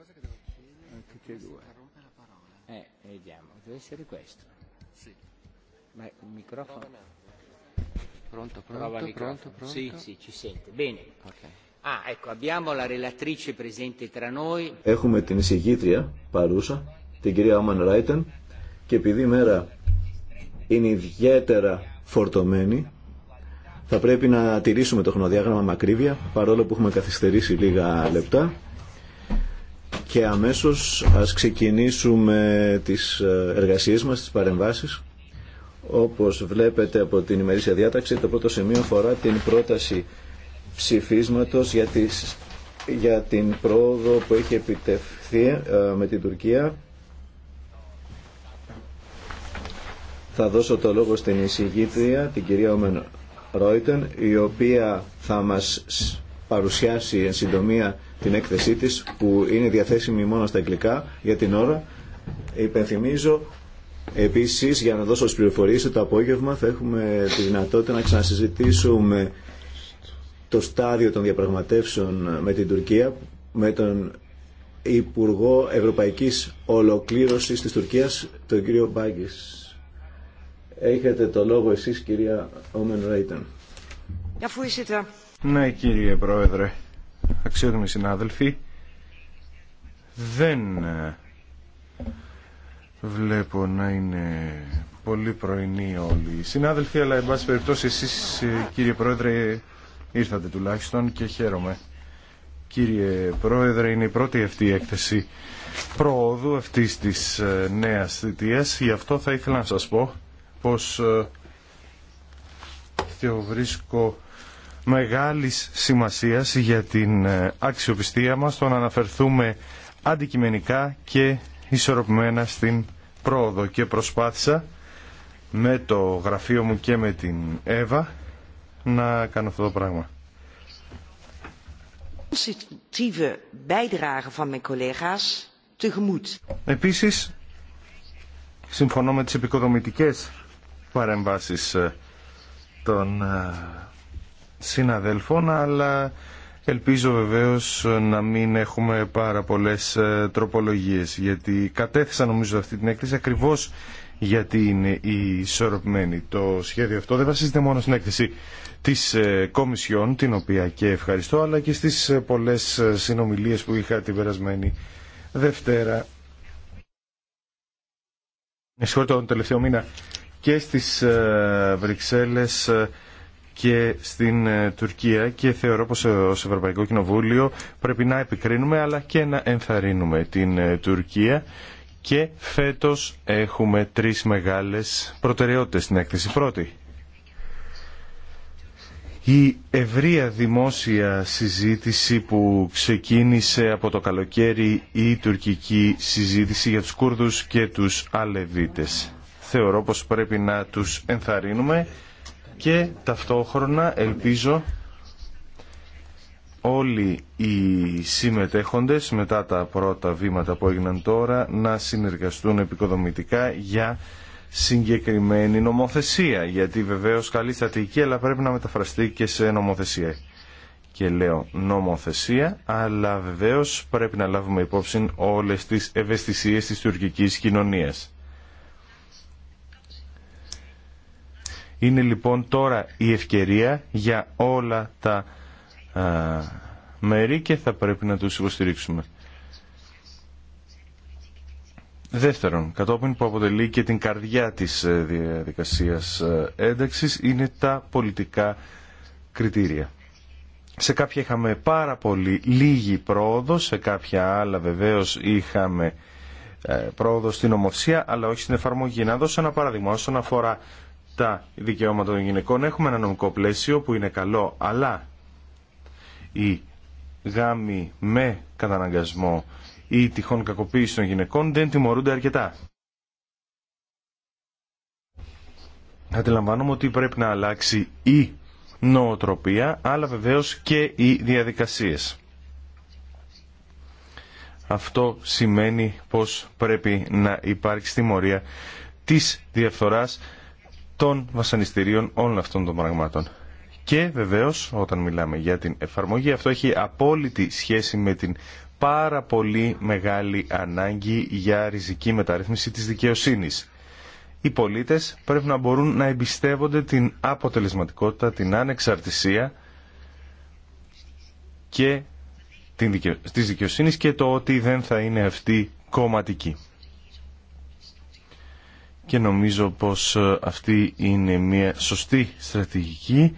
cosa che devo chiedere Tutte interrompe la parola. Eh, vediamo, deve essere questo. Sì. Ma il microfono. Pronto, pronto, pronto, pronto. Sì, sì, ci sente. Bene. Okay. Ah, ecco, abbiamo la relatrice presente tra noi. Έχουμε την εισηγήτρια παρούσα, την κυρία Άμαν Ράιτεν, και επειδή η μέρα είναι ιδιαίτερα φορτωμένη, θα πρέπει να τηρήσουμε το χρονοδιάγραμμα με ακρίβεια, παρόλο που έχουμε καθυστερήσει λίγα λεπτά και αμέσως ας ξεκινήσουμε τις ε, εργασίες μας, τις παρεμβάσεις. Όπως βλέπετε από την ημερήσια διάταξη, το πρώτο σημείο αφορά την πρόταση ψηφίσματος για, για την πρόοδο που έχει επιτευχθεί ε, με την Τουρκία. Θα δώσω το λόγο στην εισηγήτρια, την κυρία Ομεν Ρόιτεν, η οποία θα μας παρουσιάσει εν συντομία την έκθεσή της που είναι διαθέσιμη μόνο στα αγγλικά για την ώρα. Υπενθυμίζω επίσης για να δώσω τις πληροφορίες ότι το απόγευμα θα έχουμε τη δυνατότητα να ξανασυζητήσουμε το στάδιο των διαπραγματεύσεων με την Τουρκία με τον Υπουργό Ευρωπαϊκής Ολοκλήρωσης της Τουρκίας, τον κύριο Μπάγκης. Έχετε το λόγο εσείς κυρία Όμεν Ρέιτεν. Ναι κύριε Πρόεδρε αξιότιμοι συνάδελφοι, δεν ε, βλέπω να είναι πολύ πρωινοί όλοι οι συνάδελφοι, αλλά εν πάση περιπτώσει εσείς ε, κύριε Πρόεδρε ήρθατε τουλάχιστον και χαίρομαι. Κύριε Πρόεδρε, είναι η πρώτη αυτή η έκθεση προόδου αυτής της ε, νέας θητείας. Γι' αυτό θα ήθελα να σας πω πως το βρίσκω μεγάλης σημασίας για την ε, αξιοπιστία μας το να αναφερθούμε αντικειμενικά και ισορροπημένα στην πρόοδο και προσπάθησα με το γραφείο μου και με την Εύα να κάνω αυτό το πράγμα. Επίσης, συμφωνώ με τις επικοδομητικές παρεμβάσεις ε, των ε, συναδέλφων, αλλά ελπίζω βεβαίως να μην έχουμε πάρα πολλές ε, τροπολογίες, γιατί κατέθεσα νομίζω αυτή την έκθεση ακριβώς γιατί είναι η ισορροπημένη. Το σχέδιο αυτό δεν βασίζεται μόνο στην έκθεση της ε, Κομισιόν, την οποία και ευχαριστώ, αλλά και στις ε, πολλές συνομιλίες που είχα την περασμένη Δευτέρα. Συγχωρείτε τον τελευταίο μήνα και στις Βρυξέλλες και στην ε, Τουρκία και θεωρώ πως ε, ως Ευρωπαϊκό Κοινοβούλιο πρέπει να επικρίνουμε αλλά και να ενθαρρύνουμε την ε, Τουρκία και φέτος έχουμε τρεις μεγάλες προτεραιότητες στην έκθεση πρώτη. Η ευρεία δημόσια συζήτηση που ξεκίνησε από το καλοκαίρι η τουρκική συζήτηση για τους Κούρδους και τους Αλεβίτες. Θεωρώ πως πρέπει να τους ενθαρρύνουμε και ταυτόχρονα ελπίζω όλοι οι συμμετέχοντες μετά τα πρώτα βήματα που έγιναν τώρα να συνεργαστούν επικοδομητικά για συγκεκριμένη νομοθεσία γιατί βεβαίως καλή στατική αλλά πρέπει να μεταφραστεί και σε νομοθεσία και λέω νομοθεσία αλλά βεβαίως πρέπει να λάβουμε υπόψη όλες τις ευαισθησίες της τουρκικής κοινωνίας Είναι λοιπόν τώρα η ευκαιρία για όλα τα α, μέρη και θα πρέπει να τους υποστηρίξουμε. Δεύτερον, κατόπιν που αποτελεί και την καρδιά της ε, διαδικασίας ε, ένταξης είναι τα πολιτικά κριτήρια. Σε κάποια είχαμε πάρα πολύ λίγη πρόοδο, σε κάποια άλλα βεβαίως είχαμε ε, πρόοδο στην ομοθεσία, αλλά όχι στην εφαρμογή. Να δώσω ένα παράδειγμα όσον αφορά τα δικαιώματα των γυναικών. Έχουμε ένα νομικό πλαίσιο που είναι καλό, αλλά η γάμοι με καταναγκασμό ή τυχόν κακοποίηση των γυναικών δεν τιμωρούνται αρκετά. Αντιλαμβάνομαι ότι πρέπει να αλλάξει η νοοτροπία, αλλά βεβαίως και οι διαδικασίες. Αυτό σημαίνει πως πρέπει να υπάρξει τιμωρία της διαφθοράς των βασανιστήριων όλων αυτών των πραγμάτων. Και βεβαίως όταν μιλάμε για την εφαρμογή αυτό έχει απόλυτη σχέση με την πάρα πολύ μεγάλη ανάγκη για ριζική μεταρρύθμιση της δικαιοσύνης. Οι πολίτες πρέπει να μπορούν να εμπιστεύονται την αποτελεσματικότητα, την ανεξαρτησία και της δικαιοσύνης και το ότι δεν θα είναι αυτή κομματική και νομίζω πως ε, αυτή είναι μια σωστή στρατηγική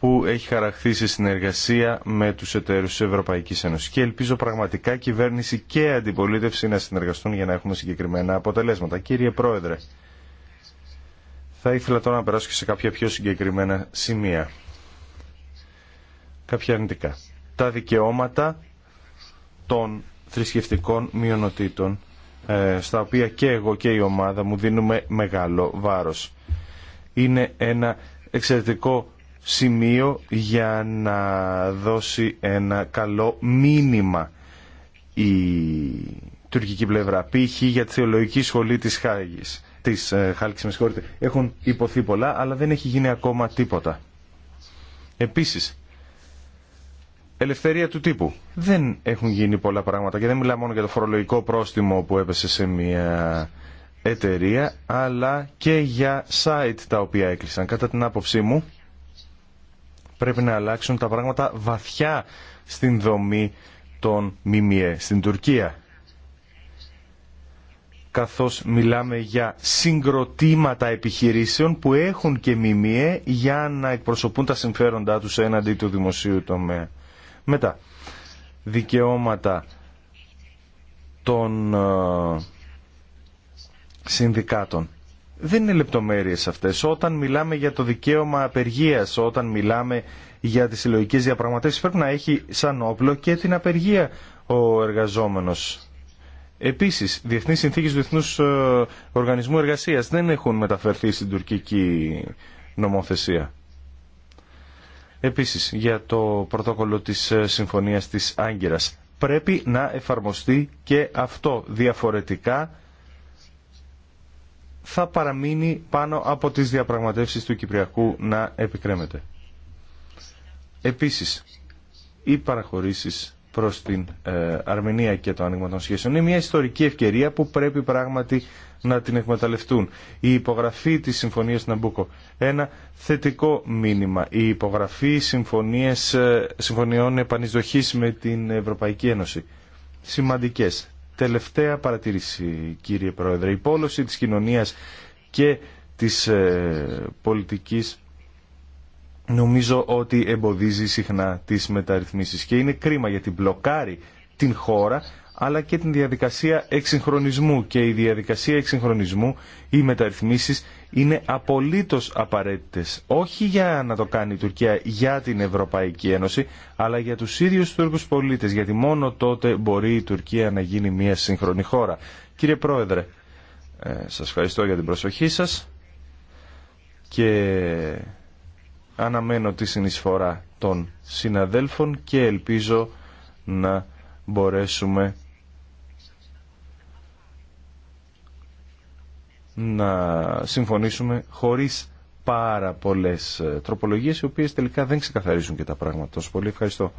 που έχει χαραχθεί συνεργασία με τους εταίρους της Ευρωπαϊκής Ένωσης. Και ελπίζω πραγματικά κυβέρνηση και αντιπολίτευση να συνεργαστούν για να έχουμε συγκεκριμένα αποτελέσματα. Κύριε Πρόεδρε, θα ήθελα τώρα να περάσω και σε κάποια πιο συγκεκριμένα σημεία. Κάποια αρνητικά. Τα δικαιώματα των θρησκευτικών μειονοτήτων ε, στα οποία και εγώ και η ομάδα μου δίνουμε μεγάλο βάρος. Είναι ένα εξαιρετικό σημείο για να δώσει ένα καλό μήνυμα η τουρκική πλευρά. Π.χ. για τη θεολογική σχολή της Χάγης, της ε, Χάλκης, Έχουν υποθεί πολλά, αλλά δεν έχει γίνει ακόμα τίποτα. Επίσης, ελευθερία του τύπου. Δεν έχουν γίνει πολλά πράγματα και δεν μιλάμε μόνο για το φορολογικό πρόστιμο που έπεσε σε μια εταιρεία, αλλά και για site τα οποία έκλεισαν. Κατά την άποψή μου, πρέπει να αλλάξουν τα πράγματα βαθιά στην δομή των ΜΜΕ στην Τουρκία. Καθώς μιλάμε για συγκροτήματα επιχειρήσεων που έχουν και ΜΜΕ για να εκπροσωπούν τα συμφέροντά τους έναντι του δημοσίου τομέα. Μετά, δικαιώματα των ε, συνδικάτων. Δεν είναι λεπτομέρειες αυτές. Όταν μιλάμε για το δικαίωμα απεργίας, όταν μιλάμε για τις συλλογικέ διαπραγματεύσεις, πρέπει να έχει σαν όπλο και την απεργία ο εργαζόμενος. Επίσης, διεθνείς συνθήκες του Διεθνούς ε, Οργανισμού Εργασίας δεν έχουν μεταφερθεί στην τουρκική νομοθεσία. Επίσης, για το πρωτόκολλο της ε, Συμφωνίας της Άγκυρας. Πρέπει να εφαρμοστεί και αυτό διαφορετικά θα παραμείνει πάνω από τις διαπραγματεύσεις του Κυπριακού να επικρέμεται. Επίσης, οι παραχωρήσεις προς την ε, Αρμενία και το άνοιγμα των σχέσεων είναι μια ιστορική ευκαιρία που πρέπει πράγματι να την εκμεταλλευτούν. Η υπογραφή της Συμφωνίας Ναμπούκο. Ένα θετικό μήνυμα. Η υπογραφή συμφωνίες, ε, συμφωνιών επανεισδοχής με την Ευρωπαϊκή Ένωση. Σημαντικές. Τελευταία παρατήρηση κύριε Πρόεδρε. Η πόλωση της κοινωνίας και της ε, πολιτικής νομίζω ότι εμποδίζει συχνά τις μεταρρυθμίσεις και είναι κρίμα γιατί μπλοκάρει την χώρα αλλά και την διαδικασία εξυγχρονισμού. Και η διαδικασία εξυγχρονισμού, ή μεταρρυθμίσεις, είναι απολύτως απαραίτητες. Όχι για να το κάνει η Τουρκία για την Ευρωπαϊκή Ένωση, αλλά για τους ίδιους Τούρκους πολίτες, γιατί μόνο τότε μπορεί η Τουρκία να γίνει μια σύγχρονη χώρα. Κύριε Πρόεδρε, ε, σας ευχαριστώ για την προσοχή σας και αναμένω τη συνεισφορά των συναδέλφων και ελπίζω να μπορέσουμε να συμφωνήσουμε χωρίς πάρα πολλές ε, τροπολογίες οι οποίες τελικά δεν ξεκαθαρίζουν και τα πράγματα. Τόσο πολύ ευχαριστώ.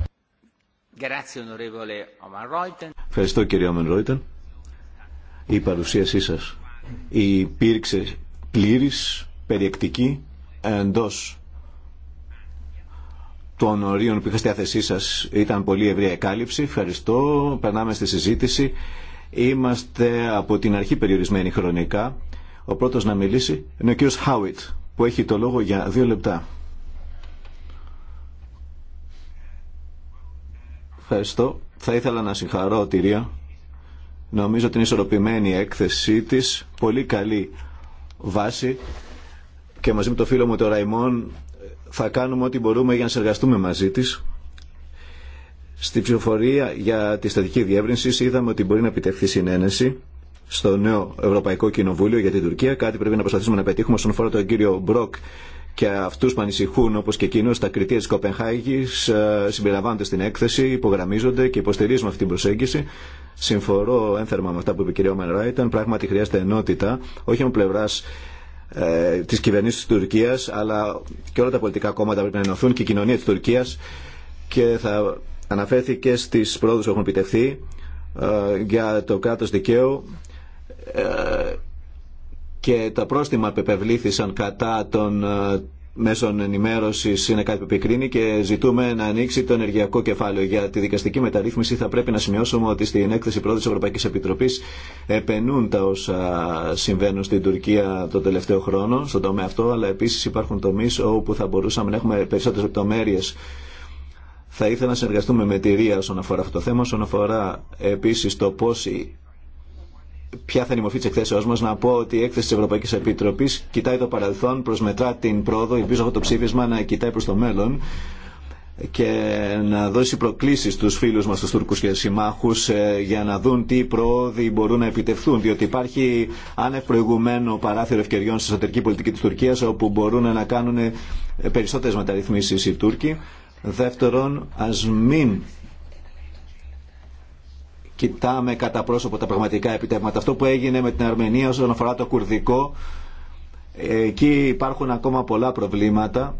Ευχαριστώ κύριε Όμεν Ρόιτεν. Η παρουσίασή σας υπήρξε πλήρης, περιεκτική, εντός των ορίων που είχα στη διάθεσή σας ήταν πολύ ευρία εκάλυψη. Ευχαριστώ. Περνάμε στη συζήτηση. Είμαστε από την αρχή περιορισμένοι χρονικά. Ο πρώτος να μιλήσει είναι ο κύριος Χάουιτ που έχει το λόγο για δύο λεπτά. Ευχαριστώ. Θα ήθελα να συγχαρώ τη Ρία. Νομίζω την ισορροπημένη έκθεσή της, πολύ καλή βάση και μαζί με το φίλο μου τον Ραϊμόν θα κάνουμε ό,τι μπορούμε για να συνεργαστούμε μαζί της. Στη ψηφοφορία για τη στατική διεύρυνση είδαμε ότι μπορεί να επιτευχθεί συνένεση στο νέο Ευρωπαϊκό Κοινοβούλιο για την Τουρκία. Κάτι πρέπει να προσπαθήσουμε να πετύχουμε στον αφορά τον κύριο Μπροκ και αυτού που ανησυχούν όπω και εκείνο τα κριτήρια τη Κοπενχάγη ε, συμπεριλαμβάνονται στην έκθεση, υπογραμμίζονται και υποστηρίζουμε αυτή την προσέγγιση. Συμφορώ ένθερμα με αυτά που είπε η κυρία Μενράιτεν. Πράγματι χρειάζεται ενότητα, όχι από πλευρά ε, τη κυβερνήση τη Τουρκία, αλλά και όλα τα πολιτικά κόμματα πρέπει να ενωθούν και η κοινωνία τη Τουρκία και θα αναφέρθηκε στι πρόοδου που έχουν επιτευχθεί ε, για το κράτο δικαίου και τα πρόστιμα που επευλήθησαν κατά των ε, μέσων ενημέρωση είναι κάτι που επικρίνει και ζητούμε να ανοίξει το ενεργειακό κεφάλαιο. Για τη δικαστική μεταρρύθμιση θα πρέπει να σημειώσουμε ότι στην έκθεση πρώτη Ευρωπαϊκή Επιτροπή επενούν τα όσα συμβαίνουν στην Τουρκία τον τελευταίο χρόνο στον τομέα αυτό, αλλά επίση υπάρχουν τομεί όπου θα μπορούσαμε να έχουμε περισσότερε λεπτομέρειε. Θα ήθελα να συνεργαστούμε με τη ΡΙΑ όσον αφορά αυτό το θέμα, όσον αφορά επίση το πώ ποια θα είναι η μορφή τη εκθέσεώ μα, να πω ότι η έκθεση τη Ευρωπαϊκή Επιτροπή κοιτάει το παρελθόν, προσμετρά την πρόοδο, ελπίζω αυτό το ψήφισμα να κοιτάει προ το μέλλον και να δώσει προκλήσει στου φίλου μα, του Τούρκου και συμμάχου, ε, για να δουν τι προόδοι μπορούν να επιτευχθούν. Διότι υπάρχει άνευ προηγουμένο παράθυρο ευκαιριών στην εσωτερική πολιτική τη Τουρκία, όπου μπορούν να κάνουν ε, περισσότερε μεταρρυθμίσει οι Τούρκοι. Δεύτερον, α μην κοιτάμε κατά πρόσωπο τα πραγματικά επιτεύγματα. Αυτό που έγινε με την Αρμενία όσον αφορά το κουρδικό, εκεί υπάρχουν ακόμα πολλά προβλήματα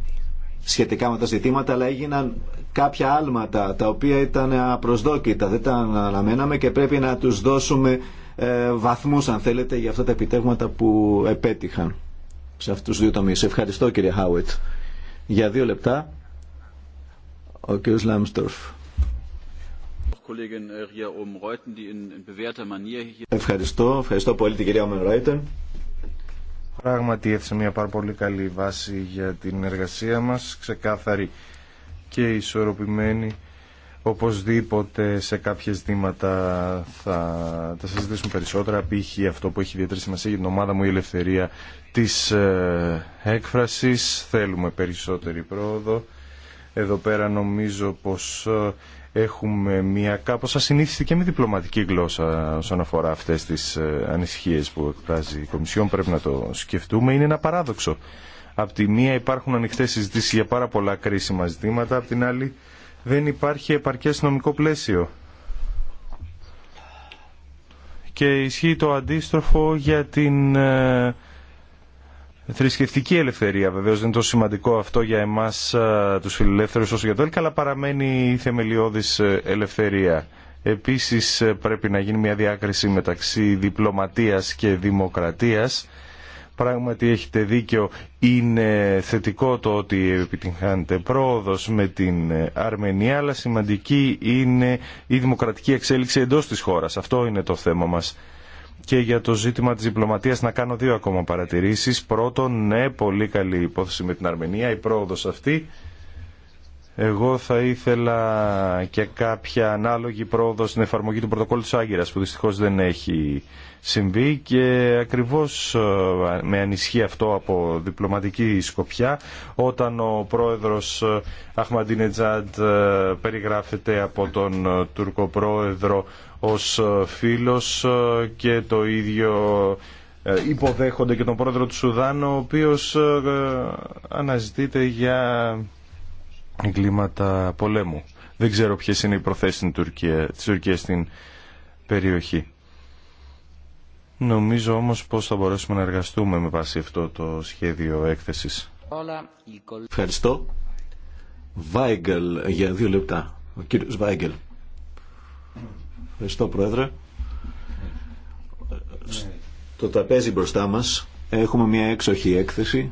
σχετικά με τα ζητήματα, αλλά έγιναν κάποια άλματα τα οποία ήταν απροσδόκητα, δεν τα αναμέναμε και πρέπει να τους δώσουμε ε, βαθμούς αν θέλετε για αυτά τα επιτεύγματα που επέτυχαν σε αυτούς τους δύο τομείς. Ευχαριστώ κύριε Χάουιτ. Για δύο λεπτά ο κύριος Λάμστορφ. Ευχαριστώ. Ευχαριστώ πολύ την κυρία Ομεν Πράγματι έθεσε μια πάρα πολύ καλή βάση για την εργασία μας, ξεκάθαρη και ισορροπημένη. Οπωσδήποτε σε κάποια ζητήματα θα τα συζητήσουμε περισσότερα, π.χ. αυτό που έχει ιδιαίτερη σημασία για την ομάδα μου, η ελευθερία της ε, έκφρασης. Θέλουμε περισσότερη πρόοδο. Εδώ πέρα νομίζω πως ε, έχουμε μια κάπως ασυνήθιστη και μη διπλωματική γλώσσα όσον αφορά αυτές τις ε, ανησυχίες που εκφράζει η Κομισιόν. Πρέπει να το σκεφτούμε. Είναι ένα παράδοξο. Απ' τη μία υπάρχουν ανοιχτές συζητήσει για πάρα πολλά κρίσιμα ζητήματα, απ' την άλλη δεν υπάρχει επαρκές νομικό πλαίσιο. Και ισχύει το αντίστροφο για την ε, θρησκευτική ελευθερία βεβαίως δεν είναι τόσο σημαντικό αυτό για εμάς τους φιλελεύθερους όσο για το ΕΛΚΑ αλλά παραμένει η θεμελιώδης ε, ελευθερία. Επίσης ε, πρέπει να γίνει μια διάκριση μεταξύ διπλωματίας και δημοκρατίας. Πράγματι έχετε δίκιο, είναι θετικό το ότι επιτυγχάνεται πρόοδος με την ε, Αρμενία, αλλά σημαντική είναι η δημοκρατική εξέλιξη εντός της χώρας. Αυτό είναι το θέμα μας και για το ζήτημα της διπλωματίας να κάνω δύο ακόμα παρατηρήσεις. Πρώτον, ναι, πολύ καλή υπόθεση με την Αρμενία, η πρόοδος αυτή. Εγώ θα ήθελα και κάποια ανάλογη πρόοδο στην εφαρμογή του πρωτοκόλλου της Άγκυρας που δυστυχώς δεν έχει συμβεί και ακριβώς ε, με ανισχύει αυτό από διπλωματική σκοπιά όταν ο πρόεδρος ε, Αχμαντίνετζάντ ε, περιγράφεται από τον Τούρκο πρόεδρο ως ε, φίλος ε, και το ίδιο ε, υποδέχονται και τον πρόεδρο του Σουδάν ο οποίος αναζητείται για εγκλήματα πολέμου. Δεν ξέρω ποιες είναι οι προθέσεις της Τουρκία, Τουρκίας στην περιοχή. Νομίζω όμως πως θα μπορέσουμε να εργαστούμε με βάση αυτό το σχέδιο έκθεσης. Ευχαριστώ. Βάιγκελ για δύο λεπτά. Ο κύριος Βάιγκελ. Ευχαριστώ Πρόεδρε. Το τραπέζι μπροστά μας έχουμε μια έξοχη έκθεση.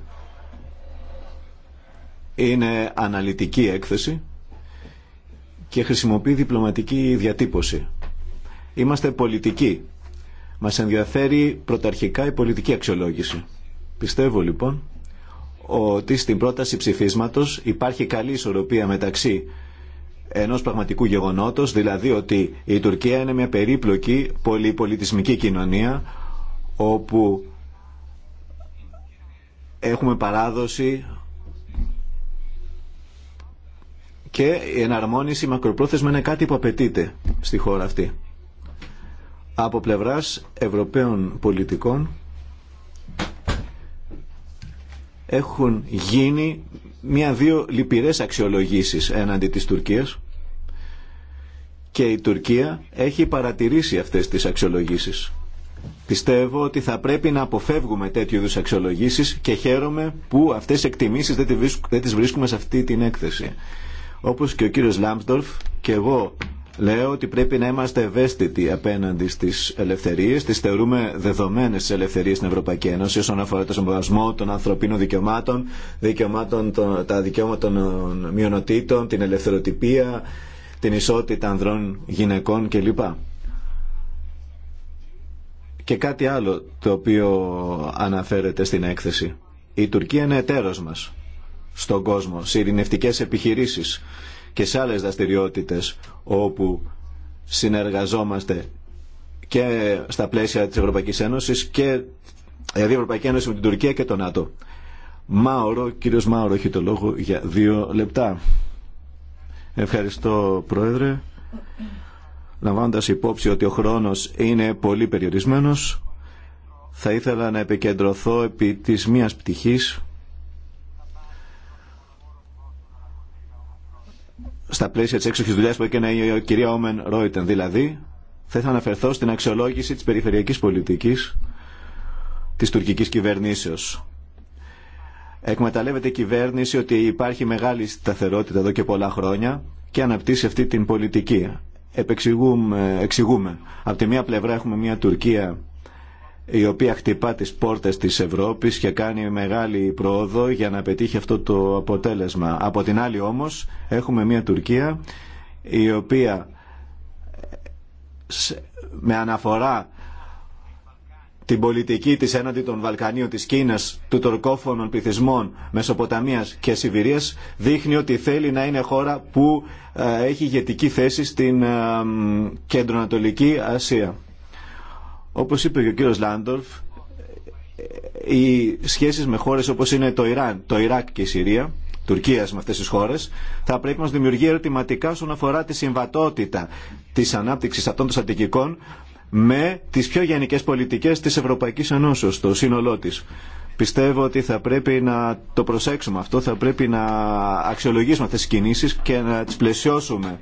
Είναι αναλυτική έκθεση και χρησιμοποιεί διπλωματική διατύπωση. Είμαστε πολιτικοί. Μας ενδιαφέρει πρωταρχικά η πολιτική αξιολόγηση. Πιστεύω λοιπόν ότι στην πρόταση ψηφίσματος υπάρχει καλή ισορροπία μεταξύ ενός πραγματικού γεγονότος, δηλαδή ότι η Τουρκία είναι μια περίπλοκη πολυπολιτισμική κοινωνία όπου έχουμε παράδοση και η εναρμόνιση μακροπρόθεσμα είναι κάτι που απαιτείται στη χώρα αυτή. Από πλευράς Ευρωπαίων πολιτικών έχουν γίνει μία-δύο λυπηρές αξιολογήσεις έναντι της Τουρκίας και η Τουρκία έχει παρατηρήσει αυτές τις αξιολογήσεις. Πιστεύω ότι θα πρέπει να αποφεύγουμε τέτοιου είδους αξιολογήσεις και χαίρομαι που αυτές οι εκτιμήσεις δεν τις βρίσκουμε σε αυτή την έκθεση. Όπως και ο κύριος Λάμπστορφ και εγώ Λέω ότι πρέπει να είμαστε ευαίσθητοι απέναντι στι ελευθερίε. Τι θεωρούμε δεδομένε τι ελευθερίε στην Ευρωπαϊκή Ένωση όσον αφορά το συμβασμό των ανθρωπίνων δικαιωμάτων, δικαιωμάτων τα δικαιώματα των μειονοτήτων, την ελευθεροτυπία, την ισότητα ανδρών, γυναικών κλπ. Και κάτι άλλο το οποίο αναφέρεται στην έκθεση. Η Τουρκία είναι εταίρος μας στον κόσμο, σε ειρηνευτικές επιχειρήσεις και σε άλλες δραστηριότητες όπου συνεργαζόμαστε και στα πλαίσια της Ευρωπαϊκής Ένωσης και δηλαδή Ευρωπαϊκή Ένωση με την Τουρκία και τον ΝΑΤΟ. Μάωρο, κύριος Μάωρο έχει το λόγο για δύο λεπτά. Ευχαριστώ Πρόεδρε. Λαμβάνοντας υπόψη ότι ο χρόνος είναι πολύ περιορισμένος, θα ήθελα να επικεντρωθώ επί της μίας πτυχής στα πλαίσια τη έξοχη δουλειά που έκανε η κυρία Όμεν Ρόιτεν. Δηλαδή, θα ήθελα να αναφερθώ στην αξιολόγηση τη περιφερειακή πολιτική τη τουρκική κυβερνήσεω. Εκμεταλλεύεται η κυβέρνηση ότι υπάρχει μεγάλη σταθερότητα εδώ και πολλά χρόνια και αναπτύσσει αυτή την πολιτική. Επεξηγούμε, εξηγούμε. Από τη μία πλευρά έχουμε μια Τουρκία η οποία χτυπά τις πόρτες της Ευρώπης και κάνει μεγάλη πρόοδο για να πετύχει αυτό το αποτέλεσμα. Από την άλλη όμως έχουμε μια Τουρκία η οποία με αναφορά την πολιτική της έναντι των Βαλκανίων, της Κίνας, του τορκόφωνων πληθυσμών Μεσοποταμίας και Σιβηρίας δείχνει ότι θέλει να είναι χώρα που ε, έχει ηγετική θέση στην ε, κεντρο Ασία. Όπως είπε και ο κύριος Λάντορφ, οι σχέσεις με χώρες όπως είναι το Ιράν, το Ιράκ και η Συρία, Τουρκία με αυτές τις χώρες, θα πρέπει να μας δημιουργεί ερωτηματικά όσον αφορά τη συμβατότητα της ανάπτυξης αυτών των στρατηγικών με τις πιο γενικές πολιτικές της Ευρωπαϊκής Ενώσεως, το σύνολό της. Πιστεύω ότι θα πρέπει να το προσέξουμε αυτό, θα πρέπει να αξιολογήσουμε αυτές τις κινήσεις και να τις πλαισιώσουμε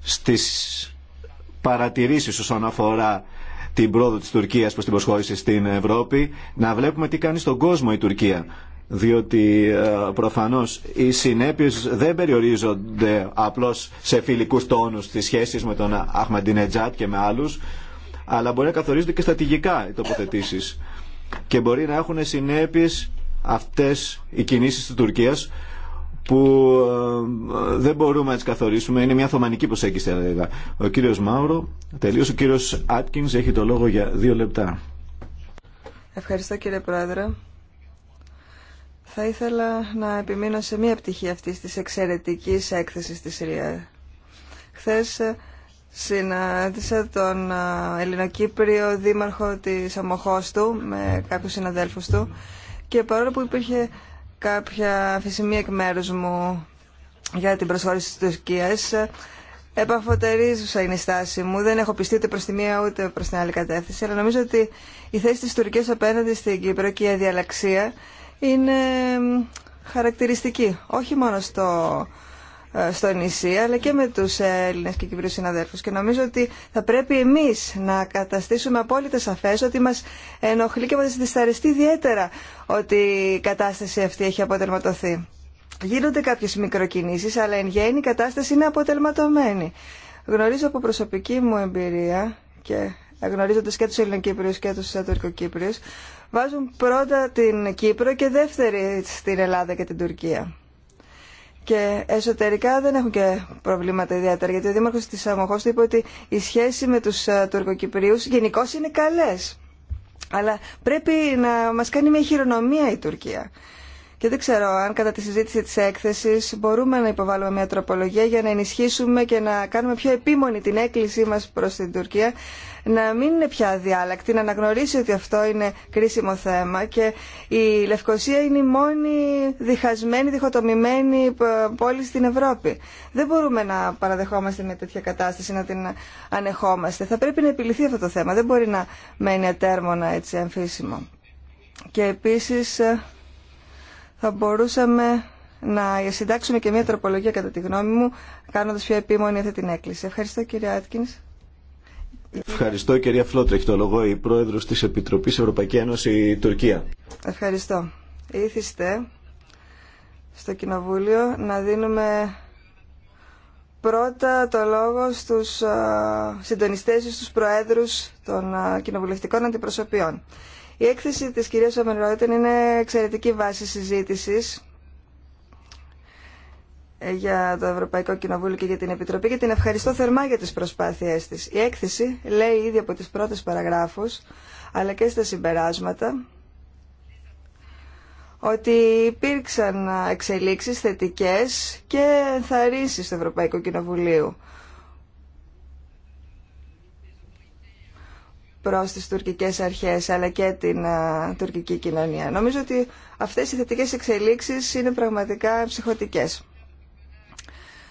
στις παρατηρήσεις όσον αφορά την πρόοδο της Τουρκίας προς την προσχώρηση στην Ευρώπη, να βλέπουμε τι κάνει στον κόσμο η Τουρκία. Διότι ε, προφανώς οι συνέπειες δεν περιορίζονται απλώς σε φιλικούς τόνους στις σχέσεις με τον Αχμαντινετζάτ και με άλλους, αλλά μπορεί να καθορίζονται και στατηγικά οι τοποθετήσεις. Και μπορεί να έχουν συνέπειες αυτές οι κινήσεις της Τουρκίας που ε, δεν μπορούμε να τι καθορίσουμε. Είναι μια θωμανική προσέγγιση, θα έλεγα. Ο κύριος Μάουρο, τελείωσε ο κύριος Άτκιν έχει το λόγο για δύο λεπτά. Ευχαριστώ κύριε Πρόεδρε. Θα ήθελα να επιμείνω σε μία πτυχή αυτής της εξαιρετικής έκθεσης της ΡΙΑ. Χθες ε, συνάντησα τον ε, Ελληνοκύπριο δήμαρχο της Αμοχώστου με κάποιους συναδέλφους του και παρόλο που υπήρχε κάποια αφησιμία εκ μέρους μου για την προσχώρηση της Τουρκίας. Επαφωτερίζουσα είναι η στάση μου. Δεν έχω πιστεί ούτε προ τη μία ούτε προ την άλλη κατεύθυνση. Αλλά νομίζω ότι η θέση τη Τουρκία απέναντι στην Κύπρο και η αδιαλαξία είναι χαρακτηριστική. Όχι μόνο στο ε, στο νησί, αλλά και με τους Έλληνες και Κυπρίους συναδέλφους. Και νομίζω ότι θα πρέπει εμείς να καταστήσουμε απόλυτα σαφές ότι μας ενοχλεί και μας δυσταριστεί ιδιαίτερα ότι η κατάσταση αυτή έχει αποτελματωθεί. Γίνονται κάποιες μικροκινήσεις, αλλά εν γέννη η κατάσταση είναι αποτελματωμένη. Γνωρίζω από προσωπική μου εμπειρία και γνωρίζοντας και τους Ελληνοκύπριους και τους Τουρκοκύπριους, βάζουν πρώτα την Κύπρο και δεύτερη στην Ελλάδα και την Τουρκία. Και εσωτερικά δεν έχουν και προβλήματα ιδιαίτερα, γιατί ο Δήμαρχος της Αμοχώστα είπε ότι η σχέση με τους ε, Τουρκοκυπρίους γενικώ είναι καλές. Αλλά πρέπει να μας κάνει μια χειρονομία η Τουρκία. Και δεν ξέρω αν κατά τη συζήτηση της έκθεσης μπορούμε να υποβάλουμε μια τροπολογία για να ενισχύσουμε και να κάνουμε πιο επίμονη την έκκλησή μας προς την Τουρκία να μην είναι πια αδιάλακτη, να αναγνωρίσει ότι αυτό είναι κρίσιμο θέμα και η Λευκοσία είναι η μόνη διχασμένη, διχοτομημένη πόλη στην Ευρώπη. Δεν μπορούμε να παραδεχόμαστε μια τέτοια κατάσταση, να την ανεχόμαστε. Θα πρέπει να επιληθεί αυτό το θέμα. Δεν μπορεί να μένει ατέρμονα έτσι αμφίσιμο. Και επίσης ε, θα μπορούσαμε να συντάξουμε και μια τροπολογία κατά τη γνώμη μου, κάνοντας πιο επίμονη αυτή την έκκληση. Ευχαριστώ κύριε Άτκινς. Ευχαριστώ κυρία Φλότρε. έχει το λόγο η πρόεδρος της Επιτροπής Ευρωπαϊκή Ένωση Τουρκία. Ευχαριστώ. Ήθιστε στο Κοινοβούλιο να δίνουμε πρώτα το λόγο στους ε, συντονιστές ή στους προέδρους των ε, κοινοβουλευτικών αντιπροσωπιών. Η έκθεση της κυρίας Ομενρόιτεν είναι εξαιρετική βάση συζήτησης ε, για το Ευρωπαϊκό Κοινοβούλιο και για την Επιτροπή και την ευχαριστώ θερμά για τις προσπάθειές της. Η έκθεση λέει ήδη από τις πρώτες παραγράφους αλλά και στα συμπεράσματα ότι υπήρξαν εξελίξεις θετικές και ενθαρρύνσεις του Ευρωπαϊκού Κοινοβουλίου προς τις τουρκικές αρχές αλλά και την τουρκική κοινωνία. Νομίζω ότι αυτές οι θετικές εξελίξεις είναι πραγματικά ψυχοτικές.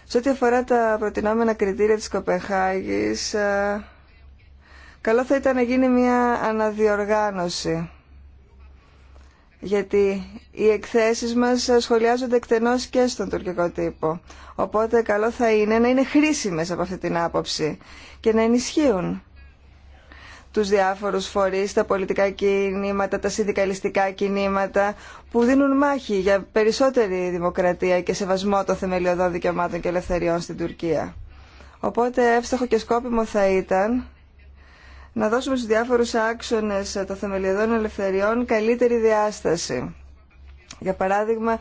Σε ό,τι αφορά τα προτινόμενα κριτήρια της Κοπεχάγης, καλό θα ήταν να γίνει μια αναδιοργάνωση γιατί οι εκθέσεις μας σχολιάζονται εκτενώς και στον τουρκικό τύπο. Οπότε καλό θα είναι να είναι χρήσιμες από αυτή την άποψη και να ενισχύουν τους διάφορους φορείς, τα πολιτικά κινήματα, τα συνδικαλιστικά κινήματα που δίνουν μάχη για περισσότερη δημοκρατία και σεβασμό των θεμελιωδών δικαιωμάτων και ελευθεριών στην Τουρκία. Οπότε εύστοχο και σκόπιμο θα ήταν να δώσουμε στους διάφορους άξονες των θεμελιωδών ελευθεριών καλύτερη διάσταση. Για παράδειγμα,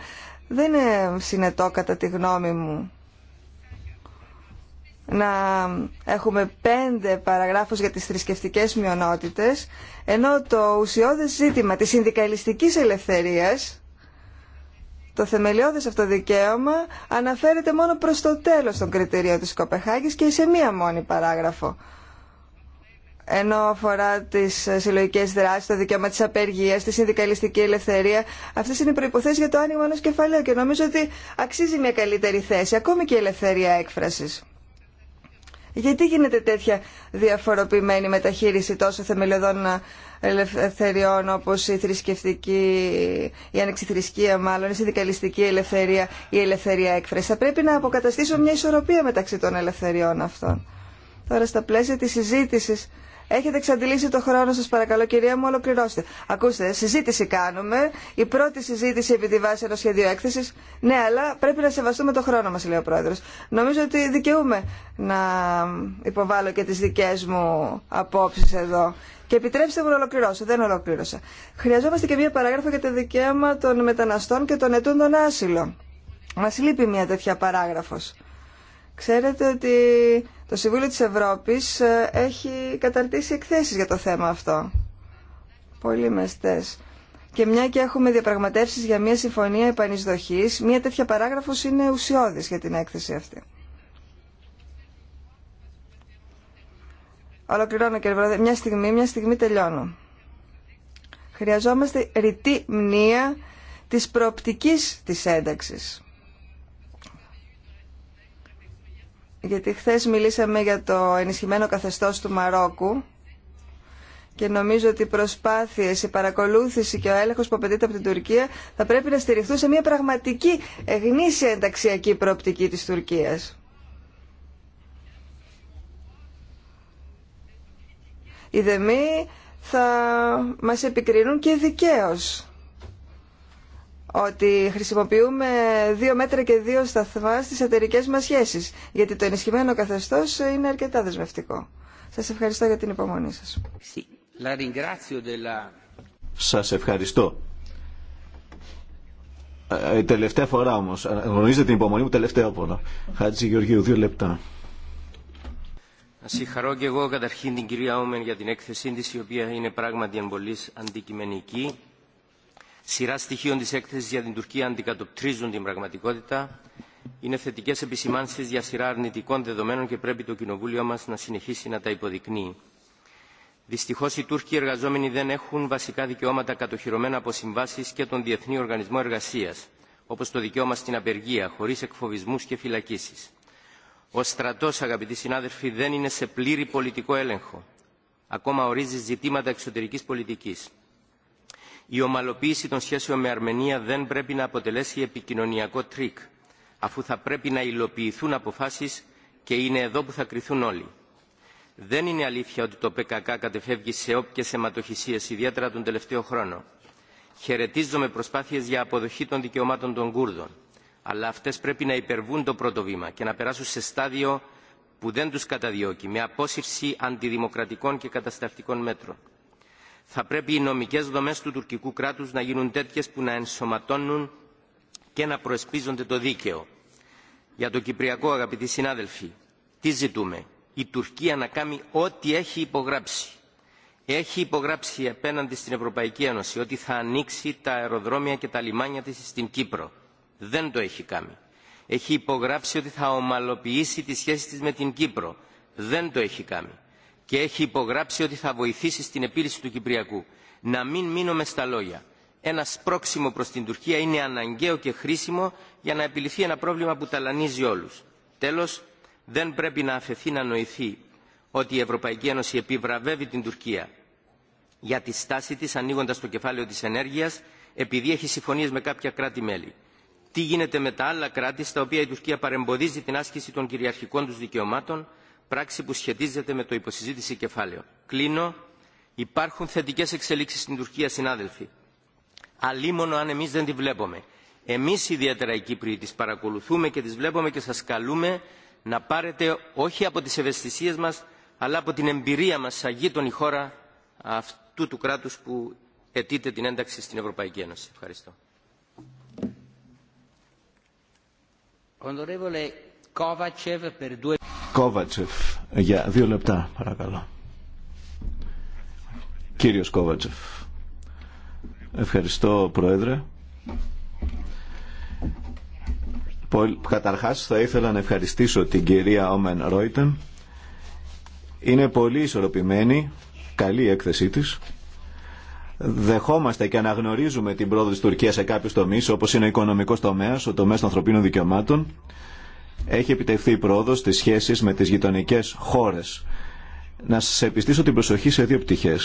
δεν είναι συνετό κατά τη γνώμη μου να έχουμε πέντε παραγράφους για τις θρησκευτικέ μειονότητες, ενώ το ουσιώδες ζήτημα της συνδικαλιστικής ελευθερίας, το θεμελιώδες αυτό δικαίωμα, αναφέρεται μόνο προς το τέλος των κριτηρίων της Κοπεχάγης και σε μία μόνη παράγραφο. Ενώ αφορά τι συλλογικέ δράσει, το δικαίωμα τη απεργία, τη συνδικαλιστική ελευθερία, αυτέ είναι οι προποθέσει για το άνοιγμα ενό κεφαλαίου και νομίζω ότι αξίζει μια καλύτερη θέση, ακόμη και η ελευθερία έκφραση. Γιατί γίνεται τέτοια διαφοροποιημένη μεταχείριση τόσο θεμελιωδών ελευθεριών όπως η θρησκευτική, η ανεξιθρησκεία μάλλον, η συνδικαλιστική ελευθερία, η ελευθερία έκφραση. Θα πρέπει να αποκαταστήσω μια ισορροπία μεταξύ των ελευθεριών αυτών. Τώρα στα πλαίσια της συζήτησης Έχετε εξαντλήσει το χρόνο σας παρακαλώ κυρία μου, ολοκληρώστε. Ακούστε, συζήτηση κάνουμε, η πρώτη συζήτηση επί τη βάση ενός σχεδίου έκθεσης. Ναι, αλλά πρέπει να σεβαστούμε το χρόνο μας, λέει ο Πρόεδρος. Νομίζω ότι δικαιούμαι να υποβάλω και τις δικές μου απόψεις εδώ. Και επιτρέψτε μου να ολοκληρώσω. Δεν ολοκλήρωσα. Χρειαζόμαστε και μία παράγραφο για το δικαίωμα των μεταναστών και των ετούντων άσυλο. Μας λείπει μία τέτοια παράγραφος. Ξέρετε ότι το Συμβούλιο της Ευρώπης ε, έχει καταρτήσει εκθέσεις για το θέμα αυτό. Πολύ μεστές. Και μια και έχουμε διαπραγματεύσεις για μια συμφωνία επανεισδοχής, μια τέτοια παράγραφος είναι ουσιώδης για την έκθεση αυτή. Ολοκληρώνω κύριε Πρόεδρε. Μια στιγμή, μια στιγμή τελειώνω. Χρειαζόμαστε ρητή μνήα της προοπτικής της ένταξης. γιατί χθες μιλήσαμε για το ενισχυμένο καθεστώς του Μαρόκου και νομίζω ότι οι προσπάθειες, η παρακολούθηση και ο έλεγχος που απαιτείται από την Τουρκία θα πρέπει να στηριχθούν σε μια πραγματική γνήσια ενταξιακή προοπτική της Τουρκίας. Οι δεμή θα μας επικρίνουν και δικαίως ότι χρησιμοποιούμε δύο μέτρα και δύο σταθμά στις εταιρικές μας σχέσεις, γιατί το ενισχυμένο καθεστώς είναι αρκετά δεσμευτικό. Σας ευχαριστώ για την υπομονή σας. Σας ευχαριστώ. Ε, τελευταία φορά όμως. Ε, γνωρίζετε την υπομονή μου τελευταία φορά. Χάτζη Γεωργίου, δύο λεπτά. Να συγχαρώ και εγώ καταρχήν την κυρία Όμεν για την έκθεσή της, η οποία είναι πράγματι εμπολής αντικειμενική σειρά στοιχείων τη έκθεση για την Τουρκία αντικατοπτρίζουν την πραγματικότητα, είναι θετικέ επισημάνσει για σειρά αρνητικών δεδομένων και πρέπει το Κοινοβούλιο μα να συνεχίσει να τα υποδεικνύει. Δυστυχώ, οι Τούρκοι εργαζόμενοι δεν έχουν βασικά δικαιώματα κατοχυρωμένα από συμβάσει και τον Διεθνή Οργανισμό Εργασία, όπω το δικαίωμα στην απεργία, χωρί εκφοβισμού και φυλακίσει. Ο στρατό, αγαπητοί συνάδελφοι, δεν είναι σε πλήρη πολιτικό έλεγχο. Ακόμα ορίζει ζητήματα εξωτερική πολιτική η ομαλοποίηση των σχέσεων με Αρμενία δεν πρέπει να αποτελέσει επικοινωνιακό τρίκ, αφού θα πρέπει να υλοποιηθούν αποφάσεις και είναι εδώ που θα κριθούν όλοι. Δεν είναι αλήθεια ότι το ΠΚΚ κατεφεύγει σε όποιες αιματοχυσίες, ιδιαίτερα τον τελευταίο χρόνο. Χαιρετίζομαι προσπάθειες για αποδοχή των δικαιωμάτων των Κούρδων, αλλά αυτές πρέπει να υπερβούν το πρώτο βήμα και να περάσουν σε στάδιο που δεν τους καταδιώκει, με απόσυρση αντιδημοκρατικών και κατασταλτικών μέτρων θα πρέπει οι νομικές δομές του τουρκικού κράτους να γίνουν τέτοιες που να ενσωματώνουν και να προεσπίζονται το δίκαιο. Για το Κυπριακό, αγαπητοί συνάδελφοι, τι ζητούμε. Η Τουρκία να κάνει ό,τι έχει υπογράψει. Έχει υπογράψει απέναντι στην Ευρωπαϊκή Ένωση ότι θα ανοίξει τα αεροδρόμια και τα λιμάνια της στην Κύπρο. Δεν το έχει κάνει. Έχει υπογράψει ότι θα ομαλοποιήσει τη σχέση της με την Κύπρο. Δεν το έχει κάνει και έχει υπογράψει ότι θα βοηθήσει στην επίλυση του Κυπριακού. Να μην μείνουμε στα λόγια. Ένα σπρόξιμο προ την Τουρκία είναι αναγκαίο και χρήσιμο για να επιληθεί ένα πρόβλημα που ταλανίζει όλου. Τέλο, δεν πρέπει να αφαιθεί να νοηθεί ότι η Ευρωπαϊκή Ένωση επιβραβεύει την Τουρκία για τη στάση τη ανοίγοντα το κεφάλαιο τη ενέργεια επειδή έχει συμφωνίε με κάποια κράτη-μέλη. Τι γίνεται με τα άλλα κράτη στα οποία η Τουρκία παρεμποδίζει την άσκηση των κυριαρχικών του δικαιωμάτων πράξη που σχετίζεται με το υποσυζήτηση κεφάλαιο. Κλείνω. Υπάρχουν θετικέ εξελίξει στην Τουρκία, συνάδελφοι. Αλίμονο αν εμεί δεν τη βλέπουμε. Εμεί ιδιαίτερα οι Κύπροι τι παρακολουθούμε και τι βλέπουμε και σα καλούμε να πάρετε όχι από τι ευαισθησίε μα, αλλά από την εμπειρία μα σαν γείτονη χώρα αυτού του κράτου που αιτείται την ένταξη στην Ευρωπαϊκή Ένωση. Ευχαριστώ. Κόβατσεφ για δύο λεπτά παρακαλώ. Κύριος Κόβατσεφ. Ευχαριστώ Πρόεδρε. Καταρχάς θα ήθελα να ευχαριστήσω την κυρία Όμεν Ρόιτεν. Είναι πολύ ισορροπημένη, καλή η έκθεσή της. Δεχόμαστε και αναγνωρίζουμε την πρόοδο της Τουρκίας σε κάποιους τομείς όπως είναι ο οικονομικός τομέας, ο τομέας των ανθρωπίνων δικαιωμάτων έχει επιτευχθεί η πρόοδο στι σχέσει με τι γειτονικέ χώρε. Να σα επιστήσω την προσοχή σε δύο πτυχέ.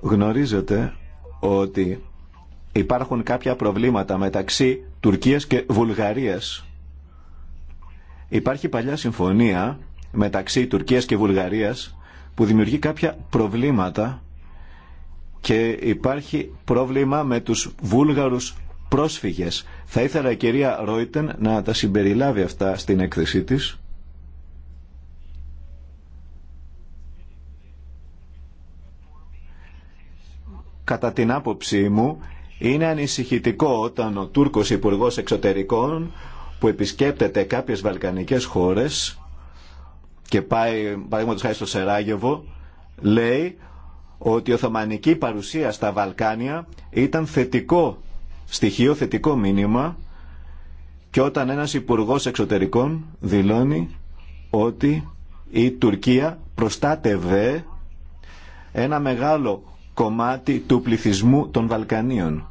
Γνωρίζετε ότι υπάρχουν κάποια προβλήματα μεταξύ Τουρκίας και Βουλγαρίας. Υπάρχει παλιά συμφωνία μεταξύ Τουρκίας και Βουλγαρίας που δημιουργεί κάποια προβλήματα και υπάρχει πρόβλημα με τους βούλγαρους πρόσφυγες. Θα ήθελα η κυρία Ρόιτεν να τα συμπεριλάβει αυτά στην έκθεσή της. Κατά την άποψή μου, είναι ανησυχητικό όταν ο Τούρκος Υπουργός Εξωτερικών που επισκέπτεται κάποιες βαλκανικές χώρες και πάει, παραδείγματος χάρη στο Σεράγεβο, λέει ότι η Οθωμανική παρουσία στα Βαλκάνια ήταν θετικό στοιχείο, θετικό μήνυμα και όταν ένας υπουργός εξωτερικών δηλώνει ότι η Τουρκία προστάτευε ένα μεγάλο κομμάτι του πληθυσμού των Βαλκανίων.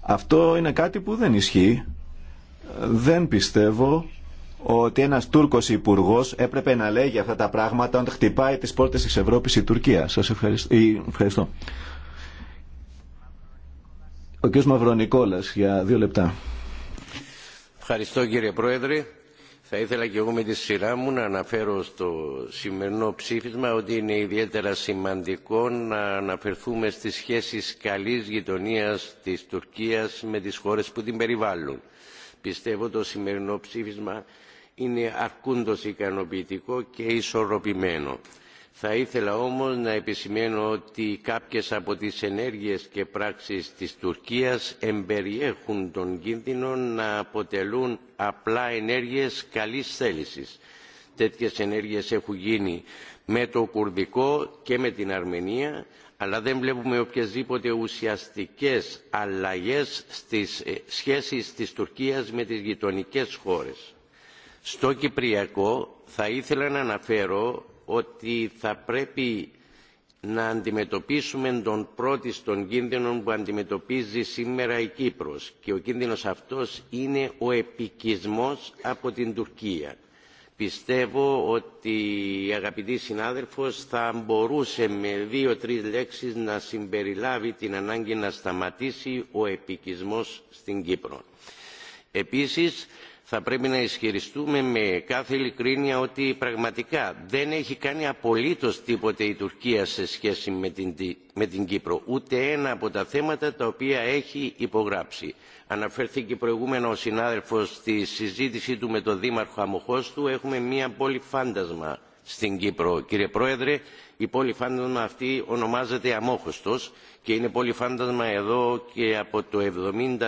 Αυτό είναι κάτι που δεν ισχύει. Δεν πιστεύω ότι ένας Τούρκος υπουργό έπρεπε να λέγει αυτά τα πράγματα όταν χτυπάει τις πόρτες της Ευρώπης η Τουρκία. Σας ευχαριστώ. Ο κ. Μαυρονικόλας για δύο λεπτά. Ευχαριστώ κύριε Πρόεδρε. Θα ήθελα και εγώ με τη σειρά μου να αναφέρω στο σημερινό ψήφισμα ότι είναι ιδιαίτερα σημαντικό να αναφερθούμε στις σχέσεις καλής γειτονίας της Τουρκίας με τις χώρες που την περιβάλλουν. Πιστεύω το σημερινό ψήφισμα είναι αρκούντος ικανοποιητικό και ισορροπημένο. Θα ήθελα όμως να επισημαίνω ότι κάποιες από τις ενέργειες και πράξεις της Τουρκίας εμπεριέχουν τον κίνδυνο να αποτελούν απλά ενέργειες καλής θέλησης. Τέτοιες ενέργειες έχουν γίνει με το Κουρδικό και με την Αρμενία, αλλά δεν βλέπουμε οποιασδήποτε ουσιαστικές αλλαγές στις ε, σχέσεις της Τουρκίας με τις γειτονικές χώρες. Στο Κυπριακό θα ήθελα να αναφέρω ότι θα πρέπει να αντιμετωπίσουμε τον πρώτη των κίνδυνων που αντιμετωπίζει σήμερα η Κύπρος και ο κίνδυνος αυτός είναι ο επικισμός από την Τουρκία. Πιστεύω ότι η αγαπητή συνάδελφος θα μπορούσε με δύο-τρεις λέξεις να συμπεριλάβει την ανάγκη να σταματήσει ο επικισμός στην Κύπρο. Επίσης, θα πρέπει να ισχυριστούμε με κάθε ειλικρίνεια ότι πραγματικά δεν έχει κάνει απολύτως τίποτε η Τουρκία σε σχέση με την, με την Κύπρο. Ούτε ένα από τα θέματα τα οποία έχει υπογράψει. Αναφέρθηκε προηγούμενο ο συνάδελφος στη συζήτησή του με τον Δήμαρχο Αμοχώστου. Έχουμε μία πόλη φάντασμα στην Κύπρο. Κύριε Πρόεδρε, η πόλη φάντασμα αυτή ονομάζεται Αμόχωστος και είναι πόλη φάντασμα εδώ και από το 1974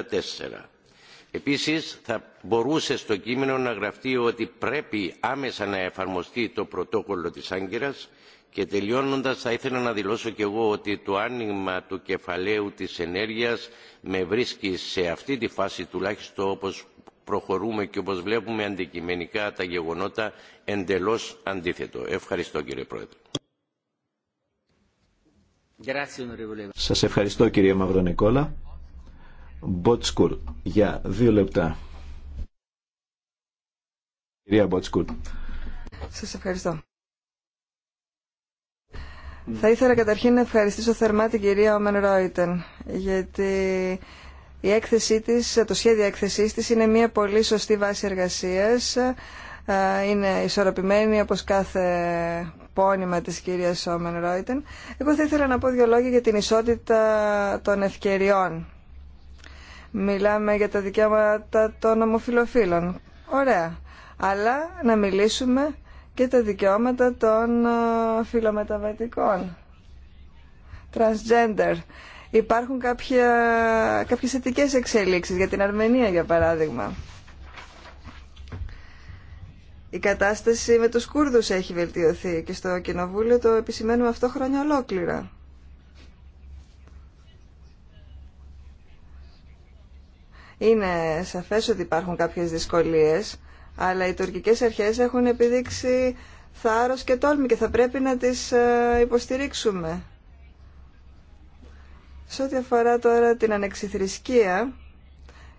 Επίσης θα μπορούσε στο κείμενο να γραφτεί ότι πρέπει άμεσα να εφαρμοστεί το πρωτόκολλο της Άγκυρας και τελειώνοντας θα ήθελα να δηλώσω και εγώ ότι το άνοιγμα του κεφαλαίου της ενέργειας με βρίσκει σε αυτή τη φάση τουλάχιστον όπως προχωρούμε και όπως βλέπουμε αντικειμενικά τα γεγονότα εντελώς αντίθετο. Ευχαριστώ κύριε Πρόεδρε. Σας ευχαριστώ κύριε Μαυρονικόλα. Μπότσκουρ για δύο λεπτά. Κυρία Μπότσκουρ. Σας ευχαριστώ. Θα ήθελα καταρχήν να ευχαριστήσω θερμά την κυρία Όμεν Ρόιτεν, γιατί η έκθεσή της, το σχέδιο έκθεσής της είναι μια πολύ σωστή βάση εργασίας. Είναι ισορροπημένη όπως κάθε πόνημα της κυρίας Όμεν Ρόιτεν. Εγώ θα ήθελα να πω δύο λόγια για την ισότητα των ευκαιριών μιλάμε για τα δικαιώματα των ομοφιλοφίλων. Ωραία. Αλλά να μιλήσουμε και τα δικαιώματα των ε, φιλομεταβατικών. Transgender. Υπάρχουν κάποια, κάποιες θετικές εξελίξεις για την Αρμενία για παράδειγμα. Η κατάσταση με τους Κούρδους έχει βελτιωθεί και στο Κοινοβούλιο το επισημαίνουμε αυτό χρόνια ολόκληρα. Είναι σαφές ότι υπάρχουν κάποιες δυσκολίες, αλλά οι τουρκικές αρχές έχουν επιδείξει θάρρος και τόλμη και θα πρέπει να τις ε, υποστηρίξουμε. Σε ό,τι αφορά τώρα την ανεξιθρησκεία,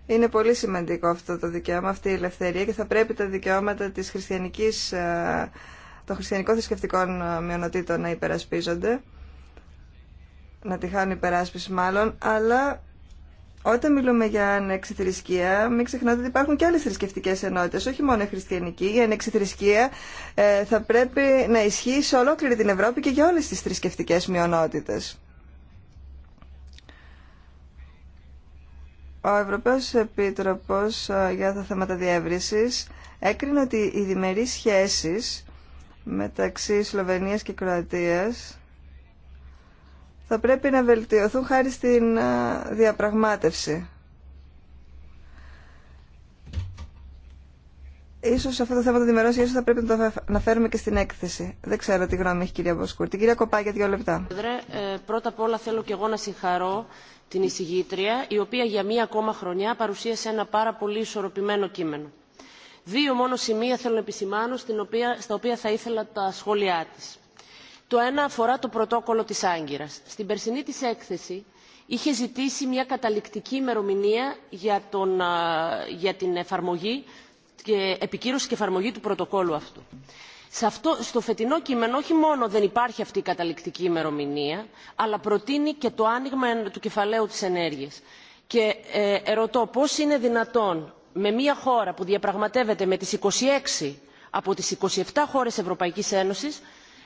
είναι πολύ σημαντικό αυτό το δικαίωμα, αυτή η ελευθερία και θα πρέπει τα δικαιώματα της χριστιανικής, ε, των χριστιανικών θρησκευτικών ε, μειονοτήτων να υπερασπίζονται, να τη χάνουν υπεράσπιση μάλλον, αλλά όταν μιλούμε για ανεξιθρησκεία, μην ξεχνάτε ότι υπάρχουν και άλλες θρησκευτικέ ενότητες, όχι μόνο η χριστιανική. Η ανεξιθρησκεία ε, θα πρέπει να ισχύει σε ολόκληρη την Ευρώπη και για όλες τις θρησκευτικέ μειονότητες. Ο Ευρωπαίος Επίτροπος ε, για τα θέματα διεύρυνσης έκρινε ότι οι διμερείς σχέσεις μεταξύ Σλοβενίας και Κροατίας θα πρέπει να βελτιωθούν χάρη στην διαπραγμάτευση. Ίσως αυτό το θέμα το δημερώσει, ίσως θα πρέπει να το αναφέρουμε και στην έκθεση. Δεν ξέρω τι γνώμη έχει η κυρία Μποσκούρτη. Κυρία Κοπάκια, δύο λεπτά. Ε, πρώτα απ' όλα θέλω και εγώ να συγχαρώ την εισηγήτρια, η οποία για μία ακόμα χρονιά παρουσίασε ένα πάρα πολύ ισορροπημένο κείμενο. Δύο μόνο σημεία θέλω να επισημάνω στην οποία, στα οποία θα ήθελα τα σχόλιά της το ένα αφορά το πρωτόκολλο της Άγκυρας. Στην περσινή της έκθεση είχε ζητήσει μια καταληκτική ημερομηνία για, την εφαρμογή και επικύρωση και εφαρμογή του πρωτοκόλλου αυτού. στο φετινό κείμενο όχι μόνο δεν υπάρχει αυτή η καταληκτική ημερομηνία, αλλά προτείνει και το άνοιγμα του κεφαλαίου της ενέργειας. Και ε, ερωτώ πώς είναι δυνατόν με μια χώρα που διαπραγματεύεται με τις 26 από τις 27 χώρες Ευρωπαϊκής Ένωσης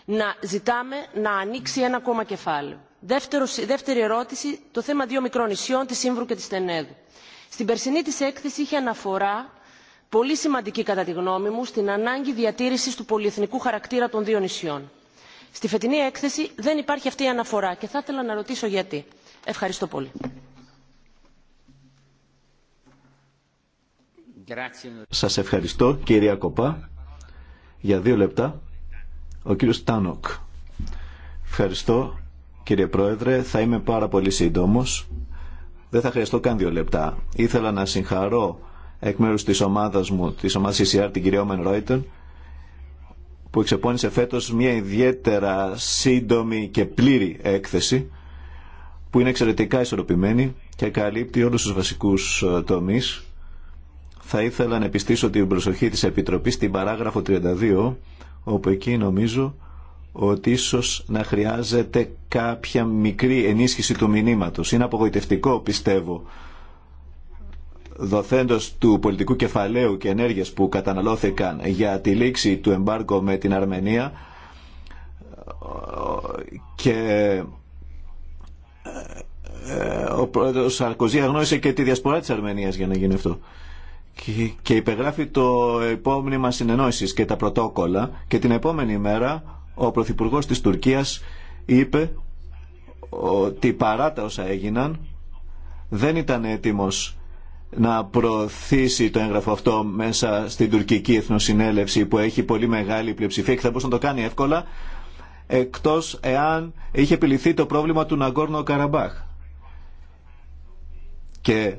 να ζητάμε να ανοίξει ένα ακόμα κεφάλαιο. δεύτερη ερώτηση, το θέμα δύο μικρών νησιών, τη Σύμβρου και τη Στενέδου. Στην περσινή της έκθεση είχε αναφορά, πολύ σημαντική κατά τη γνώμη μου, στην ανάγκη διατήρησης του πολυεθνικού χαρακτήρα των δύο νησιών. Στη φετινή έκθεση δεν υπάρχει αυτή η αναφορά και θα ήθελα να ρωτήσω γιατί. Ευχαριστώ πολύ. Σας ευχαριστώ κυρία Κοπά για δύο λεπτά. Ο κύριος Τάνοκ. Ευχαριστώ κύριε Πρόεδρε. Θα είμαι πάρα πολύ σύντομος. Δεν θα χρειαστώ καν δύο λεπτά. Ήθελα να συγχαρώ εκ μέρους της ομάδας μου, της ομάδας CCR, την κυρία Όμεν Ρόιτερ... που εξεπώνησε φέτος μια ιδιαίτερα σύντομη και πλήρη έκθεση, που είναι εξαιρετικά ισορροπημένη και καλύπτει όλους τους βασικούς ε, τομείς. Θα ήθελα να επιστήσω την προσοχή της Επιτροπής στην παράγραφο 32, όπου εκεί νομίζω ότι ίσως να χρειάζεται κάποια μικρή ενίσχυση του μηνύματος. Είναι απογοητευτικό, πιστεύω, δοθέντος του πολιτικού κεφαλαίου και ενέργειας που καταναλώθηκαν για τη λήξη του εμπάργκο με την Αρμενία και ε, ε, ο πρόεδρος Σαρκοζή αγνώρισε και τη διασπορά της Αρμενίας για να γίνει αυτό και υπεγράφει το επόμενο συνεννόησης και τα πρωτόκολλα και την επόμενη μέρα ο Πρωθυπουργό της Τουρκίας είπε ότι παρά τα όσα έγιναν δεν ήταν έτοιμος να προωθήσει το έγγραφο αυτό μέσα στην τουρκική εθνοσυνέλευση που έχει πολύ μεγάλη πλειοψηφία και θα μπορούσε να το κάνει εύκολα εκτός εάν είχε επιληθεί το πρόβλημα του Ναγκόρνο Καραμπάχ. Και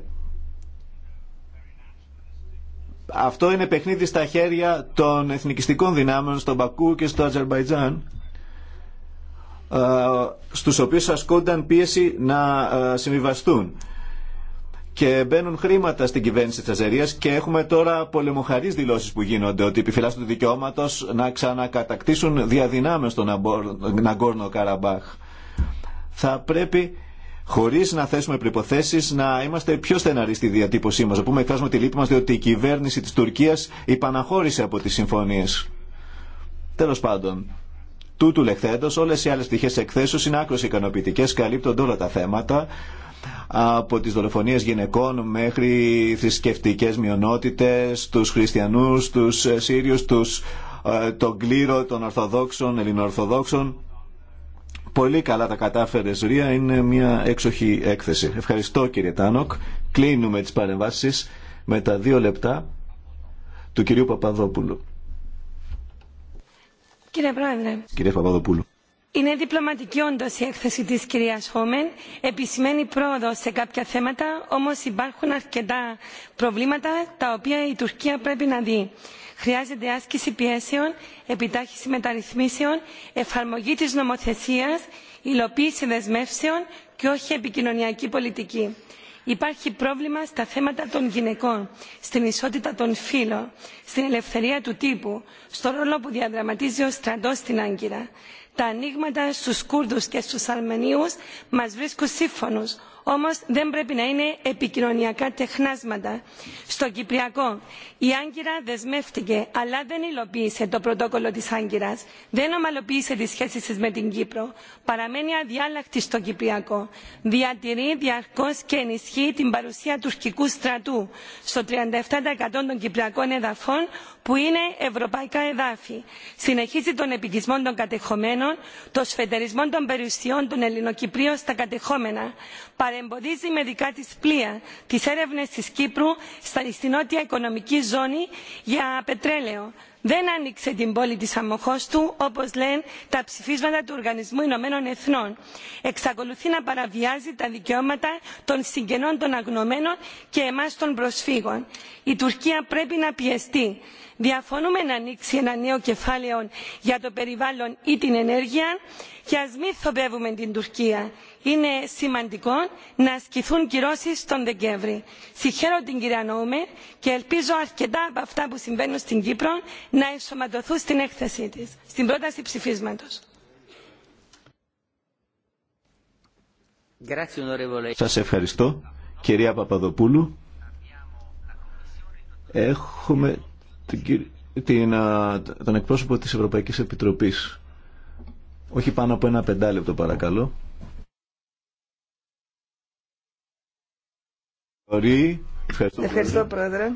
αυτό είναι παιχνίδι στα χέρια των εθνικιστικών δυνάμεων στον Πακού και στο Αζερμπαϊτζάν ε, στους οποίους ασκούνταν πίεση να ε, συμβιβαστούν και μπαίνουν χρήματα στην κυβέρνηση της Αζερία και έχουμε τώρα πολεμοχαρεί δηλώσεις που γίνονται ότι επιφυλάσσουν του δικαιώματο να ξανακατακτήσουν διαδυνάμες στον Αγκόρνο Καραμπάχ. Θα πρέπει χωρί να θέσουμε προποθέσει να είμαστε πιο στεναροί στη διατύπωσή μα. Να πούμε, εκφράζουμε τη λύπη μα διότι η κυβέρνηση τη Τουρκία υπαναχώρησε από τι συμφωνίε. Τέλο πάντων, τούτου λεχθέντο, όλε οι άλλε πτυχέ εκθέσεω είναι άκρο ικανοποιητικέ, καλύπτονται όλα τα θέματα από τις δολοφονίες γυναικών μέχρι θρησκευτικέ μειονότητες, τους χριστιανούς, τους ε, Σύριους, τους, ε, τον κλήρο των Ορθοδόξων, Ελληνοορθοδόξων Πολύ καλά τα κατάφερες Ρία, είναι μια έξοχη έκθεση. Ευχαριστώ κύριε Τάνοκ. Κλείνουμε τις παρεμβάσει με τα δύο λεπτά του κυρίου Παπαδόπουλου. Κύριε Πρόεδρε. Κύριε Είναι διπλωματική όντω η έκθεση τη κυρία Χόμεν. Επισημαίνει πρόοδο σε κάποια θέματα, όμω υπάρχουν αρκετά προβλήματα τα οποία η Τουρκία πρέπει να δει χρειάζεται άσκηση πιέσεων επιτάχυση μεταρρυθμίσεων εφαρμογή της νομοθεσίας υλοποίηση δεσμεύσεων και όχι επικοινωνιακή πολιτική. Υπάρχει πρόβλημα στα θέματα των γυναικών, στην ισότητα των φύλων, στην ελευθερία του τύπου, στο ρόλο που διαδραματίζει ο στρατός στην Άγκυρα. Τα ανοίγματα στους Κούρδους και στους Αρμενίους μας βρίσκουν σύμφωνους, όμως δεν πρέπει να είναι επικοινωνιακά τεχνάσματα. Στο Κυπριακό η Άγκυρα δεσμεύτηκε αλλά δεν υλοποίησε το πρωτόκολλο της Άγκυρας, δεν ομαλοποίησε τις σχέσεις της με την Κύπρο, παραμένει αδιάλακτη στο Κυπριακό, διατηρεί διαρκώς και ενισχύει την παρουσία τουρκικού στρατού στο 37% των κυπριακών εδαφών που είναι ευρωπαϊκά εδάφη. Συνεχίζει τον επικισμό των κατεχομένων, το σφετερισμό των περιουσιών των Ελληνοκυπρίων στα κατεχόμενα. Παρεμποδίζει με δικά τη πλοία τι έρευνε τη Κύπρου στην νότια οικονομική ζώνη για πετρέλαιο δεν άνοιξε την πόλη της αμοχώς του όπως λένε τα ψηφίσματα του οργανισμού ηνωμένων εθνών. εξακολουθεί να παραβιάζει τα δικαιώματα των συγγενών των αγνωμένων και εμάς των προσφύγων. η τουρκία πρέπει να πιεστεί. διαφωνούμε να ανοίξει ένα νέο κεφάλαιο για το περιβάλλον ή την ενέργεια και ας μην θοπεύουμε την τουρκία είναι σημαντικό να ασκηθούν κυρώσει τον Δεκέμβρη. Συγχαίρω την κυρία Νόουμε και ελπίζω αρκετά από αυτά που συμβαίνουν στην Κύπρο να ενσωματωθούν στην έκθεσή τη, στην πρόταση ψηφίσματο. Σας ευχαριστώ. Κυρία Παπαδοπούλου, έχουμε τον εκπρόσωπο της Ευρωπαϊκής Επιτροπής. Όχι πάνω από ένα πεντάλεπτο παρακαλώ. Ευχαριστώ, πρόεδρε.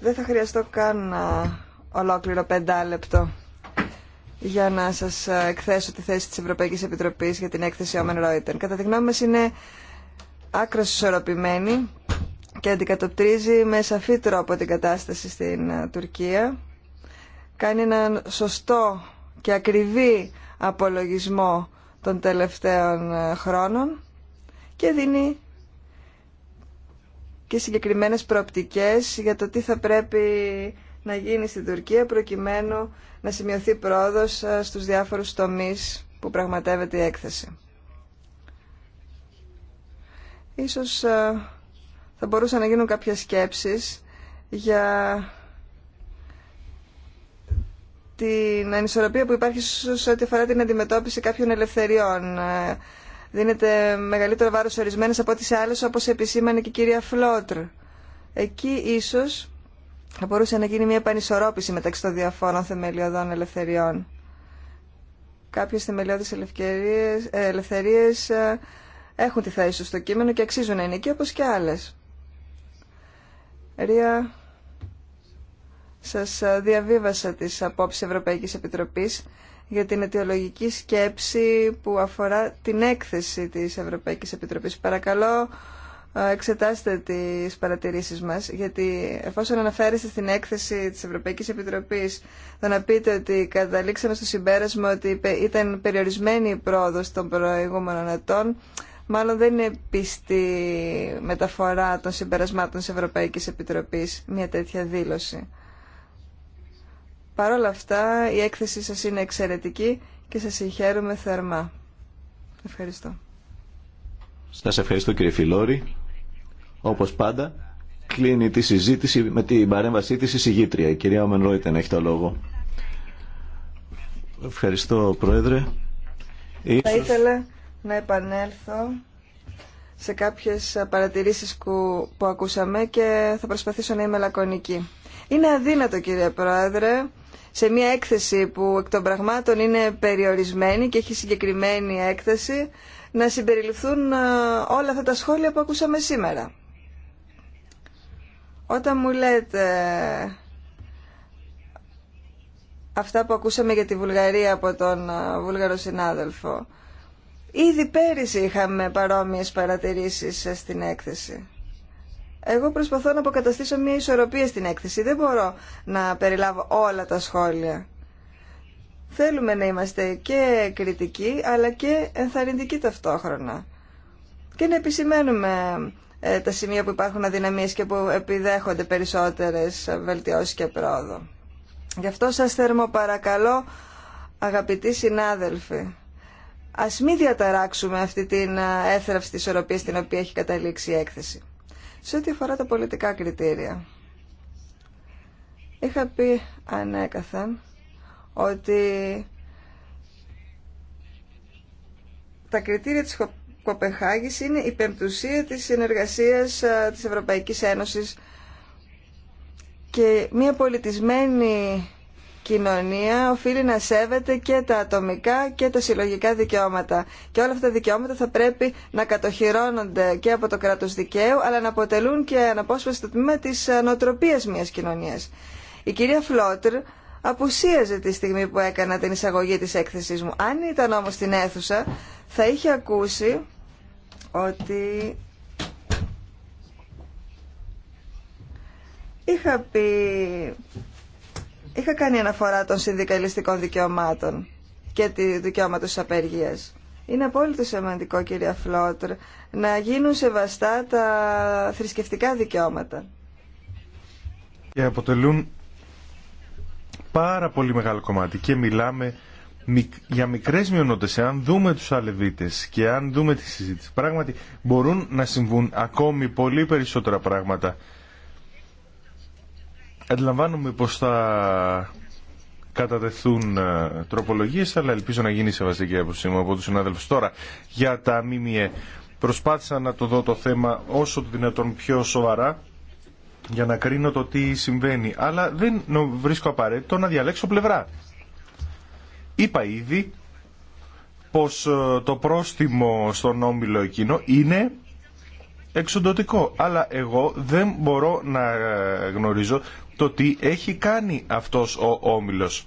Δεν θα χρειαστώ καν ολόκληρο πεντάλεπτο για να σας εκθέσω τη θέση της Ευρωπαϊκής Επιτροπής για την έκθεση Omen Reuters. Κατά τη γνώμη είναι άκρος ισορροπημένη και αντικατοπτρίζει με σαφή τρόπο την κατάσταση στην Τουρκία. Κάνει έναν σωστό και ακριβή απολογισμό των τελευταίων χρόνων και δίνει και συγκεκριμένες προοπτικές για το τι θα πρέπει να γίνει στην Τουρκία προκειμένου να σημειωθεί πρόοδος ε, στους διάφορους τομείς που πραγματεύεται η έκθεση. Ίσως ε, θα μπορούσαν να γίνουν κάποιες σκέψεις για την ανισορροπία που υπάρχει σε ό,τι αφορά την αντιμετώπιση κάποιων ελευθεριών ε, δίνεται μεγαλύτερο βάρος σε ορισμένες από τις άλλες όπως επισήμανε και η κυρία Φλότρ. Εκεί ίσως θα μπορούσε να γίνει μια επανισορρόπηση μεταξύ των διαφόρων θεμελιωδών ελευθεριών. Κάποιες θεμελιώδεις ε, ελευθερίες, ε, έχουν τη θέση στο κείμενο και αξίζουν να είναι εκεί όπως και άλλες. Ρία, σας ε, διαβίβασα τις απόψεις Ευρωπαϊκής Επιτροπής για την αιτιολογική σκέψη που αφορά την έκθεση της Ευρωπαϊκής Επιτροπής. Παρακαλώ ε, εξετάστε τις παρατηρήσεις μας, γιατί εφόσον αναφέρεστε στην έκθεση της Ευρωπαϊκής Επιτροπής θα να πείτε ότι καταλήξαμε στο συμπέρασμα ότι ήταν περιορισμένη η πρόοδος των προηγούμενων ετών, μάλλον δεν είναι πιστή μεταφορά των συμπερασμάτων της Ευρωπαϊκής Επιτροπής μια τέτοια δήλωση. Παρ' όλα αυτά η έκθεση σας είναι εξαιρετική και σας συγχαίρουμε θερμά. Ευχαριστώ. Σας ευχαριστώ κύριε Φιλόρη. Όπως πάντα κλείνει τη συζήτηση με την παρέμβασή της η συγγήτρια. Η κυρία Ομενρόιτεν έχει το λόγο. Ευχαριστώ Πρόεδρε. Θα ήθελα να επανέλθω σε κάποιες παρατηρήσεις που, που ακούσαμε και θα προσπαθήσω να είμαι λακωνική. Είναι αδύνατο κύριε Πρόεδρε σε μια έκθεση που εκ των πραγμάτων είναι περιορισμένη και έχει συγκεκριμένη έκθεση, να συμπεριληφθούν ε, όλα αυτά τα σχόλια που ακούσαμε σήμερα. Όταν μου λέτε αυτά που ακούσαμε για τη Βουλγαρία από τον ε, Βούλγαρο συνάδελφο, ήδη πέρυσι είχαμε παρόμοιες παρατηρήσεις ε, στην έκθεση. Εγώ προσπαθώ να αποκαταστήσω μια ισορροπία στην έκθεση. Δεν μπορώ να περιλάβω όλα τα σχόλια. Θέλουμε να είμαστε και κριτικοί, αλλά και ενθαρρυντικοί ταυτόχρονα. Και να επισημαίνουμε ε, τα σημεία που υπάρχουν αδυναμίες και που επιδέχονται περισσότερες βελτιώσεις και πρόοδο. Γι' αυτό σας παρακαλώ αγαπητοί συνάδελφοι, ας μην διαταράξουμε αυτή την ε, έθραυστη ισορροπία στην οποία έχει καταλήξει η έκθεση. Σε ό,τι αφορά τα πολιτικά κριτήρια, είχα πει ανέκαθεν ότι τα κριτήρια της Κοπεχάγης είναι η πεμπτουσία της συνεργασίας της Ευρωπαϊκής Ένωσης και μια πολιτισμένη κοινωνία οφείλει να σέβεται και τα ατομικά και τα συλλογικά δικαιώματα. Και όλα αυτά τα δικαιώματα θα πρέπει να κατοχυρώνονται και από το κράτος δικαίου, αλλά να αποτελούν και αναπόσπαστο τμήμα της νοοτροπίας μιας κοινωνίας. Η κυρία Φλότρ απουσίαζε τη στιγμή που έκανα την εισαγωγή της έκθεσής μου. Αν ήταν όμως στην αίθουσα, θα είχε ακούσει ότι... Είχα πει είχα κάνει αναφορά των συνδικαλιστικών δικαιωμάτων και του δικαιώματο της απεργίας. Είναι απόλυτο σημαντικό, κυρία Φλότρ, να γίνουν σεβαστά τα θρησκευτικά δικαιώματα. Και αποτελούν πάρα πολύ μεγάλο κομμάτι και μιλάμε για μικρές μειονότητες. Αν δούμε τους αλεβίτες και αν δούμε τη συζήτηση, πράγματι μπορούν να συμβούν ακόμη πολύ περισσότερα πράγματα Αντιλαμβάνομαι πως θα κατατεθούν ε, τροπολογίες, αλλά ελπίζω να γίνει σεβαστική βασική άποψή μου από τους συνάδελφους. Τώρα, για τα ΜΜΕ, προσπάθησα να το δω το θέμα όσο το δυνατόν πιο σοβαρά, για να κρίνω το τι συμβαίνει, αλλά δεν βρίσκω απαραίτητο να διαλέξω πλευρά. Είπα ήδη πως ε, το πρόστιμο στον όμιλο εκείνο είναι εξοντοτικό. Αλλά εγώ δεν μπορώ να ε, γνωρίζω το τι έχει κάνει αυτός ο όμιλος.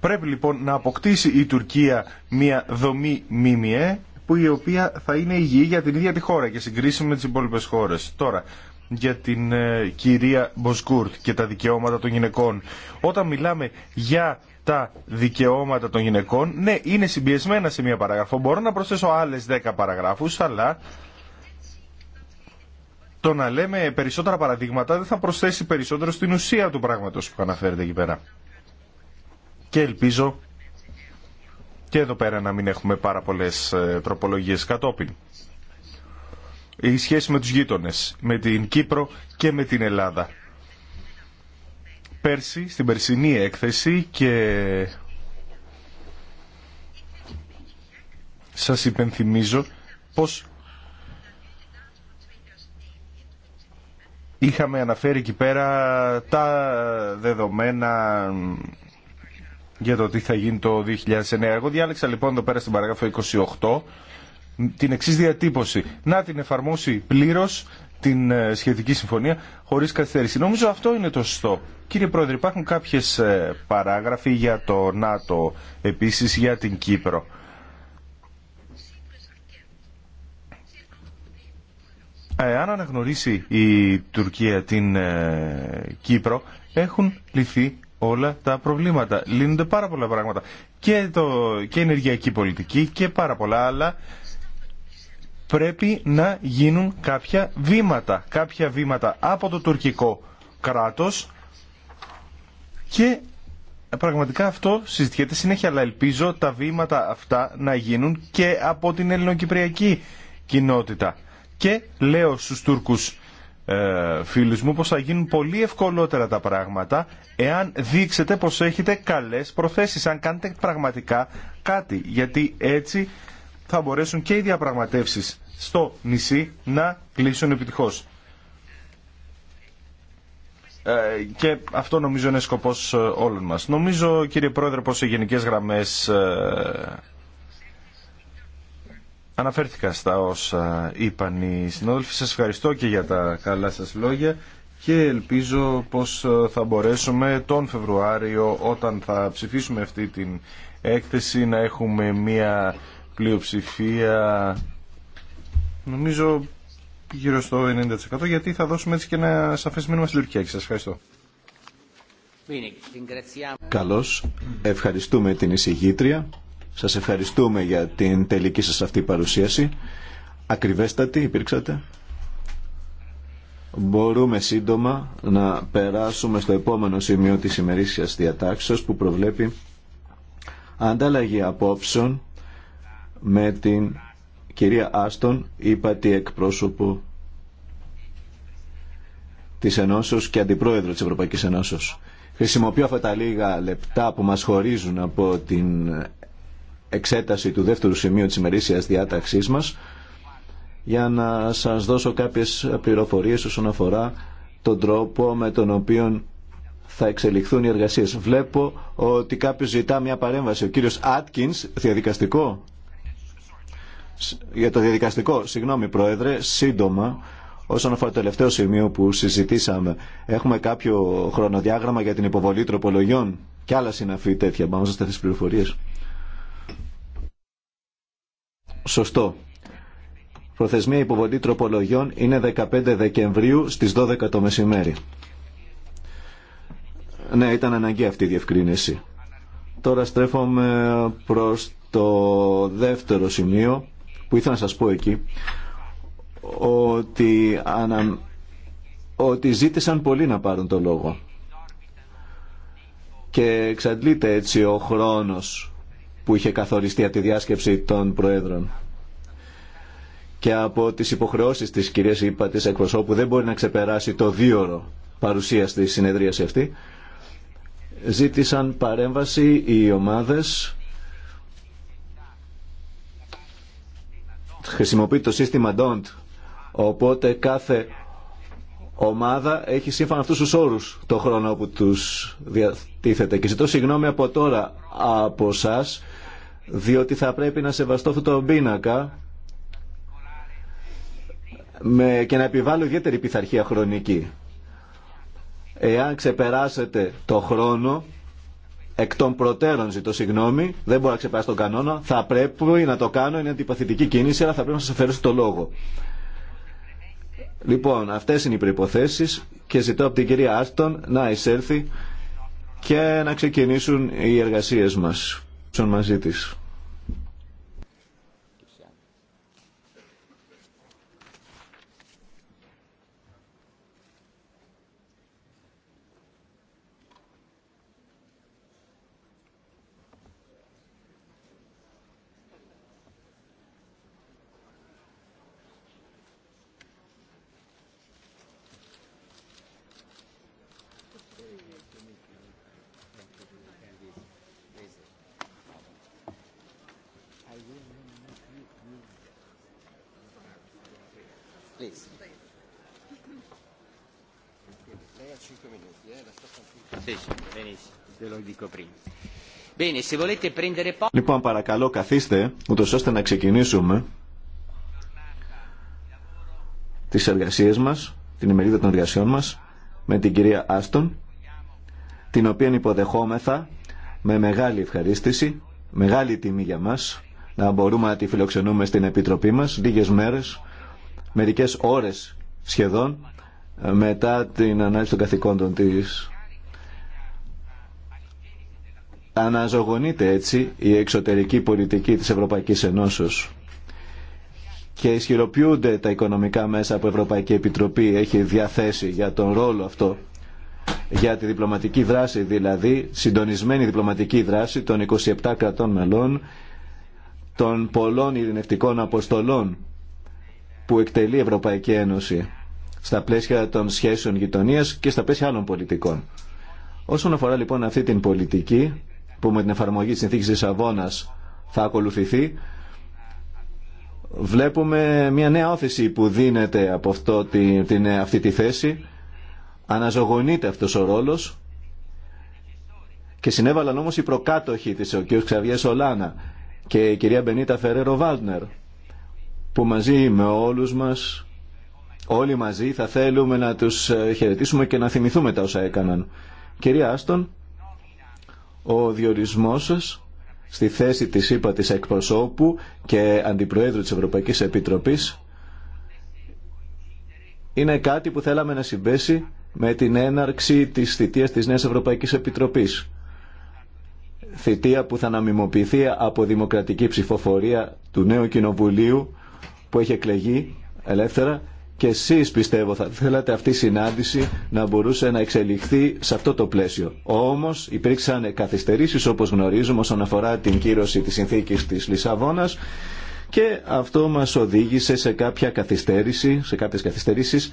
Πρέπει λοιπόν να αποκτήσει η Τουρκία μια δομή ΜΜΕ που η οποία θα είναι υγιή για την ίδια τη χώρα και συγκρίσιμη με τις υπόλοιπε χώρες. Τώρα, για την ε, κυρία Μποσκούρτ και τα δικαιώματα των γυναικών. Όταν μιλάμε για τα δικαιώματα των γυναικών, ναι, είναι συμπιεσμένα σε μία παραγραφό. Μπορώ να προσθέσω άλλες δέκα παραγράφους, αλλά το να λέμε περισσότερα παραδείγματα δεν θα προσθέσει περισσότερο στην ουσία του πράγματος που αναφέρεται εκεί πέρα. Και ελπίζω και εδώ πέρα να μην έχουμε πάρα πολλές ε, τροπολογίες κατόπιν. Η σχέση με τους γείτονες, με την Κύπρο και με την Ελλάδα. Πέρσι, στην περσινή έκθεση και σας υπενθυμίζω πως Είχαμε αναφέρει εκεί πέρα τα δεδομένα για το τι θα γίνει το 2009. Εγώ διάλεξα λοιπόν εδώ πέρα στην παράγραφο 28 την εξή διατύπωση. Να την εφαρμόσει πλήρω την ε, σχετική συμφωνία χωρίς καθυστέρηση. Νομίζω αυτό είναι το σωστό. Κύριε Πρόεδρε, υπάρχουν κάποιες ε, παράγραφοι για το ΝΑΤΟ, επίση, για την Κύπρο. Ε, αν αναγνωρίσει η Τουρκία την ε, Κύπρο έχουν λυθεί όλα τα προβλήματα. Λύνονται πάρα πολλά πράγματα. Και, το, και ενεργειακή πολιτική και πάρα πολλά άλλα πρέπει να γίνουν κάποια βήματα. Κάποια βήματα από το τουρκικό κράτος και πραγματικά αυτό συζητιέται συνέχεια, αλλά ελπίζω τα βήματα αυτά να γίνουν και από την ελληνοκυπριακή κοινότητα και λέω στους Τούρκους ε, φίλους μου πως θα γίνουν πολύ ευκολότερα τα πράγματα εάν δείξετε πως έχετε καλές προθέσεις, αν κάνετε πραγματικά κάτι. Γιατί έτσι θα μπορέσουν και οι διαπραγματεύσεις στο νησί να κλείσουν επιτυχώς. Ε, και αυτό νομίζω είναι σκοπός ε, όλων μας. Νομίζω κύριε Πρόεδρε πως οι γενικές γραμμές ε, Αναφέρθηκα στα όσα είπαν οι συνόδελφοι. Σας ευχαριστώ και για τα καλά σας λόγια και ελπίζω πως θα μπορέσουμε τον Φεβρουάριο όταν θα ψηφίσουμε αυτή την έκθεση να έχουμε μια πλειοψηφία νομίζω γύρω στο 90% γιατί θα δώσουμε έτσι και ένα σαφές μήνυμα στην Τουρκία. Σας ευχαριστώ. Καλώς. Ευχαριστούμε την εισηγήτρια. Σας ευχαριστούμε για την τελική σας αυτή παρουσίαση. Ακριβέστατη υπήρξατε. Μπορούμε σύντομα να περάσουμε στο επόμενο σημείο της ημερήσιας διατάξεως που προβλέπει ανταλλαγή απόψεων με την κυρία Άστον, ύπατη εκπρόσωπο της Ενώσεως και αντιπρόεδρο της Ευρωπαϊκής Ενώσεως. Χρησιμοποιώ αυτά τα λίγα λεπτά που μας χωρίζουν από την εξέταση του δεύτερου σημείου της ημερήσιας διάταξής μας για να σας δώσω κάποιες πληροφορίες όσον αφορά τον τρόπο με τον οποίο θα εξελιχθούν οι εργασίες. Βλέπω ότι κάποιος ζητά μια παρέμβαση. Ο κύριος Άτκινς, διαδικαστικό. Για το διαδικαστικό, συγγνώμη Πρόεδρε, σύντομα, όσον αφορά το τελευταίο σημείο που συζητήσαμε, έχουμε κάποιο χρονοδιάγραμμα για την υποβολή τροπολογιών και άλλα συναφή τέτοια. Πάμε να τι πληροφορίες σωστό. Προθεσμία υποβολή τροπολογιών είναι 15 Δεκεμβρίου στις 12 το μεσημέρι. Ναι, ήταν αναγκαία αυτή η διευκρίνηση. Τώρα στρέφομαι προς το δεύτερο σημείο που ήθελα να σας πω εκεί ότι, ότι ζήτησαν πολλοί να πάρουν το λόγο και εξαντλείται έτσι ο χρόνος που είχε καθοριστεί από τη διάσκεψη των Προέδρων. Και από τι υποχρεώσει τη κυρία Ήπα τη εκπροσώπου δεν μπορεί να ξεπεράσει το δίωρο παρουσία στη συνεδρίαση αυτή. Ζήτησαν παρέμβαση οι ομάδε. χρησιμοποιεί το σύστημα DONT οπότε κάθε ομάδα έχει σύμφωνα αυτού του όρους το χρόνο που τους διατίθεται και ζητώ συγγνώμη από τώρα από εσά διότι θα πρέπει να σεβαστώ αυτό το πίνακα με, και να επιβάλλω ιδιαίτερη πειθαρχία χρονική. Εάν ξεπεράσετε το χρόνο, εκ των προτέρων ζητώ συγγνώμη, δεν μπορώ να ξεπεράσω τον κανόνα, θα πρέπει να το κάνω, είναι αντιπαθητική κίνηση, αλλά θα πρέπει να σας αφαιρέσω το λόγο. Λοιπόν, αυτές είναι οι προϋποθέσεις και ζητώ από την κυρία Άστον να εισέλθει και να ξεκινήσουν οι εργασίες μας μαζί της. Λοιπόν, παρακαλώ, καθίστε, ούτως ώστε να ξεκινήσουμε τις εργασίες μας, την ημερίδα των εργασιών μας, με την κυρία Άστον, την οποία υποδεχόμεθα με μεγάλη ευχαρίστηση, μεγάλη τιμή για μας, να μπορούμε να τη φιλοξενούμε στην Επιτροπή μας λίγες μέρες μερικές ώρες σχεδόν ε, μετά την ανάλυση των καθηκόντων της. Αναζωογονείται έτσι η εξωτερική πολιτική της Ευρωπαϊκής Ενώσεως και ισχυροποιούνται τα οικονομικά μέσα που η Ευρωπαϊκή Επιτροπή έχει διαθέσει για τον ρόλο αυτό για τη διπλωματική δράση δηλαδή, συντονισμένη διπλωματική δράση των 27 κρατών μελών, των πολλών ειρηνευτικών αποστολών που εκτελεί η Ευρωπαϊκή Ένωση στα πλαίσια των σχέσεων γειτονία και στα πλαίσια άλλων πολιτικών. Όσον αφορά λοιπόν αυτή την πολιτική που με την εφαρμογή της συνθήκης της Αβώνας θα ακολουθηθεί, βλέπουμε μια νέα όθηση που δίνεται από αυτό, την, αυτή τη θέση. Αναζωογονείται αυτός ο ρόλος και συνέβαλαν όμως οι προκάτοχοι της, ο κ. Ξαβιέ Σολάνα και η κυρία Μπενίτα Φερέρο Βάλτνερ που μαζί με όλους μας, όλοι μαζί θα θέλουμε να τους ε, χαιρετήσουμε και να θυμηθούμε τα όσα έκαναν. Κυρία Άστον, ο διορισμός σας στη θέση της ΥΠΑ της εκπροσώπου και αντιπροέδρου της Ευρωπαϊκής Επιτροπής είναι κάτι που θέλαμε να συμπέσει με την έναρξη της θητείας της Νέας Ευρωπαϊκής Επιτροπής. Θητεία που θα αναμιμοποιηθεί από δημοκρατική ψηφοφορία του νέου Κοινοβουλίου που έχει εκλεγεί ελεύθερα και εσείς πιστεύω θα θέλατε αυτή η συνάντηση να μπορούσε να εξελιχθεί σε αυτό το πλαίσιο. Όμως υπήρξαν καθυστερήσεις όπως γνωρίζουμε όσον αφορά την κύρωση της συνθήκης της Λισαβόνας και αυτό μας οδήγησε σε κάποια καθυστέρηση, σε κάποιες καθυστερήσεις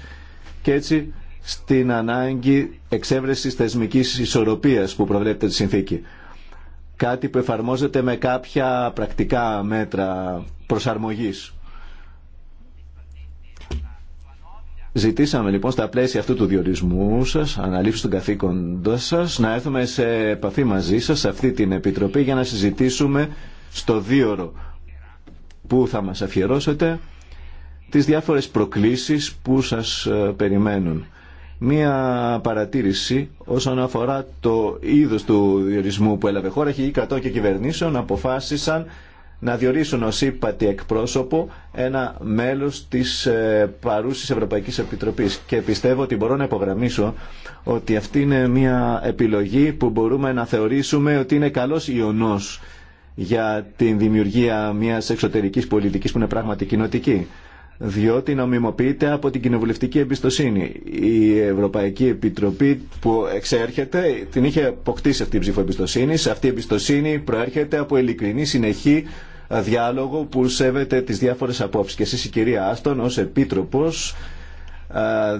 και έτσι στην ανάγκη εξέβρεσης θεσμικής ισορροπίας που προβλέπεται τη συνθήκη. Κάτι που εφαρμόζεται με κάποια πρακτικά μέτρα προσαρμογής Ζητήσαμε λοιπόν στα πλαίσια αυτού του διορισμού σα, αναλήψη των καθήκοντων σα, να έρθουμε σε επαφή μαζί σα, σε αυτή την επιτροπή, για να συζητήσουμε στο δίωρο που θα μας αφιερώσετε τις διάφορες προκλήσεις που σας ε, περιμένουν. Μία παρατήρηση όσον αφορά το είδος του διορισμού που έλαβε χώρα, έχει 100 και κυβερνήσεων αποφάσισαν να διορίσουν ως ύπατη εκπρόσωπο ένα μέλος της ε, παρούσης Ευρωπαϊκής Επιτροπής. Και πιστεύω ότι μπορώ να υπογραμμίσω ότι αυτή είναι μια επιλογή που μπορούμε να θεωρήσουμε ότι είναι καλός ιονός για την δημιουργία μιας εξωτερικής πολιτικής που είναι πράγματι κοινοτική διότι νομιμοποιείται από την κοινοβουλευτική εμπιστοσύνη. Η Ευρωπαϊκή Επιτροπή που εξέρχεται την είχε αποκτήσει αυτή η ψήφο εμπιστοσύνη. Αυτή η εμπιστοσύνη προέρχεται από ειλικρινή συνεχή διάλογο που σέβεται τις διάφορες απόψεις. Και εσείς η κυρία Άστον ως Επίτροπος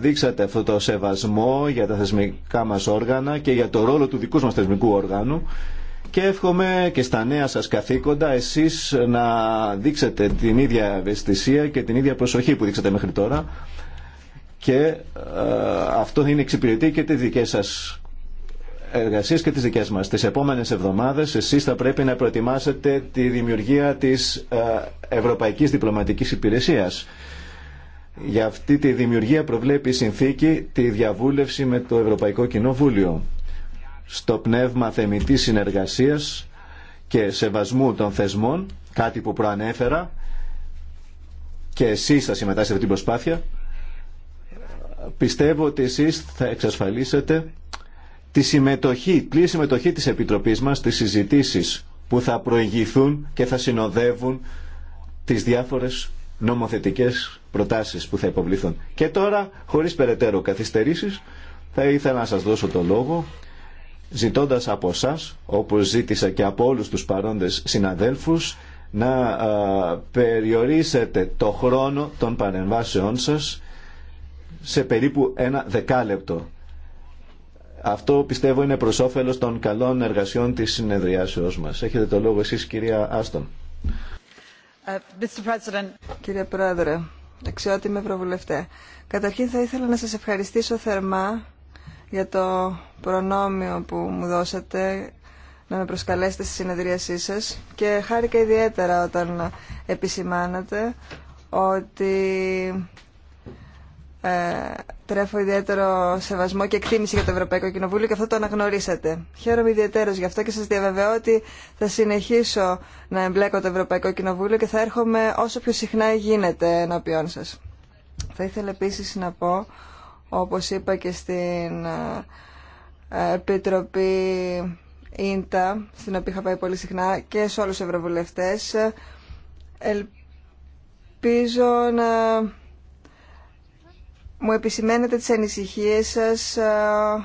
δείξατε αυτό το σεβασμό για τα θεσμικά μας όργανα και για το ρόλο του δικού μας θεσμικού όργανου και εύχομαι και στα νέα σας καθήκοντα εσείς να δείξετε την ίδια ευαισθησία και την ίδια προσοχή που δείξατε μέχρι τώρα και ε, αυτό είναι εξυπηρετή και τις δικές σας εργασίες και τις δικές μας. Τις επόμενες εβδομάδες εσείς θα πρέπει να προετοιμάσετε τη δημιουργία της ε, Ευρωπαϊκής Διπλωματικής Υπηρεσίας. Για αυτή τη δημιουργία προβλέπει η συνθήκη τη διαβούλευση με το Ευρωπαϊκό Κοινοβούλιο στο πνεύμα θεμητής συνεργασίας και σεβασμού των θεσμών, κάτι που προανέφερα και εσείς θα συμμετάσχετε την προσπάθεια. Πιστεύω ότι εσείς θα εξασφαλίσετε τη συμμετοχή, πλήρη συμμετοχή της Επιτροπής μας στις συζητήσεις που θα προηγηθούν και θα συνοδεύουν τις διάφορες νομοθετικές προτάσεις που θα υποβληθούν. Και τώρα, χωρίς περαιτέρω καθυστερήσεις, θα ήθελα να σας δώσω το λόγο ζητώντας από εσά, όπως ζήτησα και από όλους τους παρόντες συναδέλφους, να περιορίσετε το χρόνο των παρεμβάσεών σας σε περίπου ένα δεκάλεπτο. Αυτό πιστεύω είναι προς όφελος των καλών εργασιών της συνεδριάσεως μας. Έχετε το λόγο εσείς κυρία Άστον. Ε, Κύριε Πρόεδρε, αξιότιμη Ευρωβουλευτέ, καταρχήν θα ήθελα να σας ευχαριστήσω θερμά για το προνόμιο που μου δώσατε να με προσκαλέσετε στη συνεδρίασή σας και χάρηκα ιδιαίτερα όταν επισημάνατε ότι ε, τρέφω ιδιαίτερο σεβασμό και εκτίμηση για το Ευρωπαϊκό Κοινοβούλιο και αυτό το αναγνωρίσατε. Χαίρομαι ιδιαίτερο γι' αυτό και σας διαβεβαιώ ότι θα συνεχίσω να εμπλέκω το Ευρωπαϊκό Κοινοβούλιο και θα έρχομαι όσο πιο συχνά γίνεται ενώπιόν σας. Θα ήθελα επίσης να πω όπως είπα και στην ε, Επιτροπή ΙΝΤΑ, στην οποία είχα πάει πολύ συχνά, και σε όλους τους ευρωβουλευτές. Ελπίζω να μου επισημαίνετε τις ανησυχίες σας ε,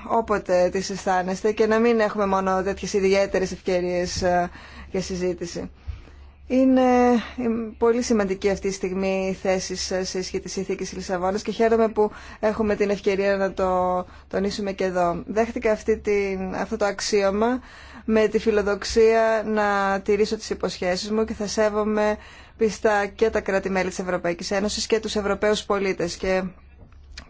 όποτε τις αισθάνεστε και να μην έχουμε μόνο τέτοιες ιδιαίτερες ευκαιρίες ε, για συζήτηση. Είναι πολύ σημαντική αυτή τη στιγμή η θέση σα σε ισχύ τη ηθίκη Λισαβόνα και χαίρομαι που έχουμε την ευκαιρία να το τονίσουμε και εδώ. Δέχτηκα αυτή την, αυτό το αξίωμα με τη φιλοδοξία να τηρήσω τι υποσχέσει μου και θα σέβομαι πιστά και τα κράτη-μέλη τη Ευρωπαϊκή Ένωση και του Ευρωπαίου πολίτε. Και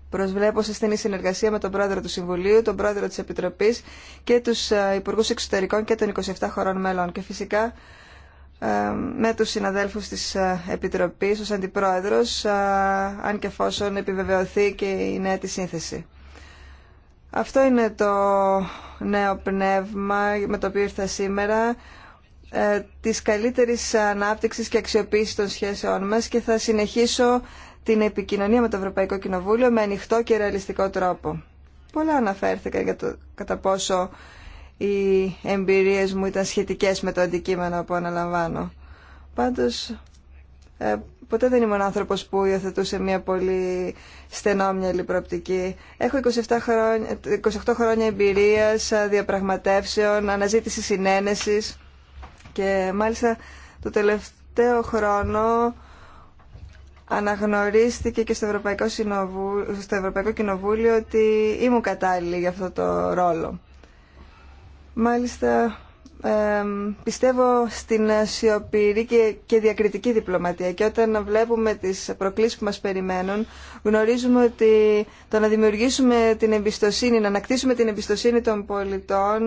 προσβλέπω σε στενή συνεργασία με τον πρόεδρο του Συμβουλίου, τον πρόεδρο τη Επιτροπή και του ε, υπουργού εξωτερικών και των 27 χωρών μέλων. Και φυσικά ε, με τους συναδέλφους της ε, Επιτροπής ως Αντιπρόεδρος, ε, αν και εφόσον επιβεβαιωθεί και η νέα τη σύνθεση. Αυτό είναι το νέο πνεύμα με το οποίο ήρθα σήμερα της καλύτερης ανάπτυξης και αξιοποίησης των σχέσεών μας και θα συνεχίσω την επικοινωνία με το Ευρωπαϊκό Κοινοβούλιο με ανοιχτό και ρεαλιστικό τρόπο. Πολλά αναφέρθηκαν για το κατά πόσο οι εμπειρίες μου ήταν σχετικές με το αντικείμενο που αναλαμβάνω. Πάντως, ε, ποτέ δεν ήμουν άνθρωπος που υιοθετούσε μια πολύ στενόμυαλη προοπτική. Έχω 27 χρόνια, 28 χρόνια εμπειρίας, ε, διαπραγματεύσεων, αναζήτηση συνένεσης και μάλιστα το τελευταίο χρόνο αναγνωρίστηκε και στο Ευρωπαϊκό, Συνοβου... στο Ευρωπαϊκό Κοινοβούλιο ότι ήμουν κατάλληλη για αυτό το ρόλο. Μάλιστα πιστεύω στην σιωπηρή και, και διακριτική διπλωματία και όταν βλέπουμε τις προκλήσεις που μας περιμένουν γνωρίζουμε ότι το να δημιουργήσουμε την εμπιστοσύνη, να ανακτήσουμε την εμπιστοσύνη των πολιτών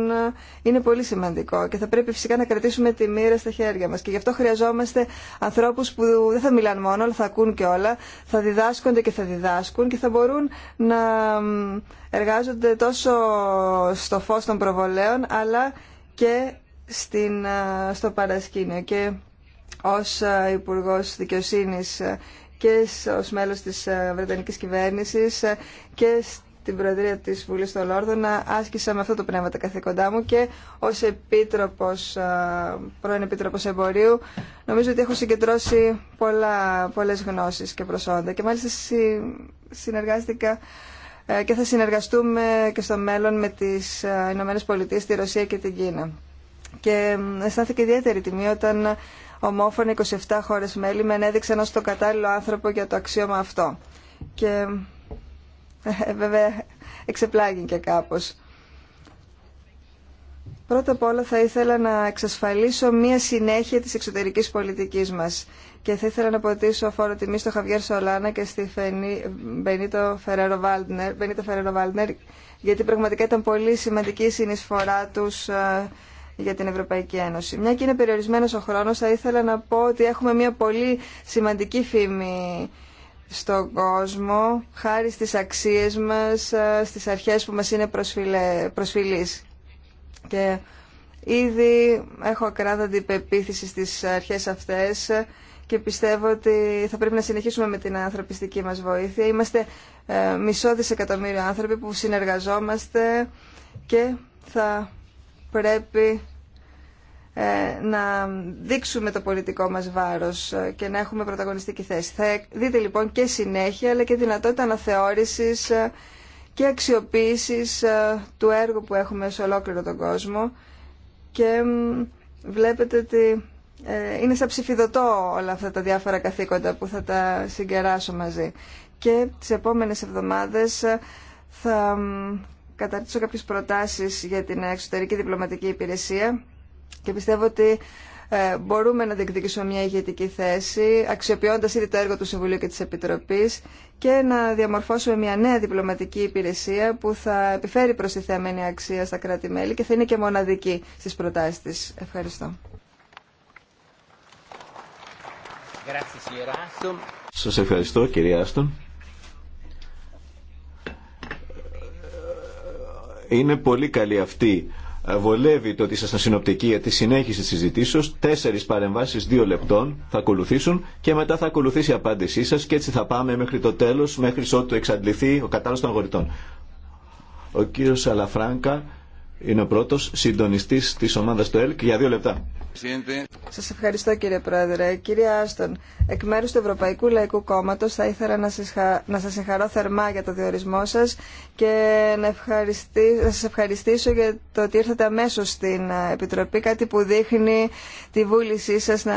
είναι πολύ σημαντικό και θα πρέπει φυσικά να κρατήσουμε τη μοίρα στα χέρια μας και γι' αυτό χρειαζόμαστε ανθρώπους που δεν θα μιλάνε μόνο αλλά θα ακούν και όλα, θα διδάσκονται και θα διδάσκουν και θα μπορούν να εργάζονται τόσο στο φως των προβολέων αλλά και στην, στο παρασκήνιο και ως υπουργό Δικαιοσύνης και ως μέλος της Βρετανικής Κυβέρνησης και στην Προεδρία της Βουλής των Λόρδων άσκησα με αυτό το πνεύμα τα καθήκοντά μου και ως επίτροπος, πρώην επίτροπος εμπορίου νομίζω ότι έχω συγκεντρώσει πολλά, πολλές γνώσεις και προσόντα και μάλιστα συνεργάστηκα ε, και θα συνεργαστούμε και στο μέλλον με τις Ηνωμένες Πολιτείες, τη Ρωσία και την Κίνα και αισθάνθηκε ιδιαίτερη τιμή όταν ομόφωνα 27 χώρες μέλη με ενέδειξαν ως τον κατάλληλο άνθρωπο για το αξίωμα αυτό. Και ε, ε, βέβαια εξεπλάγει και κάπως. Πρώτα απ' όλα θα ήθελα να εξασφαλίσω μία συνέχεια της εξωτερικής πολιτικής μας και θα ήθελα να ποτίσω φόρο τιμή στο Χαβιέρ Σολάνα και στη Φενή, Μπενίτο Φερέρο Βάλτνερ, γιατί πραγματικά ήταν πολύ σημαντική η συνεισφορά τους ε, για την Ευρωπαϊκή Ένωση. Μια και είναι περιορισμένος ο χρόνος, θα ήθελα να πω ότι έχουμε μια πολύ σημαντική φήμη στον κόσμο, χάρη στις αξίες μας, ε, στις αρχές που μας είναι προσφυλείς. Και ήδη έχω ακράδαντη υπεποίθηση στις αρχές αυτές και πιστεύω ότι θα πρέπει να συνεχίσουμε με την ανθρωπιστική μας βοήθεια. Είμαστε ε, μισό δισεκατομμύριο άνθρωποι που συνεργαζόμαστε και θα πρέπει ε, να δείξουμε το πολιτικό μας βάρος ε, και να έχουμε πρωταγωνιστική θέση. Θα δείτε λοιπόν και συνέχεια αλλά και δυνατότητα αναθεώρησης ε, και αξιοποίησης του έργου που έχουμε σε ολόκληρο τον κόσμο και βλέπετε ότι είναι σαν ψηφιδωτό όλα αυτά τα διάφορα καθήκοντα που θα τα συγκεράσω μαζί. Και τις επόμενες εβδομάδες θα καταρτήσω κάποιες προτάσεις για την εξωτερική διπλωματική υπηρεσία και πιστεύω ότι ε, μπορούμε να διεκδικήσουμε μια ηγετική θέση, αξιοποιώντας ήδη το έργο του Συμβουλίου και της Επιτροπής και να διαμορφώσουμε μια νέα διπλωματική υπηρεσία που θα επιφέρει τη θεαμένη αξία στα κράτη-μέλη και θα είναι και μοναδική στις προτάσεις της. Ευχαριστώ. Σας ευχαριστώ κυρία Άστον. Είναι πολύ καλή αυτή. Ε, βολεύει το ότι ήσασταν συνοπτική για τη συνέχιση τη συζητήσεω. Τέσσερι παρεμβάσει δύο λεπτών θα ακολουθήσουν και μετά θα ακολουθήσει η απάντησή σα και έτσι θα πάμε μέχρι το τέλο, μέχρι ότου εξαντληθεί ο κατάλληλο των αγορητών. Ο κύριο Αλαφράγκα είναι ο πρώτος συντονιστής της ομάδας του ΕΛΚ για δύο λεπτά. Σας ευχαριστώ κύριε Πρόεδρε. Κύριε Άστον, εκ μέρους του Ευρωπαϊκού Λαϊκού Κόμματος θα ήθελα να σας, να θερμά για το διορισμό σας και να, ευχαριστήσω, σας ευχαριστήσω για το ότι ήρθατε αμέσω στην ε, Επιτροπή, κάτι που δείχνει τη βούλησή σας να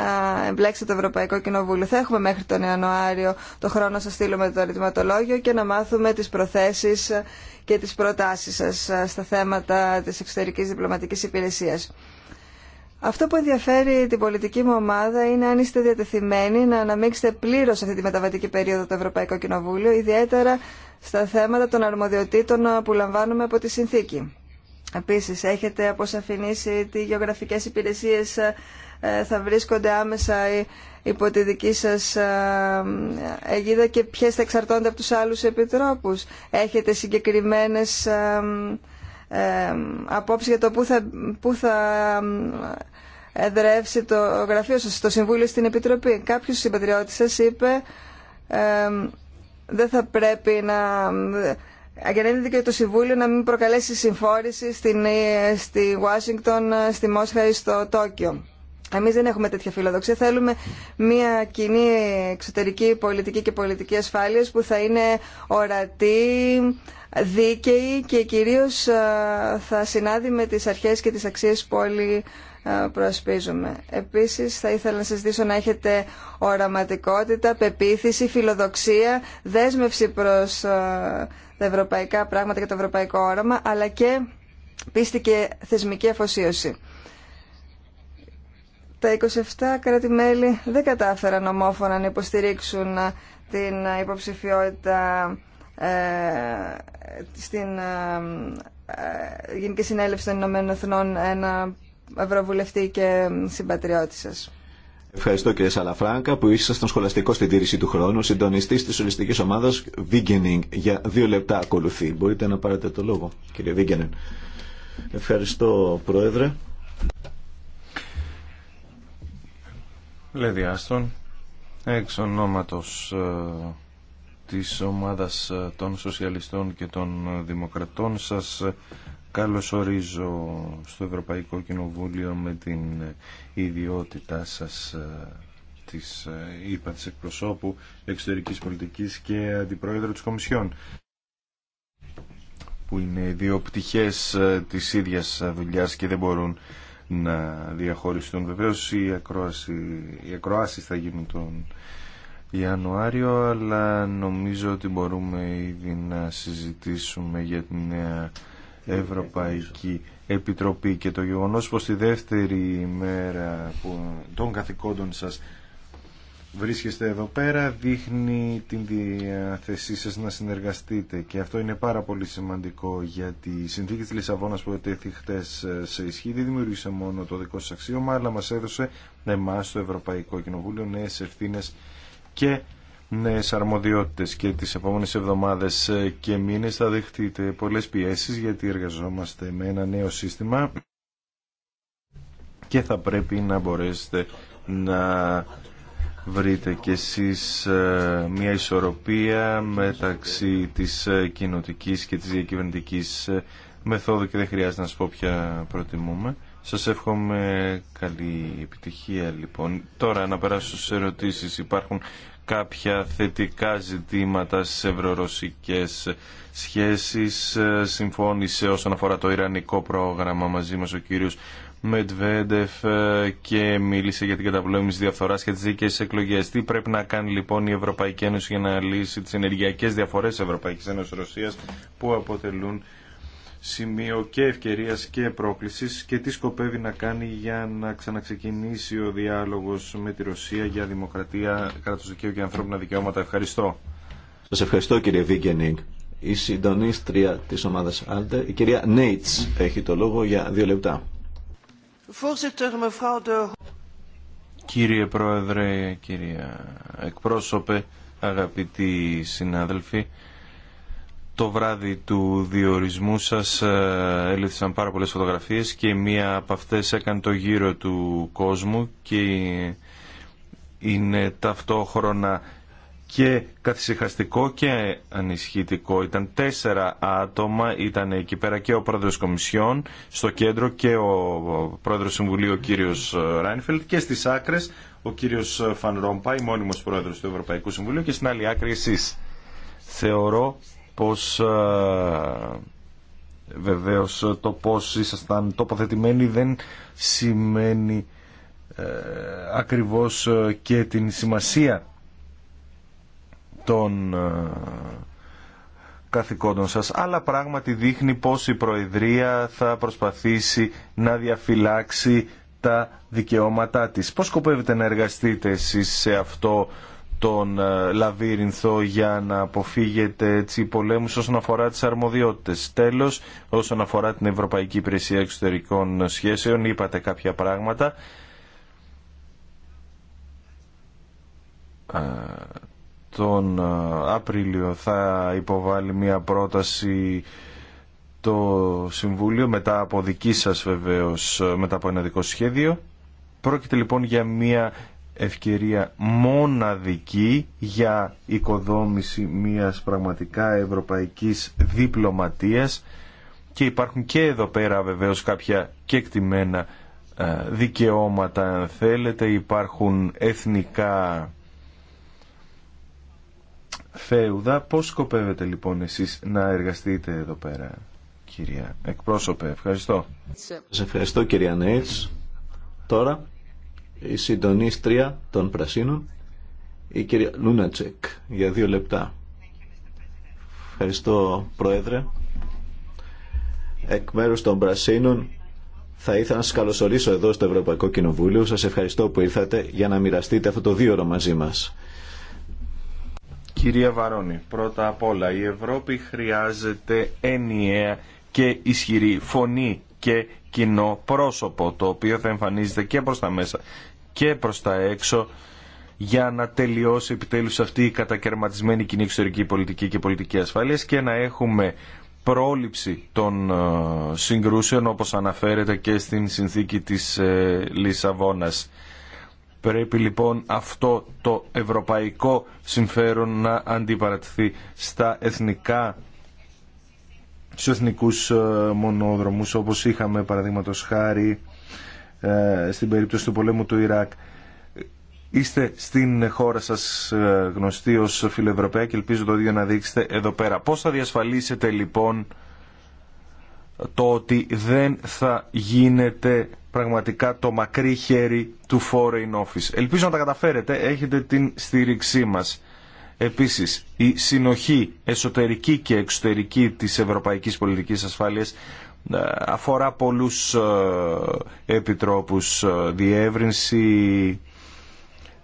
εμπλέξετε το Ευρωπαϊκό Κοινοβούλιο. Θα έχουμε μέχρι τον Ιανουάριο το χρόνο να σας στείλουμε το αριθματολόγιο και να μάθουμε τις προθέσεις και τις προτάσεις σας ε, στα θέματα της εξωτερικής διπλωματικής υπηρεσίας. Αυτό που ενδιαφέρει την πολιτική μου ομάδα είναι αν είστε διατεθειμένοι να αναμίξετε πλήρω αυτή τη μεταβατική περίοδο το Ευρωπαϊκό Κοινοβούλιο, ιδιαίτερα στα θέματα των αρμοδιοτήτων που λαμβάνουμε από τη συνθήκη. Επίση, έχετε αποσαφηνίσει τι γεωγραφικέ υπηρεσίε ε, θα βρίσκονται άμεσα υπό τη δική σα ε, αιγίδα και ποιε θα εξαρτώνται από του άλλου επιτρόπους. Έχετε συγκεκριμένε. Ε, απόψη για το πού θα, που θα εδρεύσει το γραφείο σας, το Συμβούλιο στην Επιτροπή. Κάποιος συμπατριώτης σας είπε δεν θα πρέπει να... Ε, για και το Συμβούλιο να μην προκαλέσει συμφόρηση στην, ε, στη Ουάσιγκτον, ε, στη Μόσχα ή στο Τόκιο. Εμείς δεν έχουμε τέτοια φιλοδοξία. Θέλουμε μια κοινή εξωτερική πολιτική και πολιτική ασφάλειας που θα είναι ορατή, δίκαιη και κυρίως θα συνάδει με τις αρχές και τις αξίες που όλοι προασπίζουμε. Επίσης θα ήθελα να σας δείσω να έχετε οραματικότητα, πεποίθηση, φιλοδοξία, δέσμευση προς τα ευρωπαϊκά πράγματα και το ευρωπαϊκό όραμα, αλλά και πίστη και θεσμική αφοσίωση. Τα 27 κράτη-μέλη δεν κατάφεραν ομόφωνα να υποστηρίξουν την υποψηφιότητα ε, στην ε, ε, Γενική Συνέλευση των Ηνωμένων Εθνών ένα ευρωβουλευτή και συμπατριώτη σα. Ευχαριστώ κύριε Σαλαφράγκα που ήσασταν σχολαστικό στην τήρηση του χρόνου, συντονιστή τη ολιστική ομάδα Βίγκενινγκ. Για δύο λεπτά ακολουθεί. Μπορείτε να πάρετε το λόγο, κύριε Βίγκενινγκ. Ευχαριστώ, Πρόεδρε. Λέδη Άστον, εξ ονόματος ε, της ομάδας ε, των Σοσιαλιστών και των ε, Δημοκρατών σας καλωσορίζω στο Ευρωπαϊκό Κοινοβούλιο με την ιδιότητά σας της είπα της εκπροσώπου εξωτερικής πολιτικής και αντιπρόεδρο της Κομισιόν που είναι δύο πτυχές της ίδιας δουλειάς και δεν μπορούν να διαχωριστούν. βεβαίω οι, ακροασει οι ακροάσεις θα γίνουν τον Ιανουάριο, αλλά νομίζω ότι μπορούμε ήδη να συζητήσουμε για την Ευρωπαϊκή Επιτροπή και το γεγονός πως τη δεύτερη ημέρα των καθηκόντων σας βρίσκεστε εδώ πέρα δείχνει την διαθεσή σας να συνεργαστείτε και αυτό είναι πάρα πολύ σημαντικό γιατί η συνθήκη της Λισαβόνας που ετέθη χτες ε, σε ισχύ δεν δημιούργησε μόνο το δικό σας αξίωμα αλλά μας έδωσε εμά στο Ευρωπαϊκό Κοινοβούλιο νέες ευθύνες και νέες αρμοδιότητες και τις επόμενες εβδομάδες ε, και μήνες θα δεχτείτε πολλές πιέσεις γιατί εργαζόμαστε με ένα νέο σύστημα και θα πρέπει να μπορέσετε να βρείτε κι εσείς ε, μια ισορροπία μεταξύ της ε, κοινοτικής και της διακυβερνητικής ε, μεθόδου και δεν χρειάζεται να σας πω ποια προτιμούμε. Σας εύχομαι καλή επιτυχία λοιπόν. Τώρα να περάσω στις ερωτήσεις. Υπάρχουν κάποια θετικά ζητήματα στις ευρωρωσικές σχέσεις. Συμφώνησε όσον αφορά το ιρανικό πρόγραμμα μαζί μας ο κύριος Μετβέντεφ ε, και μίλησε για την καταπολέμηση διαφθορά και τι δίκαιε εκλογέ. Τι πρέπει να κάνει λοιπόν η Ευρωπαϊκή Ένωση για να λύσει τις ενεργειακές διαφορές Ευρωπαϊκή Ένωση Ρωσία που αποτελούν σημείο και ευκαιρία και πρόκληση και τι σκοπεύει να κάνει για να ξαναξεκινήσει ο διάλογο με τη Ρωσία για δημοκρατία, κράτο δικαίου και ανθρώπινα δικαιώματα. Ευχαριστώ. Σα ευχαριστώ κύριε Βίγκενινγκ. Η συντονίστρια της ομάδας Άλτε, η κυρία Νέιτς, έχει το λόγο για δύο λεπτά. Κύριε Πρόεδρε, κυρία εκπρόσωπε, αγαπητοί συνάδελφοι, το βράδυ του διορισμού σας ε, έλειψαν πάρα πολλές φωτογραφίες και μία από αυτές έκανε το γύρο του κόσμου και είναι ταυτόχρονα και καθησυχαστικό και ανισχυτικό. Ήταν τέσσερα άτομα, ήταν εκεί πέρα και ο πρόεδρος Κομισιόν στο κέντρο και ο πρόεδρος Συμβουλίου ο κύριος ε, Ράινφελτ και στις άκρες ο κύριος ε, Φαν Ρόμπα, μόνιμος πρόεδρος του Ευρωπαϊκού Συμβουλίου και στην άλλη άκρη εσείς. Θεωρώ πως ε, βεβαίως το πως ήσασταν τοποθετημένοι δεν σημαίνει ακριβώς και την σημασία των ε, καθηκόντων σας, αλλά πράγματι δείχνει πως η Προεδρία θα προσπαθήσει να διαφυλάξει τα δικαιώματά της. Πώς σκοπεύετε να εργαστείτε εσείς σε αυτό τον ε, λαβύρινθο για να αποφύγετε έτσι πολέμους όσον αφορά τις αρμοδιότητες. Τέλος, όσον αφορά την Ευρωπαϊκή Υπηρεσία Εξωτερικών Σχέσεων, είπατε κάποια πράγματα. Ε, τον ε, Απρίλιο θα υποβάλει μια πρόταση το Συμβούλιο μετά από δική σας βεβαίως ε, μετά από ένα δικό σχέδιο πρόκειται λοιπόν για μια ευκαιρία μοναδική για οικοδόμηση μιας πραγματικά ευρωπαϊκής διπλωματίας και υπάρχουν και εδώ πέρα βεβαίως κάποια κεκτημένα ε, δικαιώματα αν θέλετε υπάρχουν εθνικά Φέουδα. Πώς σκοπεύετε λοιπόν εσείς να εργαστείτε εδώ πέρα, κυρία εκπρόσωπε. Ευχαριστώ. Σε ευχαριστώ κυρία Νέιτς. Τώρα η συντονίστρια των Πρασίνων, η κυρία Λούνατσεκ, για δύο λεπτά. Ευχαριστώ Πρόεδρε. Εκ μέρους των Πρασίνων θα ήθελα να σας καλωσορίσω εδώ στο Ευρωπαϊκό Κοινοβούλιο. Σας ευχαριστώ που ήρθατε για να μοιραστείτε αυτό το δύο ώρο μαζί μας. Κυρία Βαρόνη, πρώτα απ' όλα η Ευρώπη χρειάζεται ενιαία και ισχυρή φωνή και κοινό πρόσωπο το οποίο θα εμφανίζεται και προς τα μέσα και προς τα έξω για να τελειώσει επιτέλους αυτή η κατακαιρματισμένη κοινή εξωτερική πολιτική και πολιτική ασφάλειας και να έχουμε πρόληψη των ε, συγκρούσεων όπως αναφέρεται και στην συνθήκη της ε, Λισαβόνας. Πρέπει λοιπόν αυτό το ευρωπαϊκό συμφέρον να αντιπαρατηθεί στα εθνικά στους εθνικούς ε, μονόδρομους όπως είχαμε παραδείγματος χάρη ε, στην περίπτωση του πολέμου του Ιράκ. Είστε στην χώρα σας ε, γνωστοί ως φιλοευρωπαία και ελπίζω το ίδιο να δείξετε εδώ πέρα. Πώς θα διασφαλίσετε λοιπόν το ότι δεν θα γίνεται πραγματικά το μακρύ χέρι του Foreign Office. Ελπίζω να τα καταφέρετε, έχετε την στήριξή μας. Επίσης, η συνοχή εσωτερική και εξωτερική της ευρωπαϊκής πολιτικής ασφάλειας ε, αφορά πολλούς ε, επιτρόπους, ε, διεύρυνση,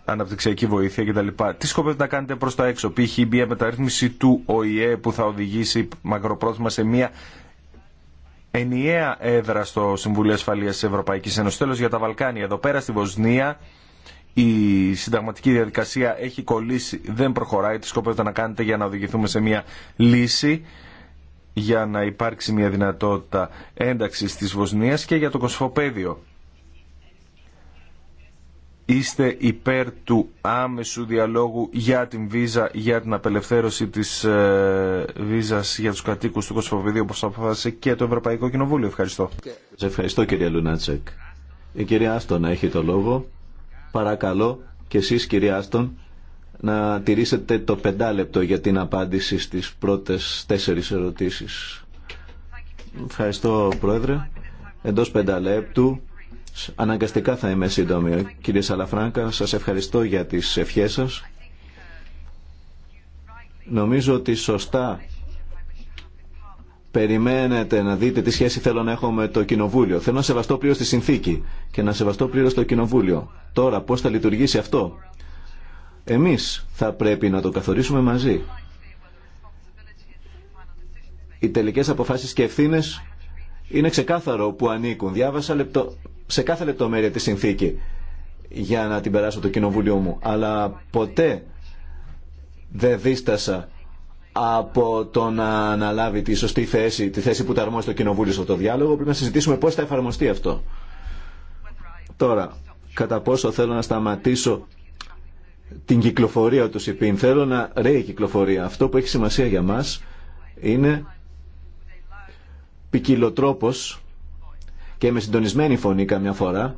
αναπτυξιακή βοήθεια κτλ. Τι σκοπεύετε να κάνετε προς τα έξω, π.χ. η μεταρρύθμιση του ΟΗΕ που θα οδηγήσει μακροπρόθεσμα σε μια ενιαία έδρα στο Συμβουλίο Ασφαλείας τη Ευρωπαϊκής Ένωση, τέλο για τα Βαλκάνια. Εδώ πέρα στη Βοσνία η συνταγματική διαδικασία έχει κολλήσει, δεν προχωράει. Τι σκοπεύετε να κάνετε για να οδηγηθούμε σε μια λύση για να υπάρξει μια δυνατότητα ένταξης της Βοσνίας και για το κοσφοπέδιο είστε υπέρ του άμεσου διαλόγου για την βίζα, για την απελευθέρωση της ε, βίζας για τους κατοίκους του Κοσμοβιδίου όπως αποφάσισε και το Ευρωπαϊκό Κοινοβούλιο. Ευχαριστώ. ευχαριστώ κυρία Λουνάτσεκ. Η κυρία Άστον έχει το λόγο. Παρακαλώ και εσείς κυρία Άστον να τηρήσετε το πεντάλεπτο για την απάντηση στις πρώτες τέσσερις ερωτήσεις. Ευχαριστώ Πρόεδρε. Εντός πενταλέπτου Αναγκαστικά θα είμαι σύντομη. Κύριε Σαλαφράγκα, σας ευχαριστώ για τις ευχές σας. Νομίζω ότι σωστά περιμένετε να δείτε τι σχέση θέλω να έχω με το Κοινοβούλιο. Θέλω να σεβαστώ πλήρω τη συνθήκη και να σεβαστώ πλήρω το Κοινοβούλιο. Τώρα πώς θα λειτουργήσει αυτό. Εμείς θα πρέπει να το καθορίσουμε μαζί. Οι τελικές αποφάσεις και ευθύνε είναι ξεκάθαρο που ανήκουν. Διάβασα λεπτο σε κάθε λεπτομέρεια τη συνθήκη για να την περάσω το κοινοβούλιο μου. Αλλά ποτέ δεν δίστασα από το να αναλάβει τη σωστή θέση, τη θέση που τα αρμόζει το κοινοβούλιο αυτό το διάλογο. Πρέπει να συζητήσουμε πώς θα εφαρμοστεί αυτό. Τώρα, κατά πόσο θέλω να σταματήσω την κυκλοφορία του ΣΥΠΗΝ. Θέλω να ρέει η κυκλοφορία. Αυτό που έχει σημασία για μας είναι ποικιλοτρόπος και με συντονισμένη φωνή καμιά φορά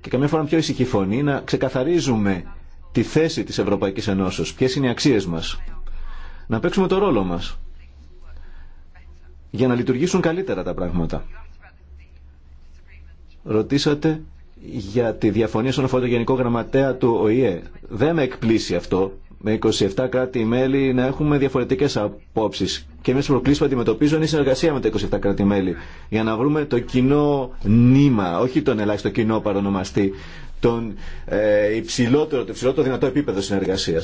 και καμιά φορά με πιο ησυχή φωνή να ξεκαθαρίζουμε τη θέση της Ευρωπαϊκής Ενώσεως, ποιες είναι οι αξίες μας. Να παίξουμε το ρόλο μας για να λειτουργήσουν καλύτερα τα πράγματα. Ρωτήσατε για τη διαφωνία στον αφορά το Γενικό Γραμματέα του ΟΗΕ. Δεν με εκπλήσει αυτό. Με 27 κράτη-μέλη να έχουμε διαφορετικές απόψεις και μέσα προκλήσει που αντιμετωπίζουν είναι η συνεργασία με τα 27 κράτη-μέλη. Για να βρούμε το κοινό νήμα, όχι τον ελάχιστο κοινό παρονομαστή, τον ε, υψηλότερο, το υψηλότερο δυνατό επίπεδο συνεργασία.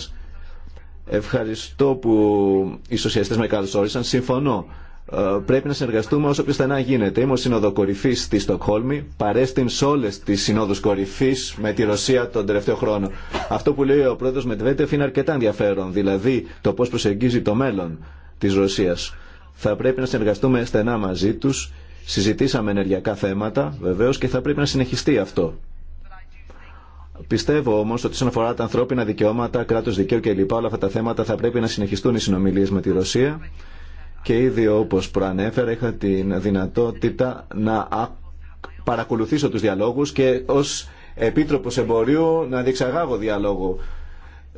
Ευχαριστώ που οι σοσιαλιστέ με όρισαν Συμφωνώ. Ε, πρέπει να συνεργαστούμε όσο πιο στενά γίνεται. Είμαι ο σύνοδο κορυφή στη Στοκχόλμη. Παρέστην σε όλε τι συνόδου κορυφή με τη Ρωσία τον τελευταίο χρόνο. Αυτό που λέει ο πρόεδρο Μετβέτεφ είναι αρκετά ενδιαφέρον. Δηλαδή το πώ προσεγγίζει το μέλλον της Ρωσίας. Θα πρέπει να συνεργαστούμε στενά μαζί τους. Συζητήσαμε ενεργειακά θέματα, βεβαίως, και θα πρέπει να συνεχιστεί αυτό. Πιστεύω όμω ότι όσον αφορά τα ανθρώπινα δικαιώματα, κράτο δικαίου κλπ. όλα αυτά τα θέματα θα πρέπει να συνεχιστούν οι συνομιλίε με τη Ρωσία και ήδη όπω προανέφερα είχα την δυνατότητα να παρακολουθήσω του διαλόγου και ω Επίτροπο Εμπορίου να διεξαγάγω διαλόγο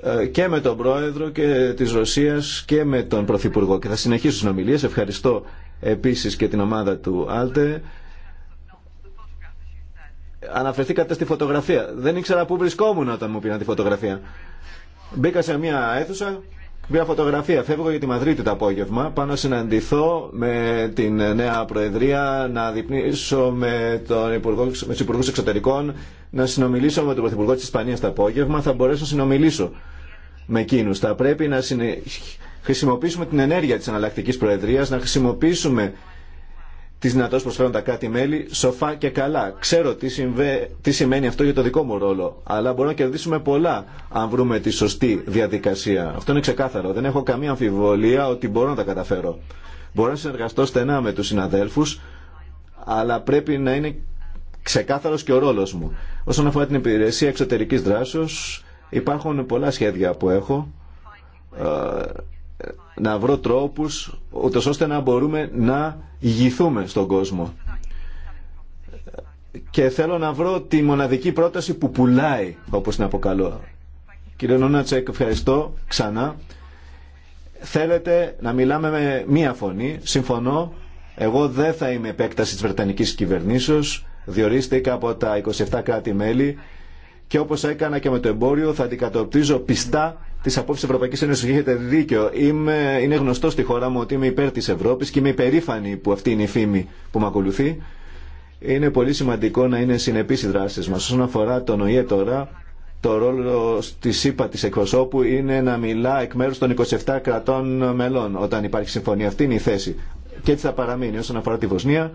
ε, και με τον πρόεδρο και της Ρωσίας και με τον πρωθυπουργό και θα συνεχίσω συνομιλίες. Ευχαριστώ επίσης και την ομάδα του Άλτε. Αναφερθήκατε στη φωτογραφία. Δεν ήξερα πού βρισκόμουν όταν μου πήραν τη φωτογραφία. Μπήκα σε μια αίθουσα, μια φωτογραφία. Φεύγω για τη Μαδρίτη το απόγευμα. Πάνω να συναντηθώ με την νέα Προεδρία, να διπνήσω με, τον υπουργό, με του Υπουργού Εξωτερικών, να συνομιλήσω με τον Πρωθυπουργό τη Ισπανία το απόγευμα. Θα μπορέσω να συνομιλήσω με εκείνους. Θα πρέπει να συνε... χρησιμοποιήσουμε την ενέργεια της εναλλακτική προεδρίας, να χρησιμοποιήσουμε τι δυνατότητες που προσφέρουν τα κράτη-μέλη σοφά και καλά. Ξέρω τι, σημαίνει αυτό για το δικό μου ρόλο, αλλά μπορούμε να κερδίσουμε πολλά αν βρούμε τη σωστή διαδικασία. Αυτό είναι ξεκάθαρο. Δεν έχω καμία αμφιβολία ότι μπορώ να τα καταφέρω. Μπορώ να συνεργαστώ στενά με του συναδέλφου, αλλά πρέπει να είναι ξεκάθαρος και ο ρόλος μου. Όσον αφορά την υπηρεσία εξωτερικής δράσης, Υπάρχουν πολλά σχέδια που έχω ε, να βρω τρόπους ούτως ώστε να μπορούμε να ηγηθούμε στον κόσμο. Και θέλω να βρω τη μοναδική πρόταση που πουλάει, όπως την αποκαλώ. Κύριε Νόνατσεκ, ευχαριστώ ξανά. Θέλετε να μιλάμε με μία φωνή, συμφωνώ. Εγώ δεν θα είμαι επέκταση της Βρετανικής κυβερνήσεως. Διορίστηκα από τα 27 κράτη-μέλη και όπως έκανα και με το εμπόριο θα αντικατοπτρίζω πιστά τι απόψει τη Ευρωπαϊκή Ένωση. Έχετε δίκιο. Είμαι, είναι γνωστό στη χώρα μου ότι είμαι υπέρ τη Ευρώπη και είμαι υπερήφανη που αυτή είναι η φήμη που με ακολουθεί. Είναι πολύ σημαντικό να είναι συνεπεί οι δράσει μα. Όσον αφορά τον ΟΗΕ τώρα, το ρόλο τη ΕΕ τη εκπροσώπου είναι να μιλά εκ μέρου των 27 κρατών μελών όταν υπάρχει συμφωνία. Αυτή είναι η θέση. Και έτσι θα παραμείνει όσον αφορά τη Βοσνία.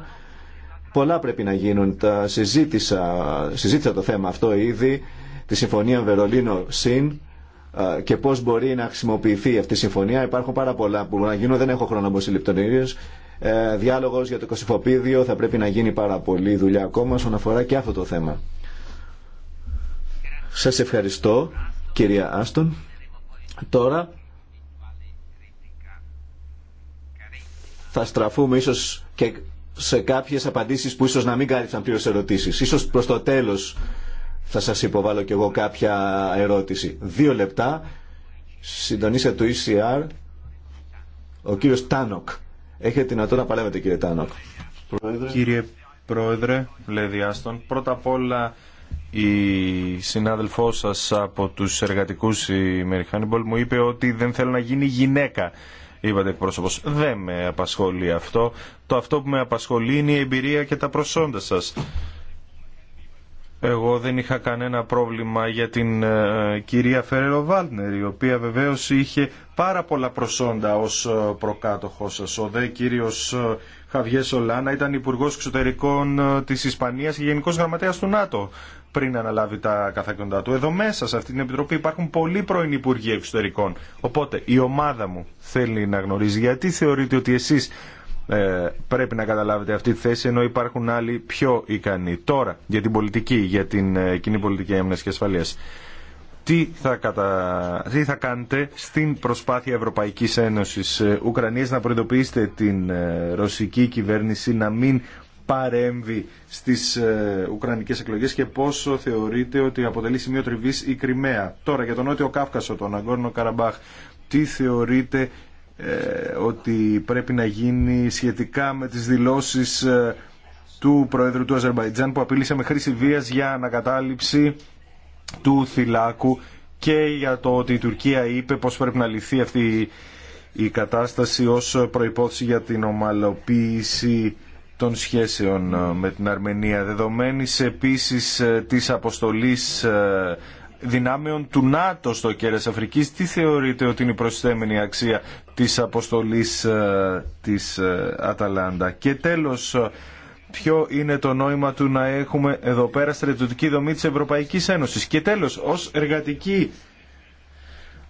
Πολλά πρέπει να γίνουν. Τα συζήτησα, συζήτησα το θέμα αυτό ήδη, τη Συμφωνία Βερολίνο-ΣΥΝ και πώ μπορεί να χρησιμοποιηθεί αυτή η συμφωνία. Υπάρχουν πάρα πολλά που μπορούν να γίνουν, δεν έχω χρόνο να μπω σε Ε, Διάλογο για το κοσυφοπίδιο θα πρέπει να γίνει πάρα πολύ δουλειά ακόμα όσον αφορά και αυτό το θέμα. Σας ευχαριστώ κυρία Άστον. Τώρα θα στραφούμε ίσως και σε κάποιες απαντήσεις που ίσως να μην κάλυψαν πλήρως ερωτήσεις. Ίσως προς το τέλος θα σας υποβάλω κι εγώ κάποια ερώτηση. Δύο λεπτά, Συντονίστε του ECR, ο κύριος Τάνοκ. Έχετε δυνατόν να παλεύετε κύριε Τάνοκ. Κύριε Πρόεδρε, λέει Άστον, πρώτα απ' όλα η συνάδελφός σας από τους εργατικούς η Μεριχάνιμπολ μου είπε ότι δεν θέλω να γίνει γυναίκα είπατε εκπρόσωπος. Δεν με απασχολεί αυτό. Το αυτό που με απασχολεί είναι η εμπειρία και τα προσόντα σας. Εγώ δεν είχα κανένα πρόβλημα για την ε, κυρία Φέρερο Βάλτνερ, η οποία βεβαίως είχε πάρα πολλά προσόντα ως ε, σας. Ο δε κύριος ε, Χαβιέ Σολάνα ήταν υπουργό Εξωτερικών ε, της Ισπανίας και Γενικός Γραμματέας του ΝΑΤΟ πριν αναλάβει τα καθήκοντά του. Εδώ μέσα σε αυτή την Επιτροπή υπάρχουν πολλοί πρώην Υπουργοί Εξωτερικών. Οπότε η ομάδα μου θέλει να γνωρίζει γιατί θεωρείτε ότι εσείς ε, πρέπει να καταλάβετε αυτή τη θέση ενώ υπάρχουν άλλοι πιο ικανοί. Τώρα για την πολιτική, για την ε, κοινή πολιτική έμνες και ασφαλείας. Τι θα, κατα... τι θα κάνετε στην προσπάθεια Ευρωπαϊκής Ένωσης ε, Ουκρανίας να προειδοποιήσετε την ε, ρωσική κυβέρνηση να μην παρέμβει στις ε, Ουκρανικές εκλογές και πόσο θεωρείται ότι αποτελεί σημείο τριβής η Κρυμαία. Τώρα για τον Νότιο Κάφκασο, τον Αγκόρνο Καραμπάχ, τι θεωρείται ε, ότι πρέπει να γίνει σχετικά με τις δηλώσεις ε, του Προέδρου του Αζερβαϊτζάν που απειλήσε με χρήση βίας για ανακατάληψη του θυλάκου και για το ότι η Τουρκία είπε πως πρέπει να λυθεί αυτή η κατάσταση ως προϋπόθεση για την ομαλοποίηση των σχέσεων ε, με την Αρμενία, δεδομένης επίσης ε, της αποστολής ε, δυνάμεων του ΝΑΤΟ στο κέρας Αφρικής, τι θεωρείτε ότι είναι η προσθέμενη αξία της αποστολής της Αταλάντα. Και τέλος, ποιο είναι το νόημα του να έχουμε εδώ πέρα στρατιωτική δομή της Ευρωπαϊκής Ένωσης. Και τέλος, ως εργατική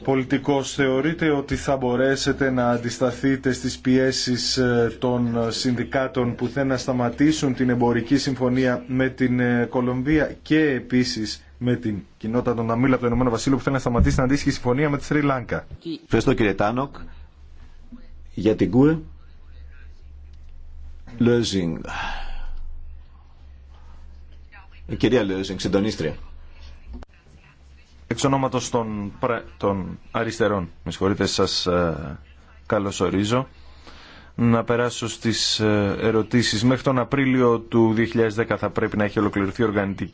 πολιτικός θεωρείτε ότι θα μπορέσετε να αντισταθείτε στις πιέσεις ε, των συνδικάτων που θέλουν να σταματήσουν την εμπορική συμφωνία με την ε, Κολομβία και επίσης με την κοινότητα των Αμήλα από το Ηνωμένο Βασίλειο που θέλουν να σταματήσει την αντίστοιχη συμφωνία με τη Σρι Λάνκα. Ευχαριστώ κύριε Τάνοκ. Για την ΚΟΕ. Λέζινγκ. Κυρία Λέζινγκ, συντονίστρια. Εξ ονόματος των, αριστερών, με συγχωρείτε, σας ε, καλωσορίζω. Να περάσω στις ε, ερωτήσεις. Μέχρι τον Απρίλιο του 2010 θα πρέπει να έχει ολοκληρωθεί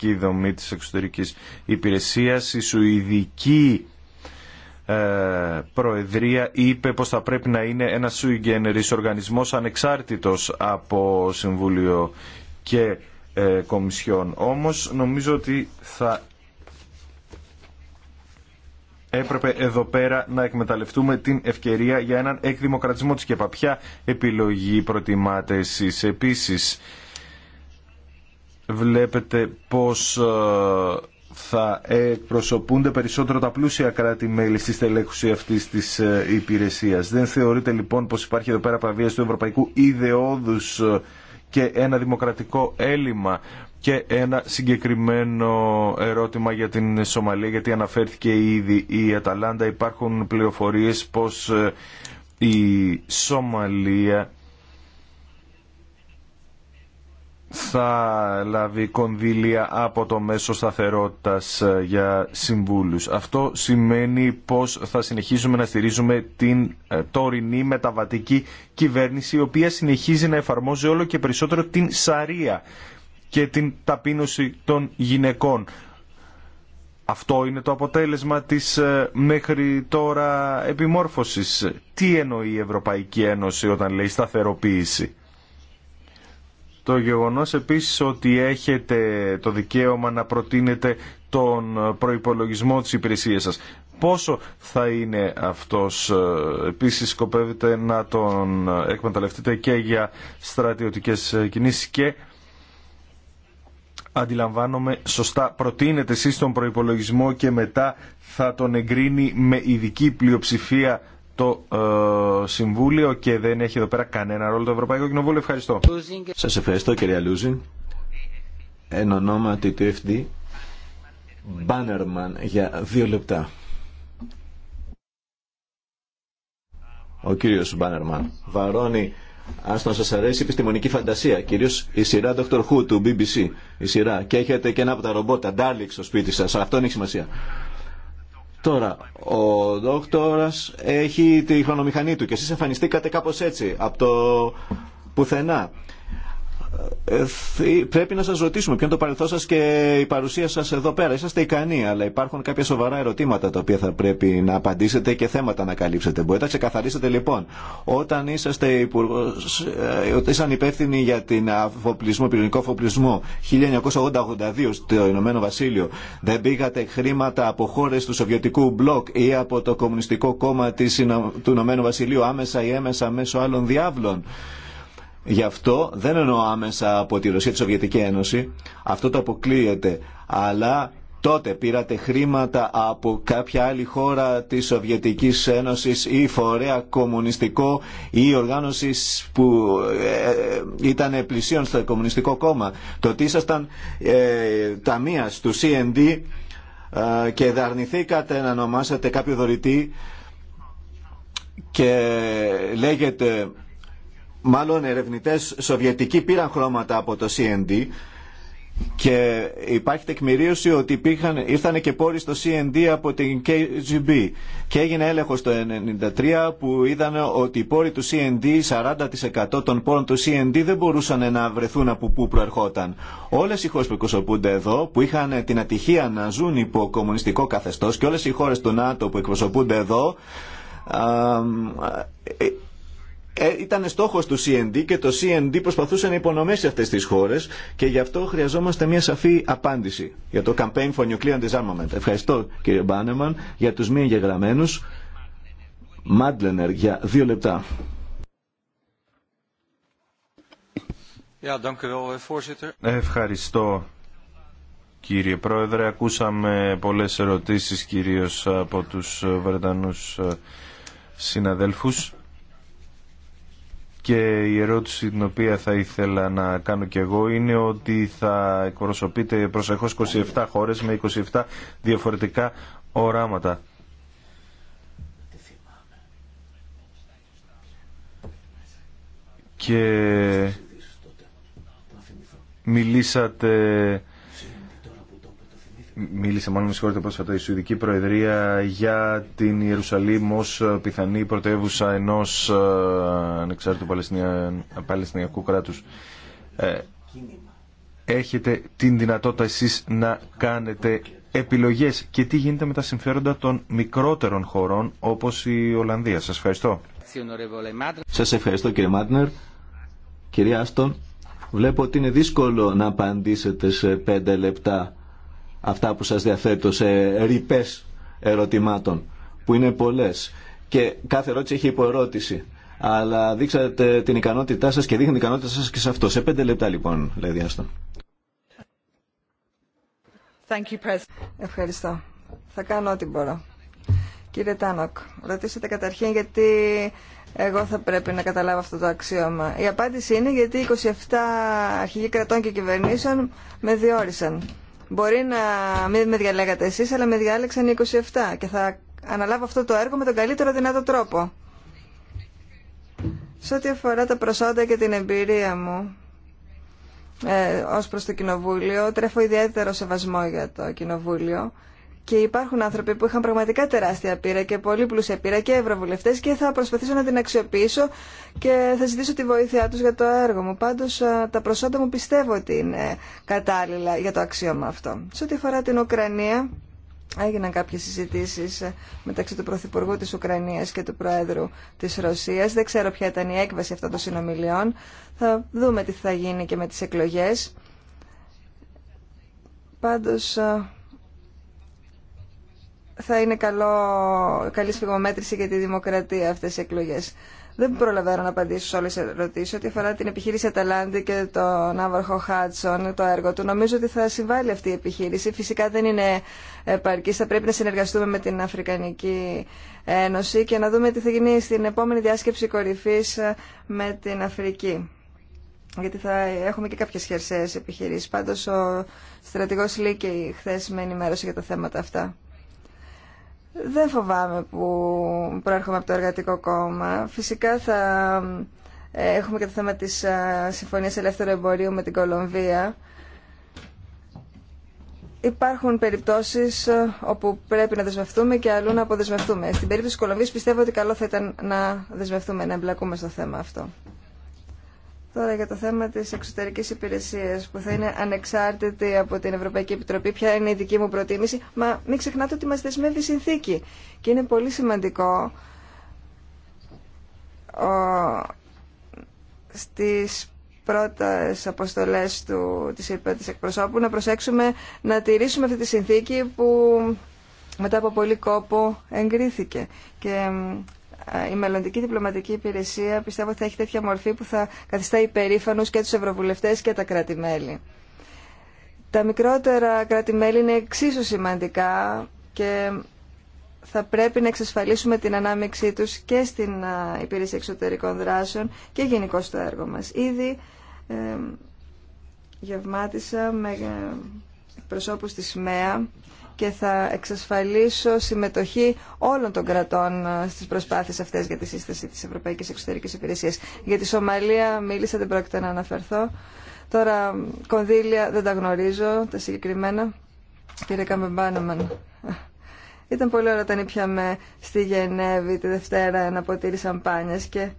η δομή της εξωτερικής υπηρεσίας. Η Σουηδική ε, Προεδρία είπε πως θα πρέπει να είναι ένα σουηγενερής οργανισμός ανεξάρτητος από Συμβούλιο και Κομισιόν. Όμως νομίζω ότι θα έπρεπε εδώ πέρα να εκμεταλλευτούμε την ευκαιρία για έναν εκδημοκρατισμό της ΚΕΠΑ. Ποια επιλογή προτιμάτε εσείς επίσης. Βλέπετε πως ε, θα εκπροσωπούνται περισσότερο τα πλούσια κράτη-μέλη στη στελέχωση αυτής της ε, υπηρεσια Δεν θεωρείτε λοιπόν πως υπάρχει εδώ πέρα παραβίαση του ευρωπαϊκού ιδεώδους ε, και ένα δημοκρατικό έλλειμμα και ένα συγκεκριμένο ερώτημα για την Σομαλία, γιατί αναφέρθηκε ήδη η Αταλάντα. Υπάρχουν πληροφορίες πως ε, η Σομαλία θα λάβει κονδύλια από το μέσο σταθερότητας ε, για συμβούλους. Αυτό σημαίνει πως θα συνεχίσουμε να στηρίζουμε την ε, τωρινή μεταβατική κυβέρνηση η οποία συνεχίζει να εφαρμόζει όλο και περισσότερο την Σαρία και την ταπείνωση των γυναικών. Αυτό είναι το αποτέλεσμα της ε, μέχρι τώρα επιμόρφωσης. Τι εννοεί η Ευρωπαϊκή Ένωση όταν λέει σταθεροποίηση. Το γεγονός επίσης ότι έχετε το δικαίωμα να προτείνετε τον προϋπολογισμό της υπηρεσίας σας. Πόσο θα είναι αυτός, ε, επίσης σκοπεύετε να τον εκμεταλλευτείτε και για στρατιωτικές ε, κινήσεις και αντιλαμβάνομαι σωστά, προτείνετε εσεί τον προπολογισμό και μετά θα τον εγκρίνει με ειδική πλειοψηφία το ε, Συμβούλιο και δεν έχει εδώ πέρα κανένα ρόλο το Ευρωπαϊκό Κοινοβούλιο. Ευχαριστώ. Σας ευχαριστώ κυρία Λούζιν. Εν ονόματι του FD, Μπάνερμαν για δύο λεπτά. Ο κύριος Μπάνερμαν βαρώνει αν σας αρέσει η επιστημονική φαντασία, κυρίως η σειρά Dr. Who του BBC, η σειρά, και έχετε και ένα από τα ρομπότα, Dalek στο σπίτι σας, αυτό έχει σημασία. Τώρα, ο δόκτορας έχει τη χρονομηχανή του και εσείς εμφανιστήκατε κάπως έτσι, από το πουθενά. Ε, ε, πρέπει να σας ρωτήσουμε ποιο είναι το παρελθόν σας και η παρουσία σας εδώ πέρα. Είσαστε ικανοί, αλλά υπάρχουν κάποια σοβαρά ερωτήματα τα οποία θα πρέπει να απαντήσετε και θέματα να καλύψετε. Μπορείτε να ξεκαθαρίσετε λοιπόν, όταν είσαστε υπουργός, ε, όταν υπεύθυνοι για την αφοπλισμό, πυρηνικό 1982 στο Ηνωμένο Βασίλειο, δεν πήγατε χρήματα από χώρε του Σοβιετικού μπλοκ ή από το Κομμουνιστικό Κόμμα του Ηνωμένου Βασιλείου άμεσα ή έμεσα μέσω άλλων διάβλων. Γι' αυτό δεν εννοώ άμεσα από τη Ρωσία τη Σοβιετική Ένωση. Αυτό το αποκλείεται. Αλλά τότε πήρατε χρήματα από κάποια άλλη χώρα της Σοβιετικής Ένωσης ή φορέα κομμουνιστικό ή οργάνωσης που ε, ε, ήταν πλησίον στο Κομμουνιστικό Κόμμα. Το ότι ήσασταν ε, ταμείας του CND ε, και δαρνηθήκατε να ονομάσετε κάποιο δωρητή και λέγεται μάλλον ερευνητές σοβιετικοί πήραν χρώματα από το CND και υπάρχει τεκμηρίωση ότι υπήρχαν, ήρθαν και πόροι στο CND από την KGB και έγινε έλεγχος το 1993 που είδαν ότι οι πόροι του CND 40% των πόρων του CND δεν μπορούσαν να βρεθούν από πού προερχόταν όλες οι χώρες που εκπροσωπούνται εδώ που είχαν την ατυχία να ζουν υπό κομμουνιστικό καθεστώς και όλες οι χώρες του ΝΑΤΟ που εκπροσωπούνται εδώ ε, ήταν στόχος του CND και το CND προσπαθούσε να υπονομεύσει αυτές τις χώρες και γι' αυτό χρειαζόμαστε μια σαφή απάντηση για το Campaign for Nuclear Disarmament. Ευχαριστώ κύριε Μπάνεμαν για τους μη εγγεγραμμένου. Μάντλενερ για δύο λεπτά. Eh, Ευχαριστώ κύριε Πρόεδρε. Ακούσαμε πολλές ερωτήσεις κυρίως από τους Βρετανούς ε, συναδέλφους και η ερώτηση την οποία θα ήθελα να κάνω και εγώ είναι ότι θα εκπροσωπείτε προσεχώς 27 χώρες με 27 διαφορετικά οράματα. Και μιλήσατε μίλησε μόνο με συγχωρείτε πρόσφατα η Σουηδική Προεδρία για την Ιερουσαλήμ ως ε, πιθανή πρωτεύουσα ενός ε, ανεξάρτητου Παλαιστινιακού κράτους. Ε, έχετε την δυνατότητα εσείς να κάνετε επιλογές και τι γίνεται με τα συμφέροντα των μικρότερων χωρών όπως η Ολλανδία. Σας ευχαριστώ. Σας ευχαριστώ κύριε Μάτνερ. Κυρία Άστον, βλέπω ότι είναι δύσκολο να απαντήσετε σε πέντε λεπτά αυτά που σας διαθέτω σε ρηπές ερωτημάτων που είναι πολλές και κάθε ερώτηση έχει υποερώτηση αλλά δείξατε την ικανότητά σας και δείχνει την ικανότητά σας και σε αυτό. Σε πέντε λεπτά λοιπόν, λέει Άστον. Ευχαριστώ. Θα κάνω ό,τι μπορώ. Κύριε Τάνοκ, ρωτήσατε καταρχήν γιατί εγώ θα πρέπει να καταλάβω αυτό το αξίωμα. Η απάντηση είναι γιατί 27 αρχηγοί κρατών και κυβερνήσεων με διόρισαν. Μπορεί να μην με διαλέγατε εσείς, αλλά με διάλεξαν οι 27 και θα αναλάβω αυτό το έργο με τον καλύτερο δυνατό τρόπο. Σε ό,τι αφορά τα προσόντα και την εμπειρία μου ε, ως προς το Κοινοβούλιο, τρέφω ιδιαίτερο σεβασμό για το Κοινοβούλιο και υπάρχουν άνθρωποι που είχαν πραγματικά τεράστια πείρα και πολύ πλούσια πείρα και ευρωβουλευτέ και θα προσπαθήσω να την αξιοποιήσω και θα ζητήσω τη βοήθειά του για το έργο μου. Πάντω τα προσόντα μου πιστεύω ότι είναι κατάλληλα για το αξίωμα αυτό. Σε ό,τι αφορά την Ουκρανία, έγιναν κάποιε συζητήσει ε, μεταξύ του Πρωθυπουργού τη Ουκρανία και του Προέδρου τη Ρωσία. Δεν ξέρω ποια ήταν η έκβαση αυτών των συνομιλιών. Θα δούμε τι θα γίνει και με τι εκλογέ. Πάντως θα είναι καλό, καλή σφιγμομέτρηση για τη δημοκρατία αυτές οι εκλογές. Δεν προλαβαίνω να απαντήσω σε όλες τι ερωτήσει. Ό,τι αφορά την επιχείρηση Αταλάντη και τον Άβαρχο Χάτσον, το έργο του, νομίζω ότι θα συμβάλλει αυτή η επιχείρηση. Φυσικά δεν είναι επαρκή. Θα πρέπει να συνεργαστούμε με την Αφρικανική Ένωση και να δούμε τι θα γίνει στην επόμενη διάσκεψη κορυφή με την Αφρική γιατί θα έχουμε και κάποιε χερσαίε επιχειρήσει Πάντω, ο στρατηγό Λίκη χθε με ενημέρωσε για τα θέματα αυτά. Δεν φοβάμαι που προέρχομαι από το Εργατικό Κόμμα. Φυσικά θα ε, έχουμε και το θέμα της ε, Συμφωνίας Ελεύθερου Εμπορίου με την Κολομβία. Υπάρχουν περιπτώσεις ε, όπου πρέπει να δεσμευτούμε και αλλού να αποδεσμευτούμε. Στην περίπτωση της Κολομβίας πιστεύω ότι καλό θα ήταν να δεσμευτούμε, να εμπλακούμε στο θέμα αυτό. Τώρα για το θέμα της εξωτερικής υπηρεσίας που θα είναι ανεξάρτητη από την Ευρωπαϊκή Επιτροπή, ποια είναι η δική μου προτίμηση, μα μην ξεχνάτε ότι μας δεσμεύει η συνθήκη και είναι πολύ σημαντικό ο, στις πρώτες αποστολές του, της, εκπροσώπου να προσέξουμε να τηρήσουμε αυτή τη συνθήκη που μετά από πολύ κόπο εγκρίθηκε. Και ε, η μελλοντική διπλωματική υπηρεσία πιστεύω θα έχει τέτοια μορφή που θα καθιστά υπερήφανους και τους ευρωβουλευτές και τα κράτη-μέλη. Τα μικρότερα κράτη-μέλη είναι εξίσου σημαντικά και θα πρέπει να εξασφαλίσουμε την ανάμειξή τους και στην ε, υπηρεσία εξωτερικών δράσεων και γενικώ στο έργο μας. Ήδη ε, γευμάτισα με ε, προσώπους της ΜΕΑ και θα εξασφαλίσω συμμετοχή όλων των κρατών ε, στις προσπάθειες αυτές για τη σύσταση της Ευρωπαϊκής Εξωτερικής Υπηρεσίας. Για τη Σομαλία μίλησα, δεν πρόκειται να αναφερθώ. Τώρα κονδύλια δεν τα γνωρίζω, τα συγκεκριμένα. Κύριε Καμπεμπάνεμαν, ήταν πολύ ωραία όταν ήπιαμε στη Γενέβη τη Δευτέρα ένα ποτήρι σαμπάνιας και